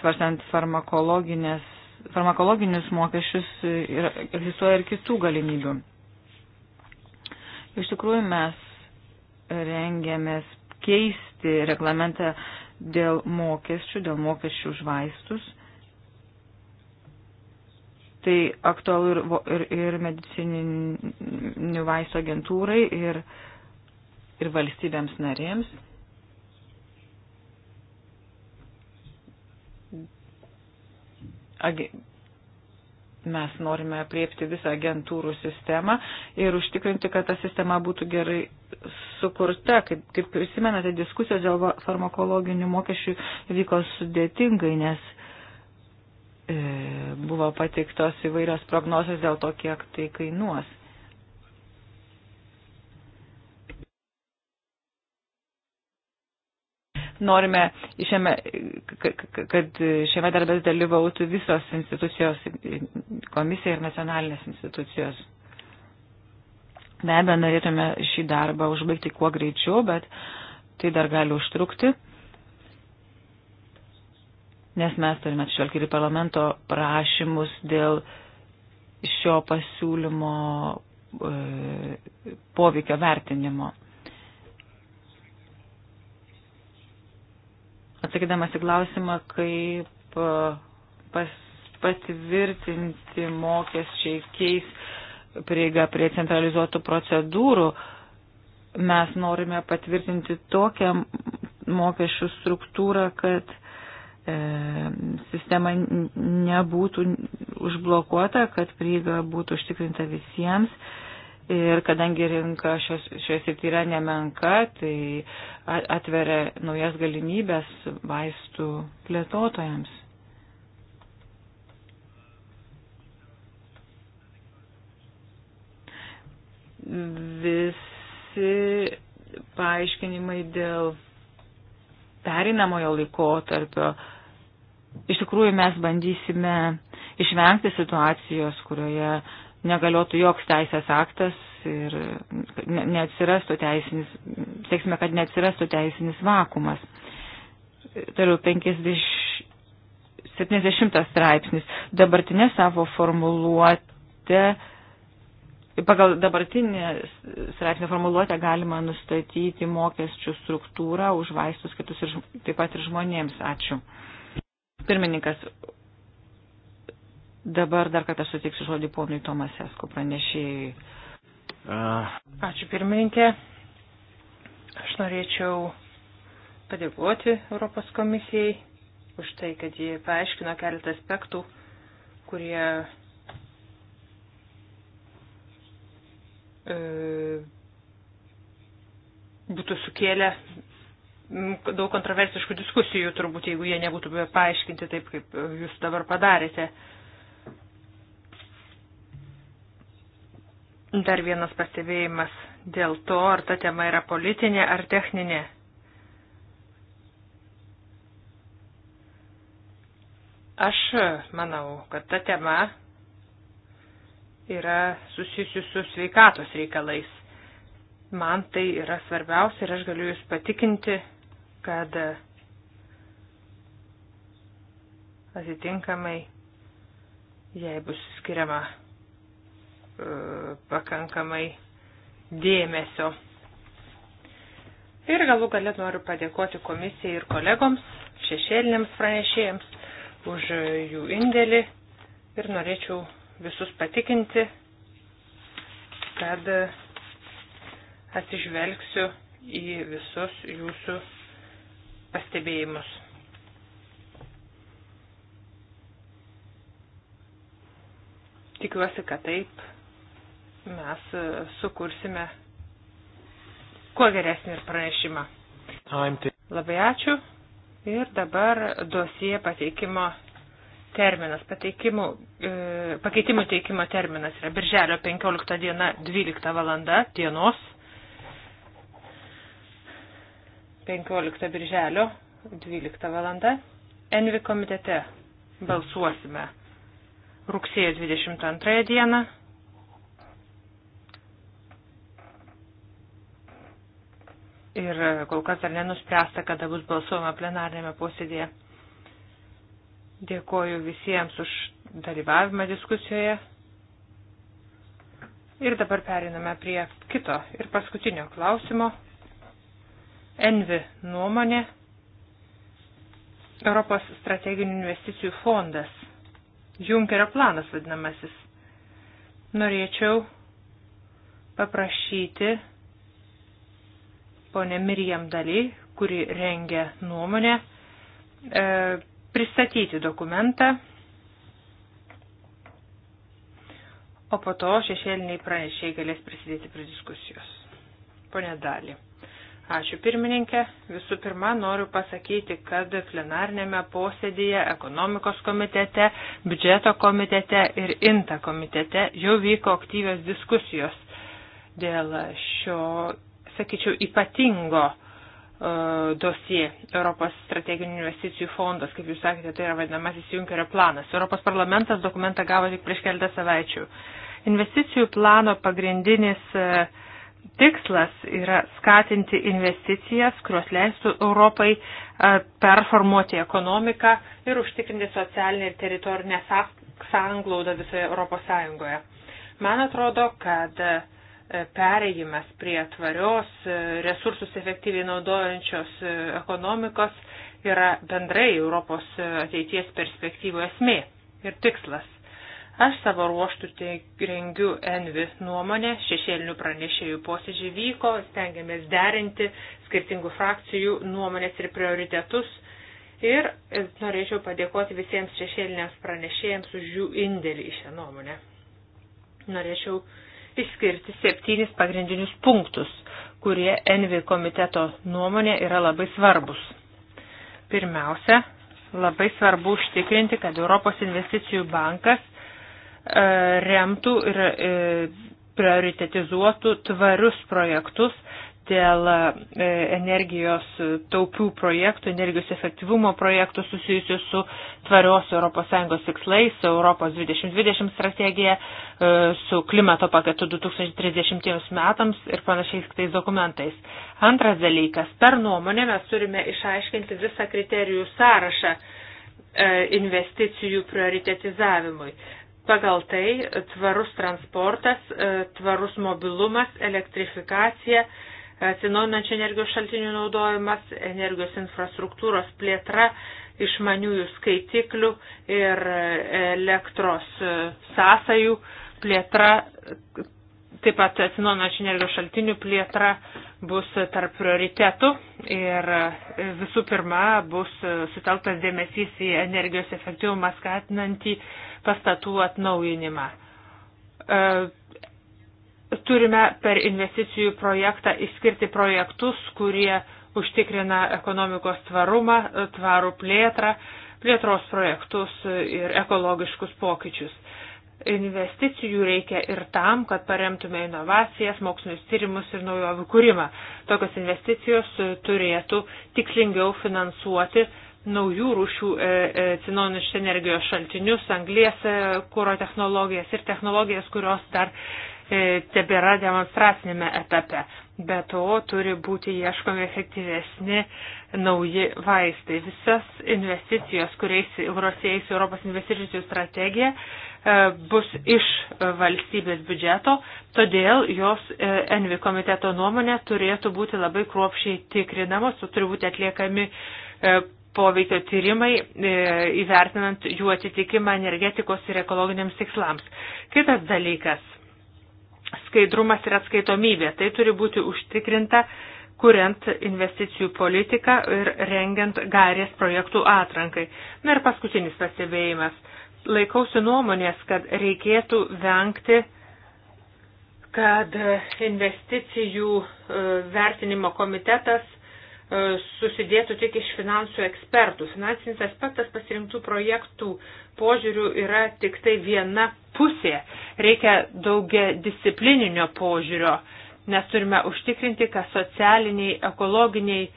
svarstant farmakologinius mokesčius, ir, egzistuoja ir kitų galimybių. Iš tikrųjų, mes rengiamės keisti reglamentą dėl mokesčių, dėl mokesčių už vaistus. Tai aktualu ir, ir, ir medicininių vaistų agentūrai ir, ir valstybėms narėms. Agi, mes norime apriepti visą agentūrų sistemą ir užtikrinti, kad ta sistema būtų gerai sukurta. Kaip, kaip prisimenate, diskusijos dėl farmakologinių mokesčių vyko sudėtingai, nes E, buvo pateiktos įvairios prognozijos dėl to, kiek tai kainuos. Norime, šiame, kad šiame darbės dalyvautų visos institucijos, komisija ir nacionalinės institucijos. Be abejo, norėtume šį darbą užbaigti kuo greičiau, bet tai dar gali užtrukti nes mes turime atšvelgti ir parlamento prašymus dėl šio pasiūlymo e, poveikio vertinimo. Atsakydamas į klausimą, kaip e, pas, patvirtinti mokesčiai keis prieiga prie centralizuotų procedūrų, mes norime patvirtinti tokią mokesčių struktūrą, kad E, sistema nebūtų užblokuota, kad prieiga būtų užtikrinta visiems. Ir kadangi rinka šioje srityje yra nemenka, tai atveria naujas galimybės vaistų plėtotojams. Visi paaiškinimai dėl perinamojo laikotarpio tarpio iš tikrųjų mes bandysime išvengti situacijos, kurioje negaliotų joks teisės aktas ir neatsirastų teisinis, sėksime, kad neatsirastų teisinis vakumas. Toliau 50, 70 straipsnis. Dabartinė savo formuluotė, pagal dabartinę straipsnio formuluotę galima nustatyti mokesčių struktūrą už vaistus kitus ir taip pat ir žmonėms. Ačiū. Pirmininkas, dabar dar kartą sutiksiu žodį ponui Tomasesko pranešėjai. Uh. Ačiū pirmininkė. Aš norėčiau padėkoti Europos komisijai už tai, kad jie paaiškino keletą aspektų, kurie e, būtų sukėlę Mm, daug kontroversiškų diskusijų, turbūt, jeigu jie nebūtų buvę paaiškinti taip, kaip e, jūs dabar padarėte. Dar vienas pastebėjimas dėl to, ar ta tema yra politinė ar techninė. Aš manau, kad ta tema yra susijusi su sveikatos reikalais. Man tai yra svarbiausia ir aš galiu Jūs patikinti, kad atitinkamai, jei bus skiriama e, pakankamai dėmesio. Ir galų galėt noriu padėkoti komisijai ir kolegoms, šešėliniams pranešėjams už jų indėlį ir norėčiau visus patikinti, kad atsižvelgsiu į visus jūsų pastebėjimus. Tikiuosi, kad taip mes e, sukursime kuo geresnį ir pranešimą. Labai ačiū. Ir dabar dosie pateikimo terminas, pateikimų, e, pakeitimų teikimo terminas yra birželio 15 diena 12 valanda dienos. 15 birželio 12 valanda. Envi komitete balsuosime rugsėjo 22 dieną. Ir kol kas dar nenuspręsta, kada bus balsuojama plenarnėme posėdėje. Dėkoju visiems už dalyvavimą diskusijoje. Ir dabar periname prie kito ir paskutinio klausimo. Envi nuomonė Europos strateginių investicijų fondas. Junkerio planas vadinamasis. Norėčiau paprašyti ponę Mirjam Daly, kuri rengia nuomonę, e, pristatyti dokumentą, o po to šešėliniai pranešiai galės prisidėti prie diskusijos. Pone Daly. Ačiū pirmininkė. Visų pirma, noriu pasakyti, kad plenarnėme posėdėje, ekonomikos komitete, biudžeto komitete ir INTA komitete jau vyko aktyvios diskusijos dėl šio, sakyčiau, ypatingo e, dosie Europos strateginių investicijų fondas, kaip jūs sakėte, tai yra vadinamasis Junkerio planas. Europos parlamentas dokumentą gavo tik prieš keletą savaičių. Investicijų plano pagrindinis uh, tikslas yra skatinti investicijas, kurios leistų Europai e, performuoti ekonomiką ir užtikrinti socialinę ir teritorinę sąnglaudą visoje Europos Sąjungoje. Man atrodo, kad e, pereigimas prie tvarios, e, resursus efektyviai naudojančios ekonomikos yra bendrai Europos ateities perspektyvų esmė ir tikslas. Aš savo ruoštų rengiu Envi nuomonę, šešėlinių pranešėjų posėdžiai vyko, stengiamės derinti skirtingų frakcijų nuomonės ir prioritetus. Ir norėčiau padėkoti visiems šešėliniams pranešėjams už jų indėlį į šią nuomonę. Norėčiau išskirti septynis pagrindinius punktus, kurie Envi komiteto nuomonė yra labai svarbus. Pirmiausia, labai svarbu užtikrinti, kad Europos investicijų bankas E, remtų ir e, prioritetizuotų tvarius projektus dėl e, energijos taupių projektų, energijos efektyvumo projektų susijusių su tvarios ES tikslais, Europos 2020 strategija, su klimato paketu 2030 metams ir panašiais kitais dokumentais. Antras dalykas, per nuomonę mes turime išaiškinti visą kriterijų sąrašą investicijų prioritetizavimui. Pagal tai tvarus transportas, e, tvarus mobilumas, elektrifikacija, e, atsinaujinančių energijos šaltinių naudojimas, energijos infrastruktūros plėtra, išmaniųjų skaitiklių ir e, elektros sąsajų plėtra, taip pat atsinaujinančių energijos šaltinių plėtra bus tarp prioritetų Ir e, visų pirma bus e, sutelktas dėmesys į energijos efektyvumą skatinantį pastatų atnaujinimą. E, turime per investicijų projektą išskirti projektus, kurie užtikrina ekonomikos tvarumą, tvarų plėtrą, plėtros projektus ir ekologiškus pokyčius investicijų reikia ir tam, kad paremtume inovacijas, mokslinius tyrimus ir naujovių kūrimą. Tokios investicijos e, turėtų tikslingiau finansuoti naujų rūšių atsinaujinančių e, e, energijos šaltinius, anglies kūro technologijas ir technologijas, kurios dar E, tebėra demonstracinėme etape. Be to turi būti ieškomi efektyvesni nauji vaistai. Visas investicijos, kuriais Eurosieis Europos investicijų strategija, e, bus iš valstybės biudžeto, todėl jos e, Envi komiteto nuomonė turėtų būti labai kruopšiai tikrinamos, turi būti atliekami poveikio tyrimai įvertinant jų atitikimą energetikos ir ekologiniams tikslams. Kitas dalykas skaidrumas ir atskaitomybė. Tai turi būti užtikrinta, kuriant investicijų politiką ir rengiant garės projektų atrankai. Na ir paskutinis pastebėjimas. Laikausi nuomonės, kad reikėtų vengti kad investicijų e, vertinimo komitetas E, susidėtų tik iš finansų ekspertų. Finansinis aspektas pasirinktų projektų požiūrių yra tik tai viena pusė. Reikia daugia disciplininio požiūrio, nes turime užtikrinti, kad socialiniai, ekologiniai e,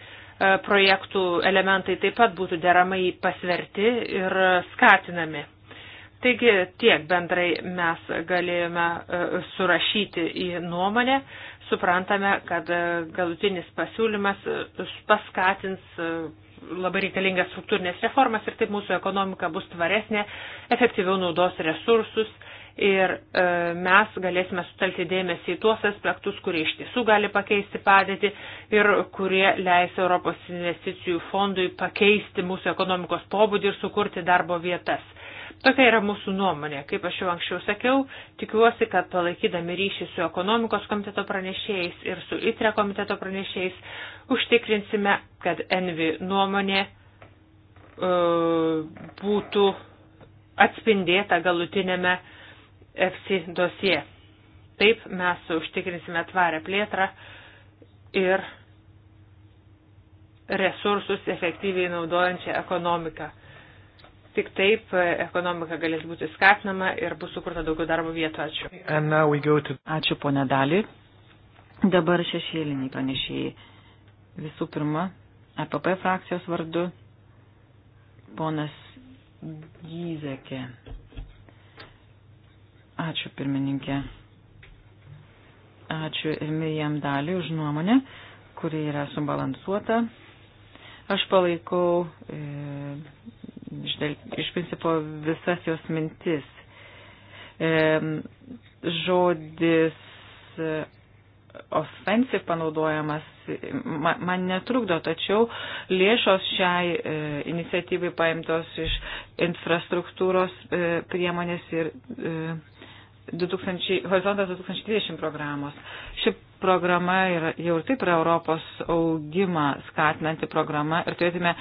projektų elementai taip pat būtų deramai pasverti ir skatinami. Taigi tiek bendrai mes galėjome e, surašyti į nuomonę suprantame, kad e, galutinis pasiūlymas e, paskatins e, labai reikalingas struktūrinės reformas ir taip mūsų ekonomika bus tvaresnė, efektyviau naudos resursus ir e, mes galėsime sutelkti dėmesį į tuos aspektus, kurie iš tiesų gali pakeisti padėtį ir kurie leis Europos investicijų fondui pakeisti mūsų ekonomikos pobūdį ir sukurti darbo vietas. Tokia yra mūsų nuomonė. Kaip aš jau anksčiau sakiau, tikiuosi, kad palaikydami ryšį su ekonomikos komiteto pranešėjais ir su ITRE komiteto pranešėjais užtikrinsime, kad ENVI nuomonė uh, būtų atspindėta galutinėme EFSI dosie. Taip mes užtikrinsime tvarę plėtrą ir resursus efektyviai naudojančią ekonomiką. Tik taip e, ekonomika galės būti skatinama ir bus sukurta daugiau darbo vietų. Ačiū. To... Ačiū, ponė Dali. Dabar šešėliniai pranešėjai. Visų pirma, APP e frakcijos vardu ponas Gyzekė. Ačiū, pirmininkė. Ačiū ir Mirjam Dali už nuomonę, kuri yra subalansuota. Aš palaikau. E, iš principo visas jos mintis. Žodis e, offensive panaudojamas man netrukdo, tačiau lėšos šiai e, iniciatyvai paimtos iš infrastruktūros e, priemonės ir 2000, horizontas 2020 programos. Ši programa yra, jau ir taip yra Europos augimą skatinanti programa ir turėtume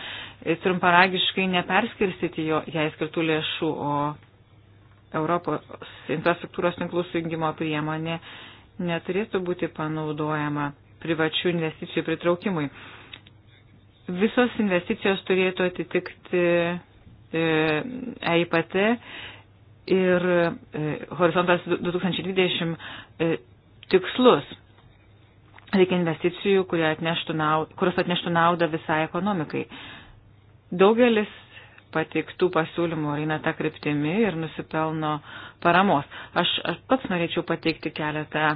trumparagiškai neperskirstyti jo, jai skirtų lėšų, o Europos infrastruktūros tinklų sujungimo priemonė neturėtų būti panaudojama privačių investicijų pritraukimui. Visos investicijos turėtų atitikti EIPT e ir e, Horizontas 2020 e, tikslus. Reikia investicijų, atneštų naudą, kurios atneštų naudą visai ekonomikai. Daugelis pateiktų pasiūlymų eina tą kryptimį ir nusipelno paramos. Aš, aš pats norėčiau pateikti keletą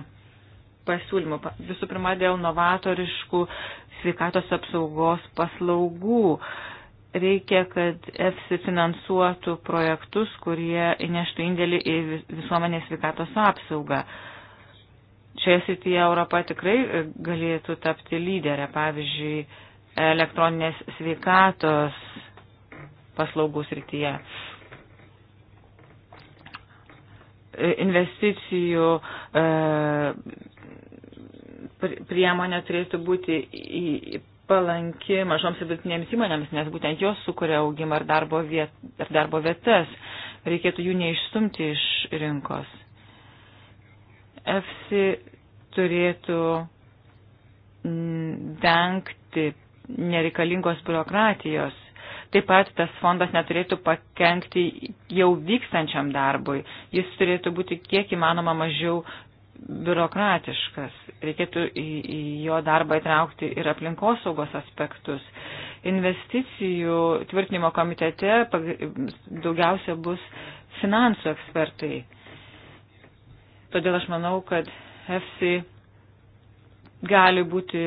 pasiūlymų. Visų pirma, dėl novatoriškų sveikatos apsaugos paslaugų. Reikia, kad EFSI finansuotų projektus, kurie įneštų indėlį į visuomenės sveikatos apsaugą. Uh, Šioje srityje Europa tikrai e, galėtų tapti lyderę, pavyzdžiui, elektroninės sveikatos paslaugų srityje. E, investicijų e, priemonė turėtų būti į, palanki mažoms ir vidutinėms įmonėms, nes būtent jos sukuria augimą ir darbo, viet, ir darbo vietas. Reikėtų jų neišstumti iš rinkos. EFSI turėtų mm, vengti nereikalingos biurokratijos. Taip pat tas fondas neturėtų pakengti jau vykstančiam darbui. Jis turėtų būti kiek įmanoma mažiau biurokratiškas. Reikėtų į, į jo darbą įtraukti ir aplinkosaugos aspektus. Investicijų tvirtinimo komitete daugiausia bus finansų ekspertai. Todėl aš manau, kad EFSI gali būti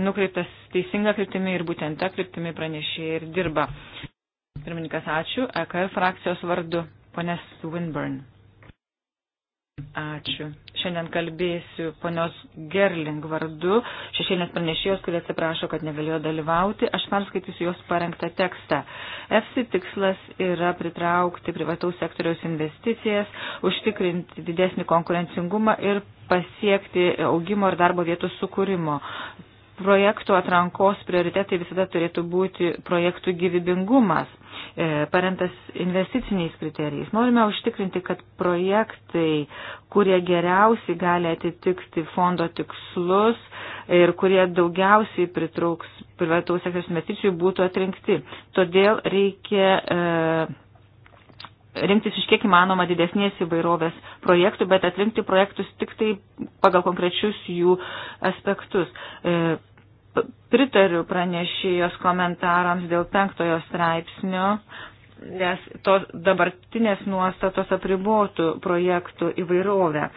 nukreiptas teisinga kryptimi ir būtent ta kryptimi pranešė ir dirba. Pirmininkas, ačiū. EKR frakcijos vardu, ponės Winburn. Ačiū. Šiandien kalbėsiu ponios Gerling vardu, šešėlinės pranešėjos, kurie atsiprašo, kad negalėjo dalyvauti. Aš perskaitysiu jos parengtą tekstą. EFSI tikslas yra pritraukti privataus sektoriaus investicijas, užtikrinti didesnį konkurencingumą ir pasiekti augimo ir darbo vietų sukūrimo projektų atrankos prioritetai visada turėtų būti projektų gyvybingumas, E, paremtas investiciniais kriterijais. Norime užtikrinti, kad projektai, kurie geriausiai gali atitikti fondo tikslus ir kurie daugiausiai pritrauks privataus sektoriaus investicijų, būtų atrinkti. Todėl reikia e, rinktis iš kiek įmanoma didesnės įvairovės projektų, bet atrinkti projektus tik tai pagal konkrečius jų aspektus. E, pritariu pranešėjos komentarams dėl penktojo straipsnio, nes tos dabartinės nuostatos apribotų projektų įvairovę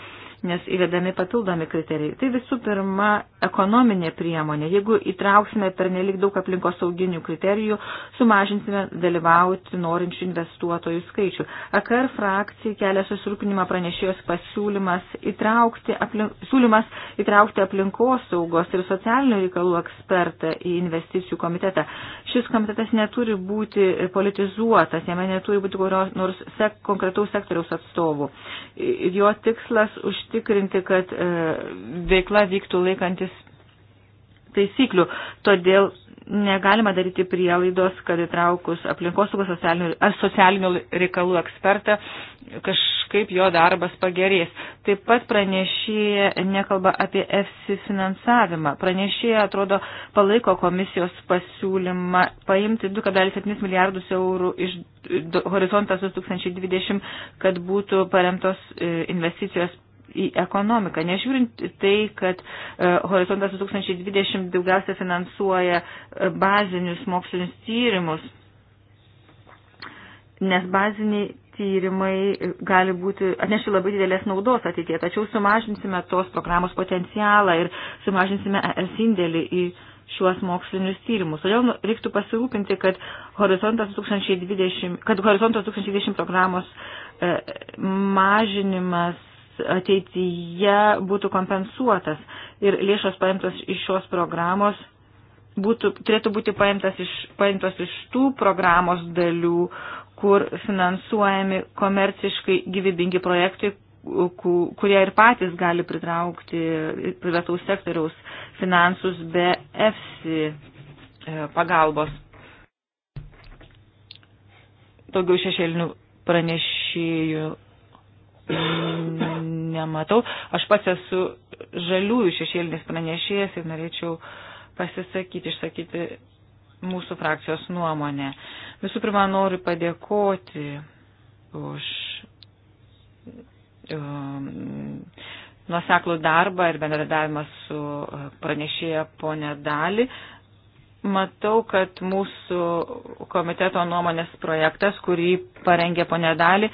nes įvedami papildomi kriterijai. Tai visų pirma ekonominė priemonė. Jeigu įtrauksime per nelik daug aplinkos sauginių kriterijų, sumažinsime dalyvauti norinčių investuotojų skaičių. AKR frakcijai kelia susirūpinimą pranešėjos pasiūlymas įtraukti, aplink, siūlymas įtraukti aplinkos saugos ir socialinių reikalų ekspertą į investicijų komitetą. Šis komitetas neturi būti politizuotas, jame neturi būti kurio nors sek, konkretaus sektoriaus atstovų. Jo tikslas užtikrinti užtikrinti, kad e, veikla vyktų laikantis taisyklių. Todėl negalima daryti prielaidos, kad įtraukus aplinkosaugos socialinių, ar socialinių reikalų ekspertą kažkaip jo darbas pagerės. Taip pat pranešėja nekalba apie EFSI finansavimą. Pranešėja, atrodo, palaiko komisijos pasiūlymą paimti 2,7 milijardus eurų iš horizontas 2020, kad būtų paremtos e, investicijos į ekonomiką. Nežiūrint tai, kad e, Horizontas 2020 daugiausia finansuoja e, bazinius mokslinius tyrimus, nes baziniai tyrimai gali būti, atneši labai didelės naudos ateitie, tačiau sumažinsime tos programos potencialą ir sumažinsime ES indėlį į šiuos mokslinius tyrimus. Todėl nu, reiktų pasirūpinti, kad horizontas 2020, kad horizontas 2020 programos e, mažinimas ateityje būtų kompensuotas ir lėšos paimtos iš šios programos būtų, turėtų būti paimtas iš, paimtos iš tų programos dalių, kur finansuojami komerciškai gyvybingi projektai, kurie ir patys gali pritraukti privataus sektoriaus finansus be EFSI e, pagalbos. Daugiau šešėlinių pranešėjų nematau. Aš pats esu žaliųjų šešėlinis pranešėjas ir norėčiau pasisakyti, išsakyti mūsų frakcijos nuomonę. Visų pirma, noriu padėkoti už um, nuoseklų darbą ir bendradarbiavimą su pranešėja ponė Dali. Uh, Matau, kad mūsų komiteto nuomonės projektas, kurį parengė ponė Dali, e,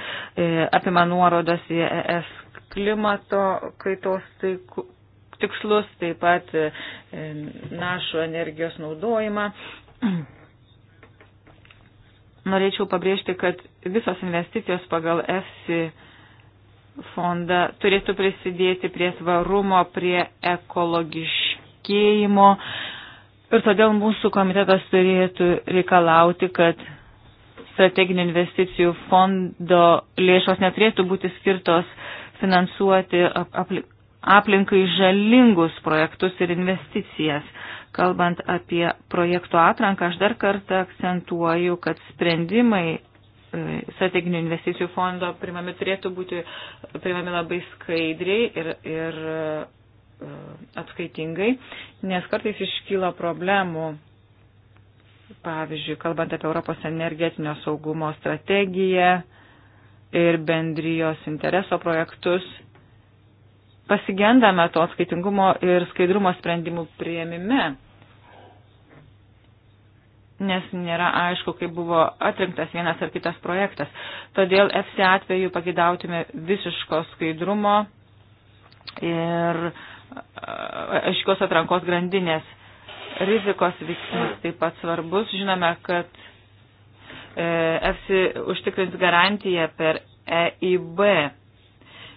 apima nuorodas į ES klimato kaitos tikslus, taip pat e, našų energijos naudojimą. Norėčiau pabrėžti, kad visos investicijos pagal EFSI fondą turėtų prisidėti prie svarumo, prie ekologiškėjimo Ir todėl mūsų komitetas turėtų reikalauti, kad strateginių investicijų fondo lėšos neturėtų būti skirtos finansuoti aplinkai žalingus projektus ir investicijas. Kalbant apie projektų atranką, aš dar kartą akcentuoju, kad sprendimai e, strateginių investicijų fondo primami turėtų būti primami labai skaidriai ir, ir E, atskaitingai, nes kartais iškyla problemų, pavyzdžiui, kalbant apie Europos energetinio saugumo strategiją ir bendrijos intereso projektus, pasigendame to atskaitingumo ir skaidrumo sprendimų prieimime nes nėra aišku, kaip buvo atrinktas vienas ar kitas projektas. Todėl FC atveju pagidautume visiško skaidrumo ir aiškios atrankos grandinės. Rizikos veiksmas taip pat svarbus. Žinome, kad EFSI užtikrins garantiją per EIB.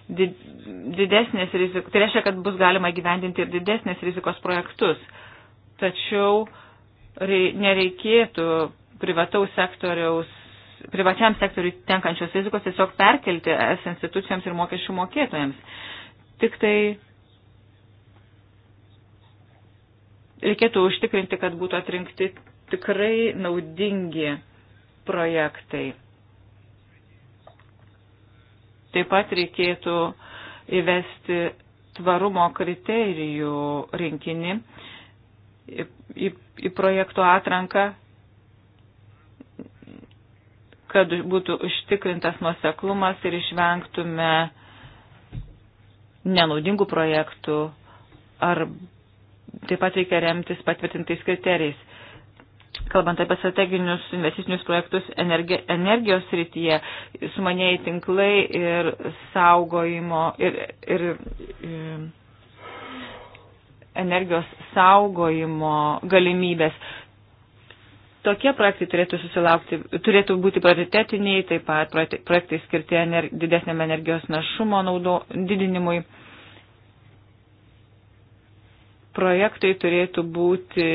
Didesnės rizikos, tai reiškia, kad bus galima gyvendinti ir didesnės rizikos projektus. Tačiau nereikėtų privataus sektoriaus privačiam sektoriui tenkančios rizikos tiesiog perkelti es institucijoms ir mokesčių mokėtojams. Tik tai reikėtų užtikrinti, kad būtų atrinkti tikrai naudingi projektai. Taip pat reikėtų įvesti tvarumo kriterijų rinkinį į, į, į projektų atranką, kad būtų užtikrintas nuoseklumas ir išvengtume nenaudingų projektų ar taip pat reikia remtis patvirtintais kriterijais. Kalbant apie strateginius investicinius projektus energi, energijos rytyje, sumanėjai tinklai ir saugojimo ir, ir, ir e, energijos saugojimo galimybės. Tokie projektai turėtų, susilaukti, turėtų būti prioritetiniai, taip pat projektai skirti ener, didesniam energijos našumo naudo, didinimui projektai turėtų būti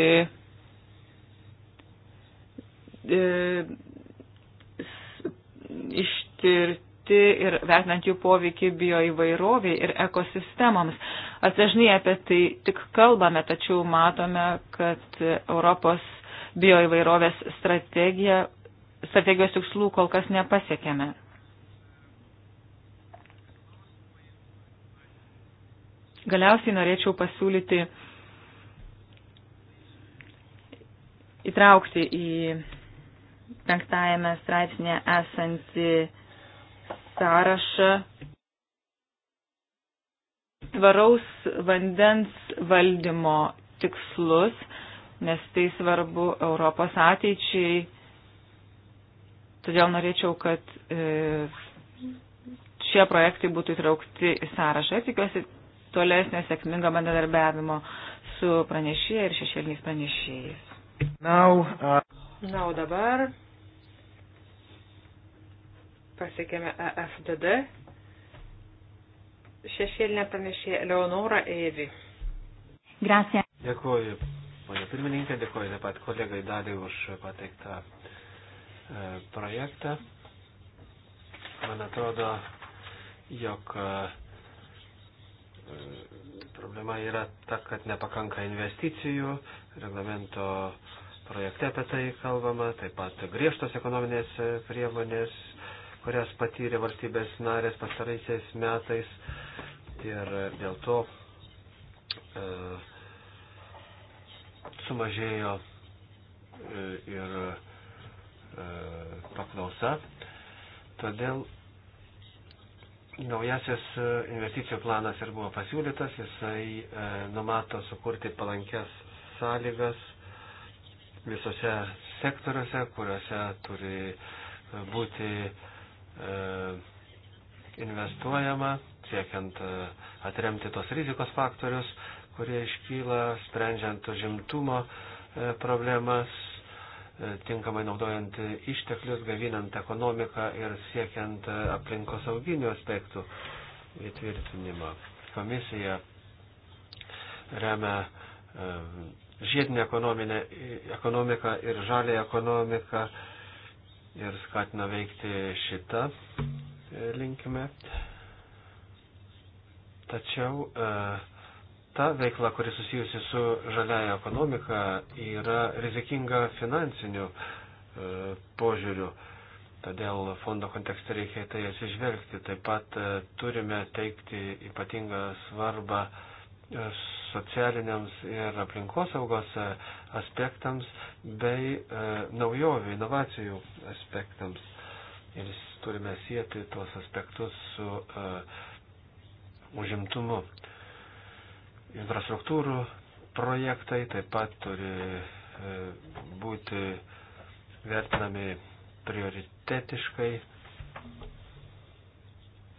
e, ištirti ir vertinant jų poveikį bioįvairoviai ir ekosistemoms. Atsažnai apie tai tik kalbame, tačiau matome, kad Europos bioįvairovės strategija, strategijos tikslų kol kas nepasiekėme. Galiausiai norėčiau pasiūlyti įtraukti į penktajame straipsnėje esantį sąrašą tvaraus vandens valdymo tikslus, nes tai svarbu Europos ateičiai. Todėl norėčiau, kad e, šie projektai būtų įtraukti į sąrašą. Tikiuosi tolesnio sėkmingo bendradarbiavimo su pranešėjai ir šešėliniais pranešėjais. Now, uh... Na, o dabar pasiekėme EFDD. Šešėlinė pranešė Leonora Evi. Gracias. Dėkuoju, ponė pirmininkė, dėkuoju taip pat kolegai Daliai už pateiktą e, projektą. Man atrodo, jog e, problema yra ta, kad nepakanka investicijų, reglamento projekte apie tai kalbama, taip pat griežtos ekonominės priemonės, kurias patyrė valstybės narės pastaraisiais metais ir dėl to e, sumažėjo e, ir e, paklausa. Todėl Naujasis e, investicijų planas ir buvo pasiūlytas, jisai e, numato sukurti palankias sąlygas visose sektoriuose, kuriuose turi e, būti e, investuojama, siekiant e, atremti tos rizikos faktorius, kurie iškyla, sprendžiant užimtumo e, problemas, E, tinkamai naudojant išteklius, gavinant ekonomiką ir siekiant e, aplinkosauginių aspektų įtvirtinimo. Komisija remia e, žiedinę ekonomiką ir žalę ekonomiką ir skatina veikti šitą linkime. Tačiau uh, ta veikla, kuri susijusi su žaliaja ekonomika, yra rizikinga finansiniu e, požiūriu. Todėl fondo kontekste reikia tai atsižvelgti. Taip pat e, turime teikti ypatingą svarbą e, socialiniams ir aplinkosaugos e, aspektams bei naujovių, inovacijų aspektams. Ir turime sieti tuos aspektus su užimtumu. Uh, infrastruktūrų projektai taip pat turi e, būti vertinami prioritetiškai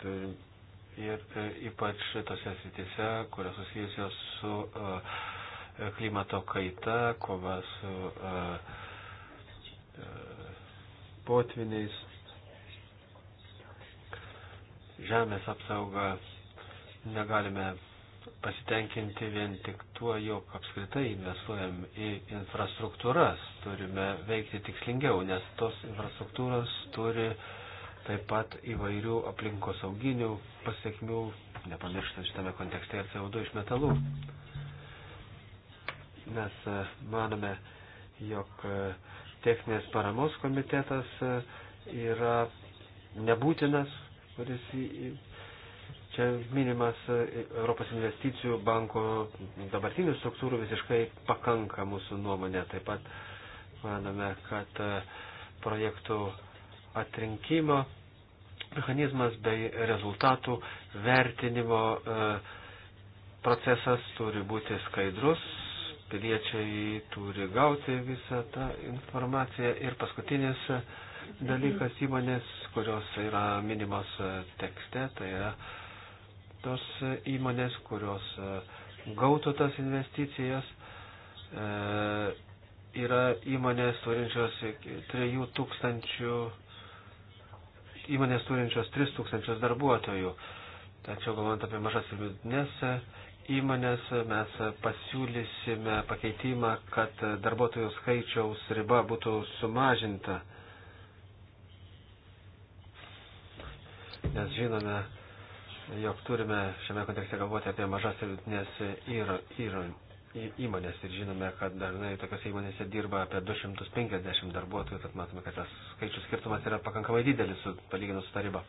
tai ir e, ypač tose sritise, kurios susijusios su e, klimato kaita, kova su potviniais, žemės apsauga negalime pasitenkinti vien tik tuo, jog apskritai investuojam į infrastruktūras, turime veikti tikslingiau, nes tos infrastruktūros turi taip pat įvairių aplinkosauginių pasiekmių, nepamirštant šitame kontekste ir CO2 iš metalų. Mes e, manome, jog e, techninės paramos komitetas e, yra nebūtinas, kuris Čia minimas e, Europos investicijų banko dabartinių struktūrų visiškai pakanka mūsų nuomonė. Taip pat manome, kad e, projektų atrinkimo mechanizmas bei rezultatų vertinimo e, procesas turi būti skaidrus, piliečiai turi gauti visą tą informaciją ir paskutinis dalykas įmonės, kurios yra minimos tekste, tai yra tos įmonės, kurios e, gautų tas investicijas. E, yra įmonės turinčios 3000, įmonės turinčios 3000 darbuotojų. Tačiau galvojant apie mažas ir vidutinės įmonės, mes pasiūlysime pakeitimą, kad darbuotojų skaičiaus riba būtų sumažinta. Nes žinome, jog turime šiame kontekste galvoti apie mažas ir vidutinės įmonės ir žinome, kad dažnai tokiose įmonėse dirba apie 250 darbuotojų, tad matome, kad tas skaičių skirtumas yra pakankamai didelis su, palyginus su taryba.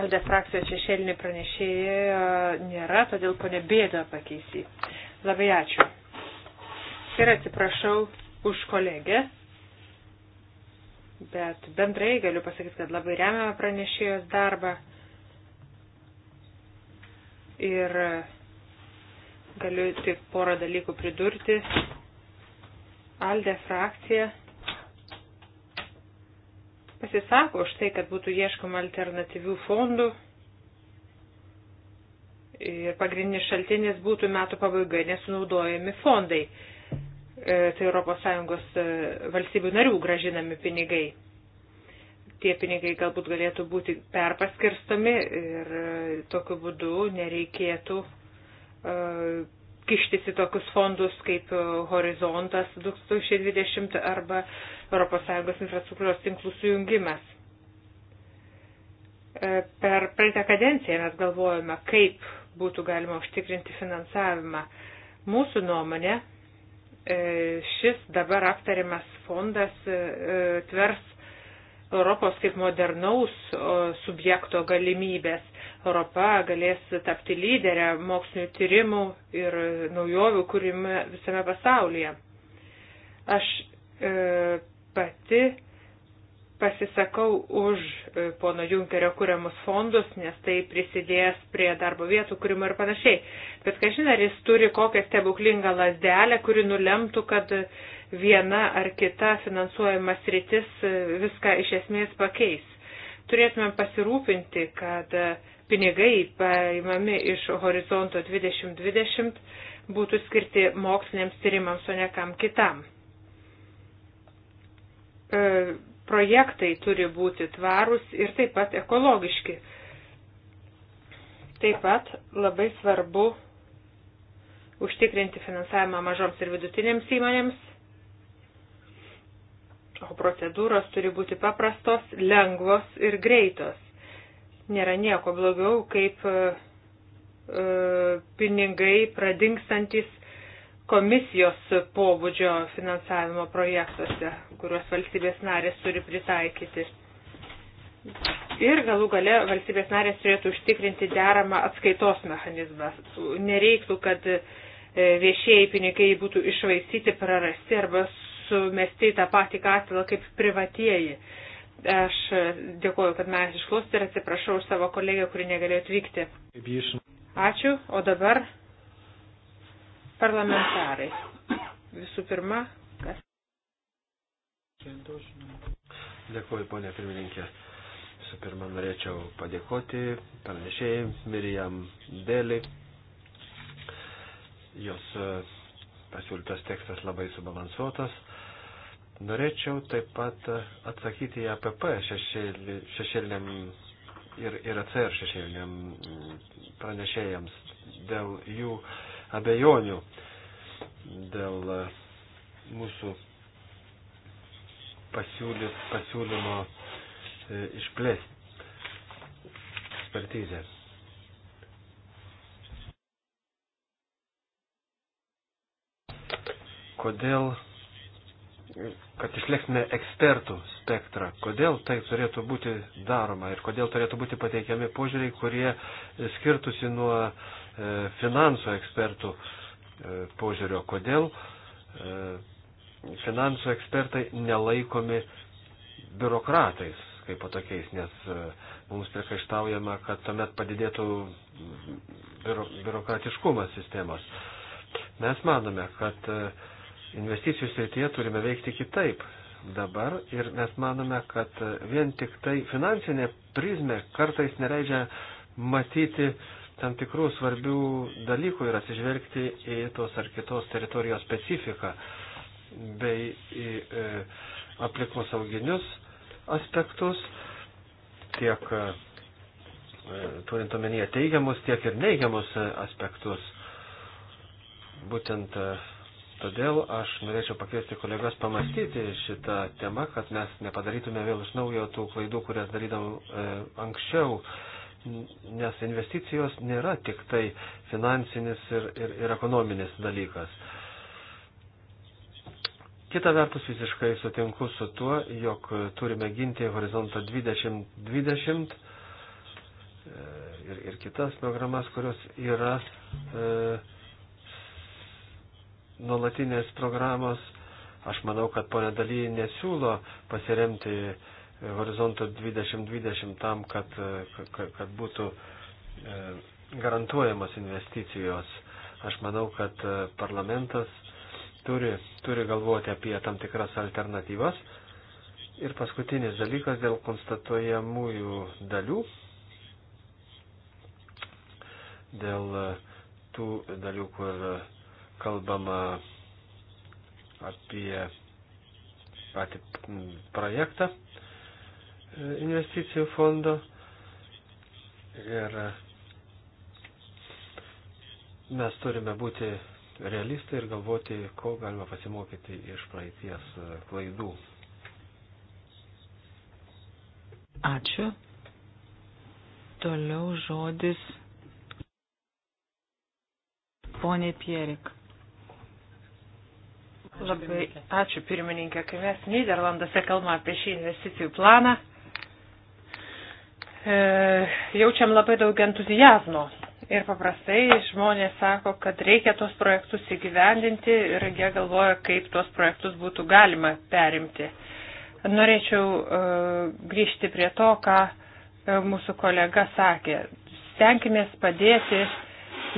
Alde frakcijos šešėlinį pranešėją nėra, todėl ponė bėda pakeisi. Labai ačiū. Ir atsiprašau už kolegę bet bendrai galiu pasakyti, kad labai remiame pranešėjos darbą. Ir galiu tik porą dalykų pridurti. Alde frakcija pasisako už tai, kad būtų ieškoma alternatyvių fondų. Ir pagrindinis šaltinis būtų metų pabaigai nesunaudojami fondai. E, tai ES e, valstybių narių gražinami pinigai. Tie pinigai galbūt galėtų būti perpaskirstomi ir e, tokiu būdu nereikėtų kištis į tokius fondus kaip Horizontas 2020 arba ES infrastruktūros tinklų sujungimas. Per praeitą kadenciją mes galvojame, kaip būtų galima užtikrinti finansavimą. Mūsų nuomonė, E, šis dabar aptariamas fondas e, tvers Europos kaip modernaus subjekto galimybės. Europa galės tapti lyderę mokslinių tyrimų ir naujovių kūrime visame pasaulyje. Aš e, pati pasisakau už e, pono Junkerio kuriamus fondus, nes tai prisidės prie darbo vietų kūrimo ir panašiai. Bet kažin ar jis turi kokią stebuklingą lasdelę, kuri nulemtų, kad viena ar kita finansuojama sritis e, viską iš esmės pakeis. Turėtume pasirūpinti, kad e, pinigai paimami iš horizonto 2020 būtų skirti moksliniams tyrimams, o ne kam kitam projektai turi būti tvarūs ir taip pat ekologiški. Taip pat labai svarbu užtikrinti finansavimą mažoms ir vidutinėms įmonėms, o procedūros turi būti paprastos, lengvos ir greitos. Nėra nieko blogiau, kaip e, e pinigai pradingstantis komisijos pobūdžio finansavimo projektuose, kuriuos valstybės narės turi pritaikyti. Ir galų gale valstybės narės turėtų užtikrinti deramą atskaitos mechanizmą. Nereiktų, kad e, viešieji pinigai būtų išvaistyti, prarasti arba sumesti į tą patį katilą kaip privatieji. Aš dėkuoju, kad mes išklausėte ir atsiprašau už savo kolegę, kuri negalėjo atvykti. Ačiū, o dabar parlamentarai. Visų pirma, kas. Dėkuoju, ponė pirmininkė. Visų pirma, norėčiau padėkoti pranešėjai Mirijam Dėlį. Jos e, pasiūlytas tekstas labai subalansuotas. Norėčiau taip pat e, atsakyti į APP šešėliniam ir, ir ACR šešėliniam pranešėjams dėl jų uh, abejonių dėl mūsų pasiūly, pasiūlymo e, išplėsti ekspertizę. Kodėl, kad išlėksime ekspertų spektrą, kodėl tai turėtų būti daroma ir kodėl turėtų būti pateikiami požiūriai, kurie skirtusi nuo uh, E, finansų ekspertų e, požiūrio, kodėl e, finansų ekspertai nelaikomi biurokratais kaip tokiais, nes mums priekaištaujama, kad tuomet padidėtų biuro, biurokratiškumas sistemos. Mes manome, kad investicijų srityje turime veikti kitaip dabar ir mes manome, kad vien tik tai finansinė prizmė kartais nereikia matyti uh, tam tikrų svarbių dalykų ir atsižvelgti į tos ar kitos teritorijos specifiką bei į e, aplikos auginius aspektus, tiek e, turint omenyje teigiamus, tiek ir neigiamus e, aspektus. Būtent e, todėl aš norėčiau pakviesti kolegas pamastyti šitą temą, kad mes nepadarytume vėl iš naujo tų klaidų, kurias darydavom e, anksčiau. E, nes investicijos nėra tik tai finansinis ir, ir, ir ekonominis dalykas. Kita vertus visiškai sutinku su tuo, jog turime ginti horizontą 2020 e, ir, ir kitas programas, kurios yra e, nuolatinės programos. Aš manau, kad ponė Daly nesiūlo pasiremti e, horizonto 2020 tam, kad, kad būtų e, garantuojamos investicijos. Aš manau, kad e, parlamentas turi, turi galvoti apie tam tikras alternatyvas. Ir paskutinis dalykas dėl konstatuojamųjų dalių. Dėl e, tų dalių, kur kalbama apie patį projektą investicijų fondo ir e, mes turime būti realistai ir galvoti, ko galima pasimokyti iš praeities e, klaidų. Ačiū. Toliau žodis ponė Pierik. Labai ačiū pirmininkė, kai mes Niderlanduose kalbame apie šį investicijų planą, E, jaučiam labai daug entuzijazmo. Ir paprastai žmonės sako, kad reikia tos projektus įgyvendinti ir jie galvoja, kaip tos projektus būtų galima perimti. Norėčiau uh, grįžti prie to, ką uh, mūsų kolega sakė. Stenkimės padėti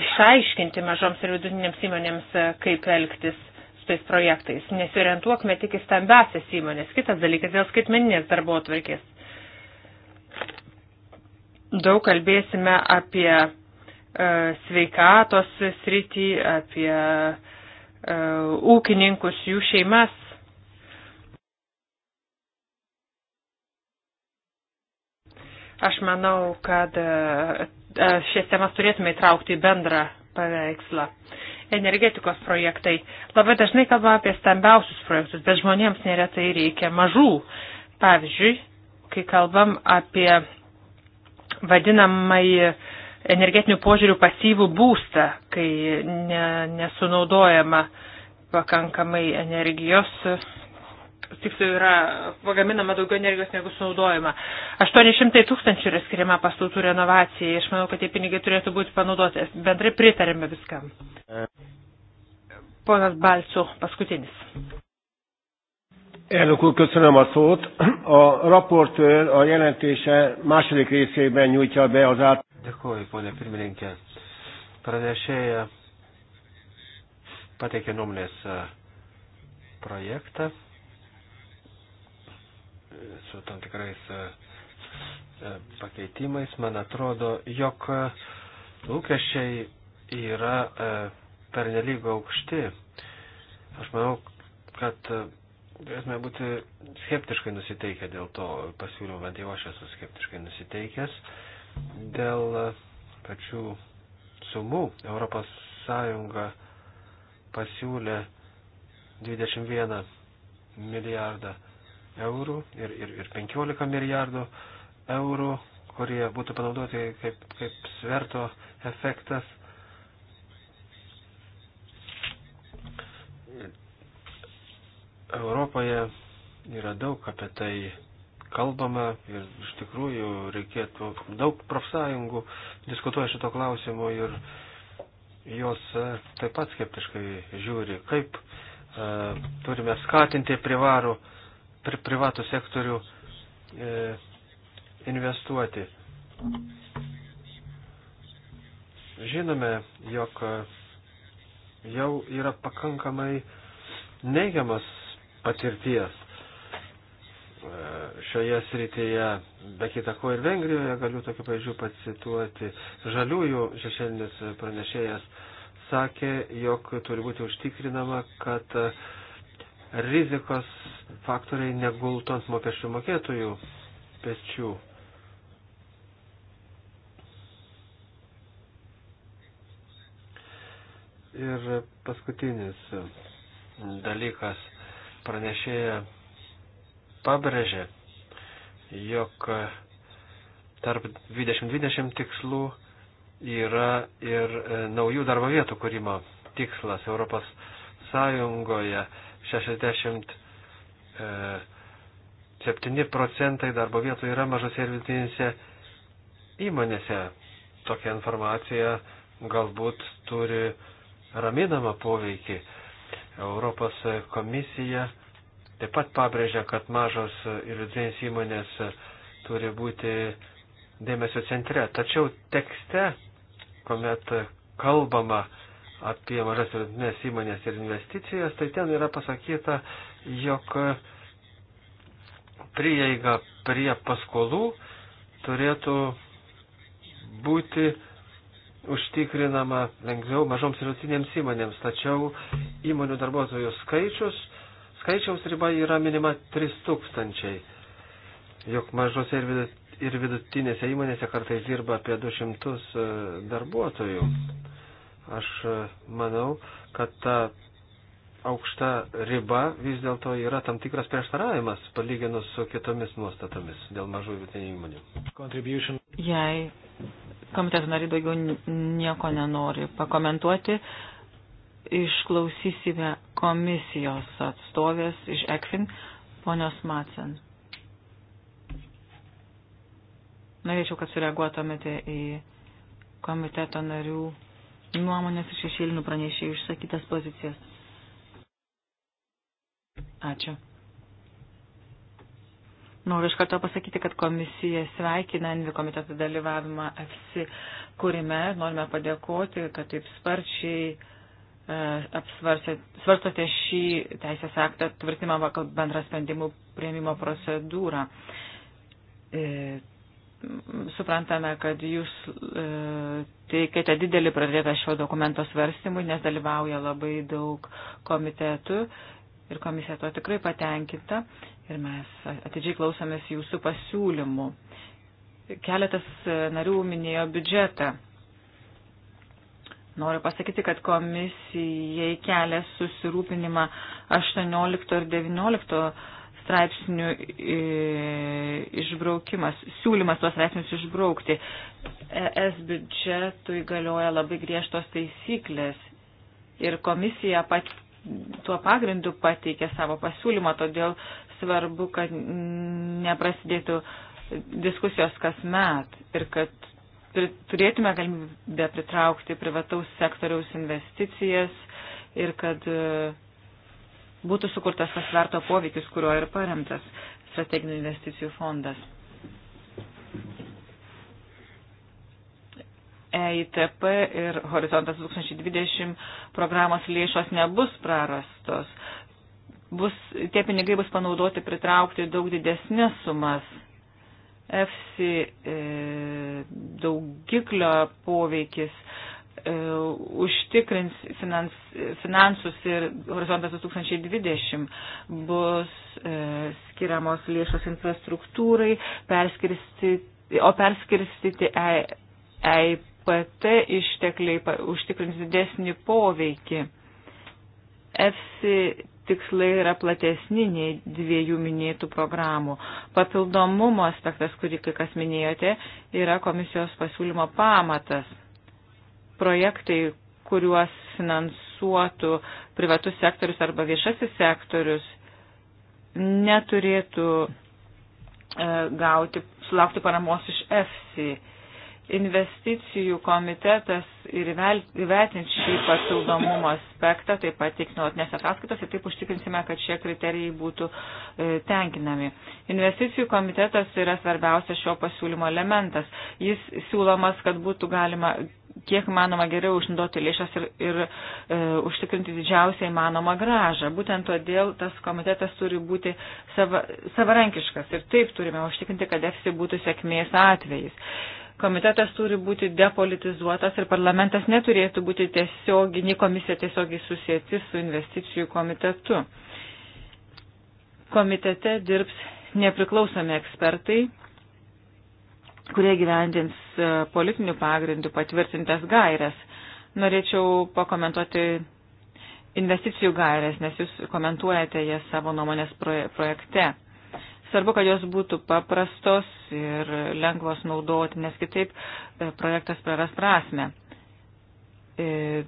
išaiškinti mažoms ir vidutinėms įmonėms, uh, kaip elgtis su tais projektais. Nesiorientuokime tik į stambesias įmonės. Kitas dalykas dėl skaitmeninės darbo atvarkės daug kalbėsime apie e, sveikatos sritį, apie e, ūkininkus, jų šeimas. Aš manau, kad e, e šias temas turėtume įtraukti į bendrą paveikslą. Energetikos projektai. Labai dažnai kalbame apie stambiausius projektus, bet žmonėms neretai reikia mažų. Pavyzdžiui, kai kalbam apie vadinamai energetinių požiūrių pasyvų būstą, kai ne, nesunaudojama pakankamai energijos, tiksliau yra pagaminama daugiau energijos negu sunaudojama. 800 tūkstančių yra skiriama pastatų renovacijai. Aš manau, kad tie pinigai turėtų būti panaudoti. Bendrai pritarėme viskam. E. Ponas Balcu, paskutinis. Elnök úr, köszönöm a szót. A raportőr a jelentése második részében nyújtja be az át. Dėkuoju, ponė pirmininkė. Pranešėja pateikė nuomonės eh, projektą su tam tikrais eh, eh, pakeitimais. Man atrodo, jog lūkesčiai yra pernelyg aukšti. Aš manau, kad galėtume būti skeptiškai nusiteikę dėl to pasiūlymo, bent jau aš esu skeptiškai nusiteikęs, dėl pačių sumų Europos Sąjunga pasiūlė 21 milijardą eurų ir, ir, ir 15 milijardų eurų, kurie būtų panaudoti kaip, kaip sverto efektas Europoje yra daug apie tai kalbama ir iš tikrųjų reikėtų daug profsąjungų diskutuoja šito klausimu ir jos e, taip pat skeptiškai žiūri, kaip e, turime skatinti privarų, pri, privatų sektorių e, investuoti. Žinome, jog e, jau yra pakankamai neigiamas patirties. E, šioje srityje, be kita ko ir Vengrijoje, galiu tokių pavyzdžių pacituoti, žaliųjų šešėlinis pranešėjas sakė, jog turi būti užtikrinama, kad rizikos faktoriai negultų ant mokesčių mokėtojų pečių. Ir paskutinis dalykas pranešėja pabrėžė, jog tarp 2020 tikslų yra ir e, naujų darbo vietų kūrimo tikslas Europos Sąjungoje 67 e, procentai darbo vietų yra mažose ir vidutinėse įmonėse. Tokia informacija galbūt turi raminamą poveikį. Europos komisija taip pat pabrėžia, kad mažos ir vidutinės įmonės turi būti dėmesio centre. Tačiau tekste, kuomet kalbama apie mažas ir vidutinės įmonės ir investicijas, tai ten yra pasakyta, jog prieiga prie paskolų turėtų būti užtikrinama lengviau mažoms ir vidutinėms įmonėms, tačiau įmonių darbuotojų skaičius, skaičiaus riba yra minima 3000, juk mažose ir vidutinėse įmonėse kartais dirba apie 200 e, darbuotojų. Aš e, manau, kad ta aukšta riba vis dėlto yra tam tikras prieštaravimas palyginus su kitomis nuostatomis dėl mažų vidutinių įmonių. Jei Komiteto nariai daugiau nieko nenori pakomentuoti. Išklausysime komisijos atstovės iš ECFIN, ponios Macen. Norėčiau, kad sureaguotumėte į komiteto narių nuomonės ir šešėlinių pranešėjų išsakytas pozicijas. Ačiū. Noriu iš karto pasakyti, kad komisija sveikina Envi komiteto dalyvavimą EFSI, kurime norime padėkoti, kad taip sparčiai e, apsvarstote šį teisės aktą tvirtimą pagal bendrą sprendimų prieimimo procedūrą. E, suprantame, kad jūs e, teikėte didelį pradėtą šio dokumento svarstymui, nes dalyvauja labai daug komitetų ir komisija to tikrai patenkinta ir mes atidžiai klausomės jūsų pasiūlymų. Keletas narių minėjo biudžetą. Noriu pasakyti, kad komisijai kelia susirūpinimą 18 ir 19 straipsnių e, išbraukimas, siūlymas tuos straipsnius išbraukti. ES biudžetui galioja labai griežtos taisyklės ir komisija pat, tuo pagrindu pateikė savo pasiūlymą, todėl svarbu, kad neprasidėtų diskusijos kasmet ir kad turėtume galimybę pritraukti privataus sektoriaus investicijas ir kad e, būtų sukurtas tas sverto poveikis, kuriuo ir paremtas strateginių investicijų fondas. EITP ir Horizontas 2020 programos lėšos nebus prarastos bus, tie pinigai bus panaudoti pritraukti daug didesnės sumas. EFSI e, daugiklio poveikis e, užtikrins finans, finansus ir horizontas 2020 bus e, skiriamos lėšos infrastruktūrai, o perskirstyti EIPT e ištekliai pa, užtikrins didesnį poveikį. EFSI tikslai yra platesni nei dviejų minėtų programų. Papildomumo aspektas, kurį kai kas minėjote, yra komisijos pasiūlymo pamatas. Projektai, kuriuos finansuotų privatus sektorius arba viešasis sektorius, neturėtų e, gauti, sulaukti paramos iš EFSI investicijų komitetas ir įvertins šį papildomumo aspektą, taip pat tik nuotinės ataskaitos ir taip užtikrinsime, kad šie kriterijai būtų e, tenkinami. Investicijų komitetas yra svarbiausias šio pasiūlymo elementas. Jis siūlomas, kad būtų galima kiek manoma geriau išnaudoti lėšas ir, ir e, užtikrinti didžiausią įmanomą gražą. Būtent todėl tas komitetas turi būti sava, savarankiškas ir taip turime užtikrinti, kad EFSI būtų sėkmės atvejais komitetas turi būti depolitizuotas ir parlamentas neturėtų būti tiesioginį komisiją tiesiogiai susijęti su investicijų komitetu. Komitete dirbs nepriklausomi ekspertai, kurie gyvendins e, politinių pagrindų patvirtintas gairias. Norėčiau pakomentuoti investicijų gairias, nes jūs komentuojate jas savo nuomonės projekte. Svarbu, kad jos būtų paprastos ir lengvos naudoti, nes kitaip e, projektas praras prasme. E,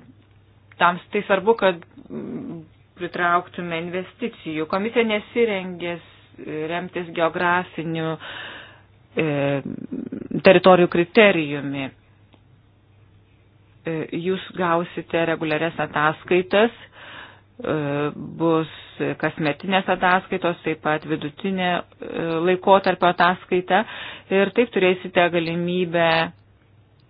tam tai svarbu, kad pritrauktume investicijų. Komisija nesirengės remtis geografiniu e, teritorijų kriterijumi. Jūs gausite reguliarias ataskaitas E, bus kasmetinės ataskaitos, taip pat vidutinė e, laikotarpio ataskaita ir taip turėsite galimybę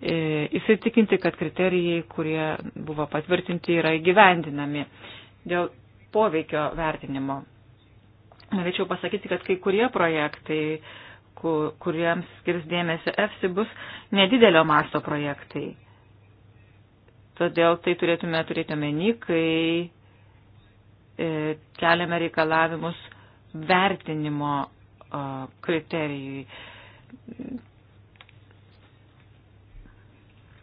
e, įsitikinti, kad kriterijai, kurie buvo patvirtinti, yra įgyvendinami dėl poveikio vertinimo. Norėčiau pasakyti, kad kai kurie projektai, kuriems skirs dėmesio EFSI, bus nedidelio masto projektai. Todėl tai turėtume turėti omeny, kai E, keliame reikalavimus vertinimo e, kriterijui.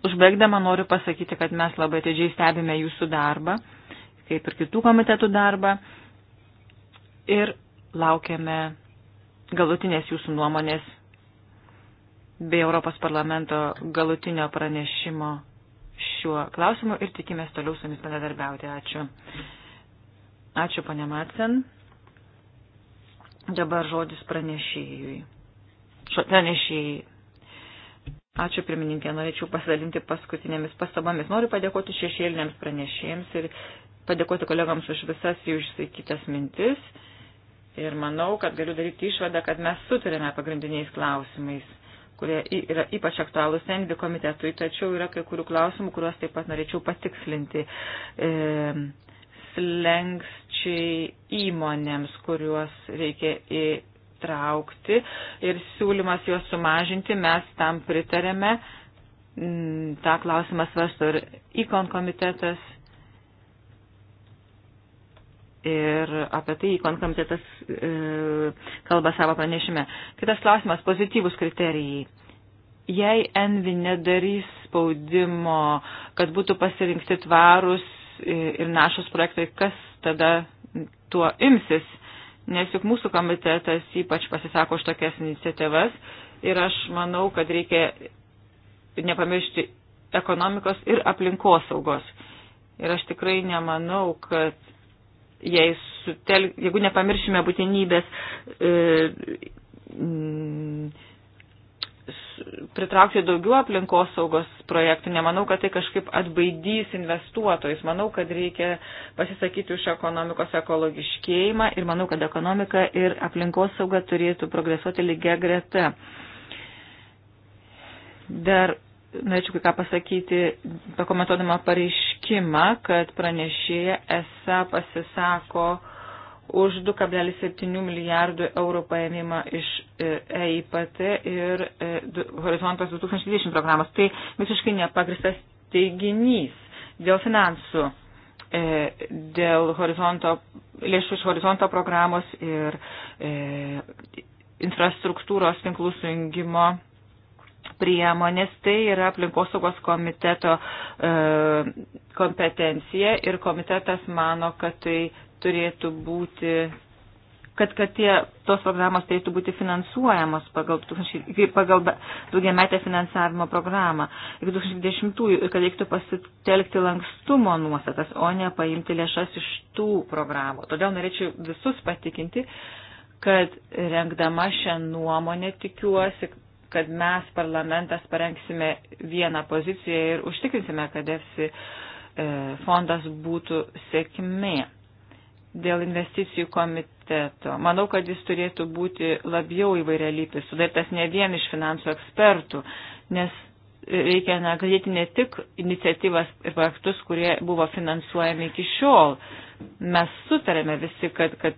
Užbaigdama noriu pasakyti, kad mes labai atidžiai stebime jūsų darbą, kaip ir kitų komitetų darbą, ir laukiame galutinės jūsų nuomonės bei Europos parlamento galutinio pranešimo šiuo klausimu ir tikimės toliau su jumis bendradarbiauti. Ačiū. Ačiū, ponė Matsen. Dabar žodis pranešėjui. Pranešėjai. Ačiū, pirmininkė, norėčiau pasidalinti paskutinėmis pastabomis. Noriu padėkoti šešėliniams pranešėjams ir padėkoti kolegams už visas jų išsakytas mintis. Ir manau, kad galiu daryti išvadą, kad mes sutarėme pagrindiniais klausimais, kurie yra ypač aktualūs Envi komitetui, tačiau yra kai kurių klausimų, kuriuos taip pat norėčiau patikslinti. E, slengs skaičiai įmonėms, kuriuos reikia įtraukti ir siūlymas juos sumažinti, mes tam pritarėme. Mm, Ta klausimą svarsto ir ikon komitetas. Ir apie tai ikon komitetas e, kalba savo pranešime. Kitas klausimas - pozityvus kriterijai jei Envi nedarys spaudimo, kad būtų pasirinkti tvarus e, ir našus projektai, kas tada tuo imsis, nes juk mūsų komitetas ypač pasisako už tokias iniciatyvas ir aš manau, kad reikia nepamiršti ekonomikos ir aplinkosaugos. Ir aš tikrai nemanau, kad jei sutel, jeigu nepamiršime būtinybės e, m, pritraukti daugiau aplinkosaugos projektų. Nemanau, kad tai kažkaip atbaidys investuotojus. Manau, kad reikia pasisakyti už ekonomikos ekologiškėjimą ir manau, kad ekonomika ir aplinkosauga turėtų progresuoti lygia greta. Dar norėčiau kai ką pasakyti, pakomentuodama pareiškimą, kad pranešėja esą pasisako už 2,7 milijardų eurų paėmimą iš EIPT e ir e, Horizontas 2020 programos. Tai visiškai nepagristas teiginys dėl finansų, e, dėl horizonto, lėšų iš horizonto programos ir infrastruktūros tinklų sujungimo priemonės, tai yra aplinkosaugos komiteto e, kompetencija ir komitetas mano, kad tai turėtų būti, kad, kad tie, tos programos turėtų būti finansuojamos pagal, pagal daugiametę finansavimo programą iki 2010-ųjų ir kad reiktų pasitelkti lankstumo nuostatas, o ne paimti lėšas iš tų programų. Todėl norėčiau visus patikinti, kad rengdama šią nuomonę tikiuosi, kad mes parlamentas parengsime vieną poziciją ir užtikrinsime, kad EFSI e, fondas būtų sėkmė dėl investicijų komiteto. Manau, kad jis turėtų būti labiau įvairialypis, sudarytas ne vien iš finansų ekspertų, nes reikia nagrinėti ne tik iniciatyvas ir projektus, kurie buvo finansuojami iki šiol. Mes sutarėme visi, kad, kad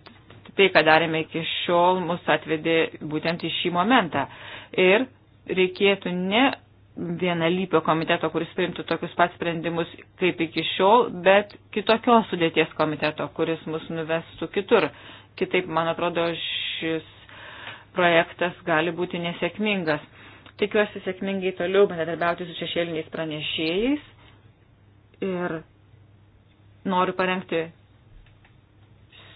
tai, ką darėme iki šiol, mus atvedė būtent į šį momentą. Ir reikėtų ne vienalypio komiteto, kuris priimtų tokius pat sprendimus kaip iki šiol, bet kitokios sudėties komiteto, kuris mus nuvestų kitur. Kitaip, man atrodo, šis projektas gali būti nesėkmingas. Tikiuosi sėkmingai toliau bendradarbiauti su šešėliniais pranešėjais ir noriu parengti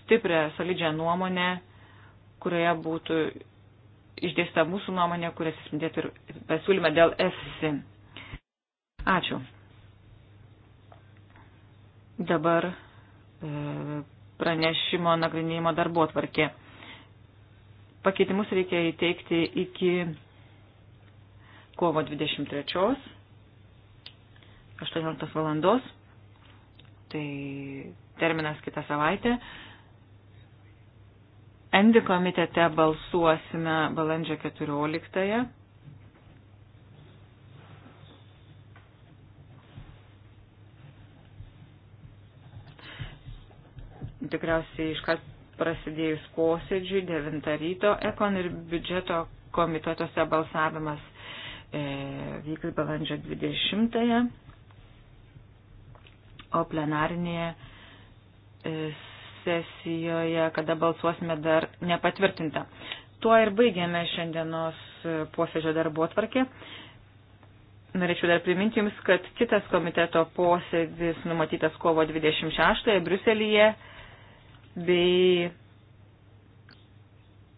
stiprią, solidžią nuomonę, kurioje būtų išdėsta mūsų nuomonė, kurias atsispindėtų ir pasiūlymą dėl EFSI. Ačiū. Dabar e, pranešimo nagrinėjimo darbo atvarkė. Pakeitimus reikia įteikti iki kovo 23, 18 valandos. Tai terminas kitą savaitę. Endi komitete balsuosime balandžio 14-ąją. Tikriausiai iškart prasidėjus posėdžiui 9 ryto ekon ir biudžeto komitetuose balsavimas e, vyks balandžio 20-ąją, o plenarinėje e, sesijoje, kada balsuosime dar nepatvirtinta. Tuo ir baigėme šiandienos posėdžio darbo atvarkė. Norėčiau dar priminti Jums, kad kitas komiteto posėdis numatytas kovo 26-ąją Bruselėje bei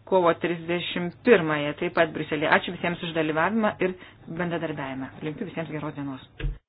kovo 31-ąją taip pat Bruselėje. Ačiū visiems už dalyvavimą ir bendradarbiavimą. Linkiu visiems geros dienos.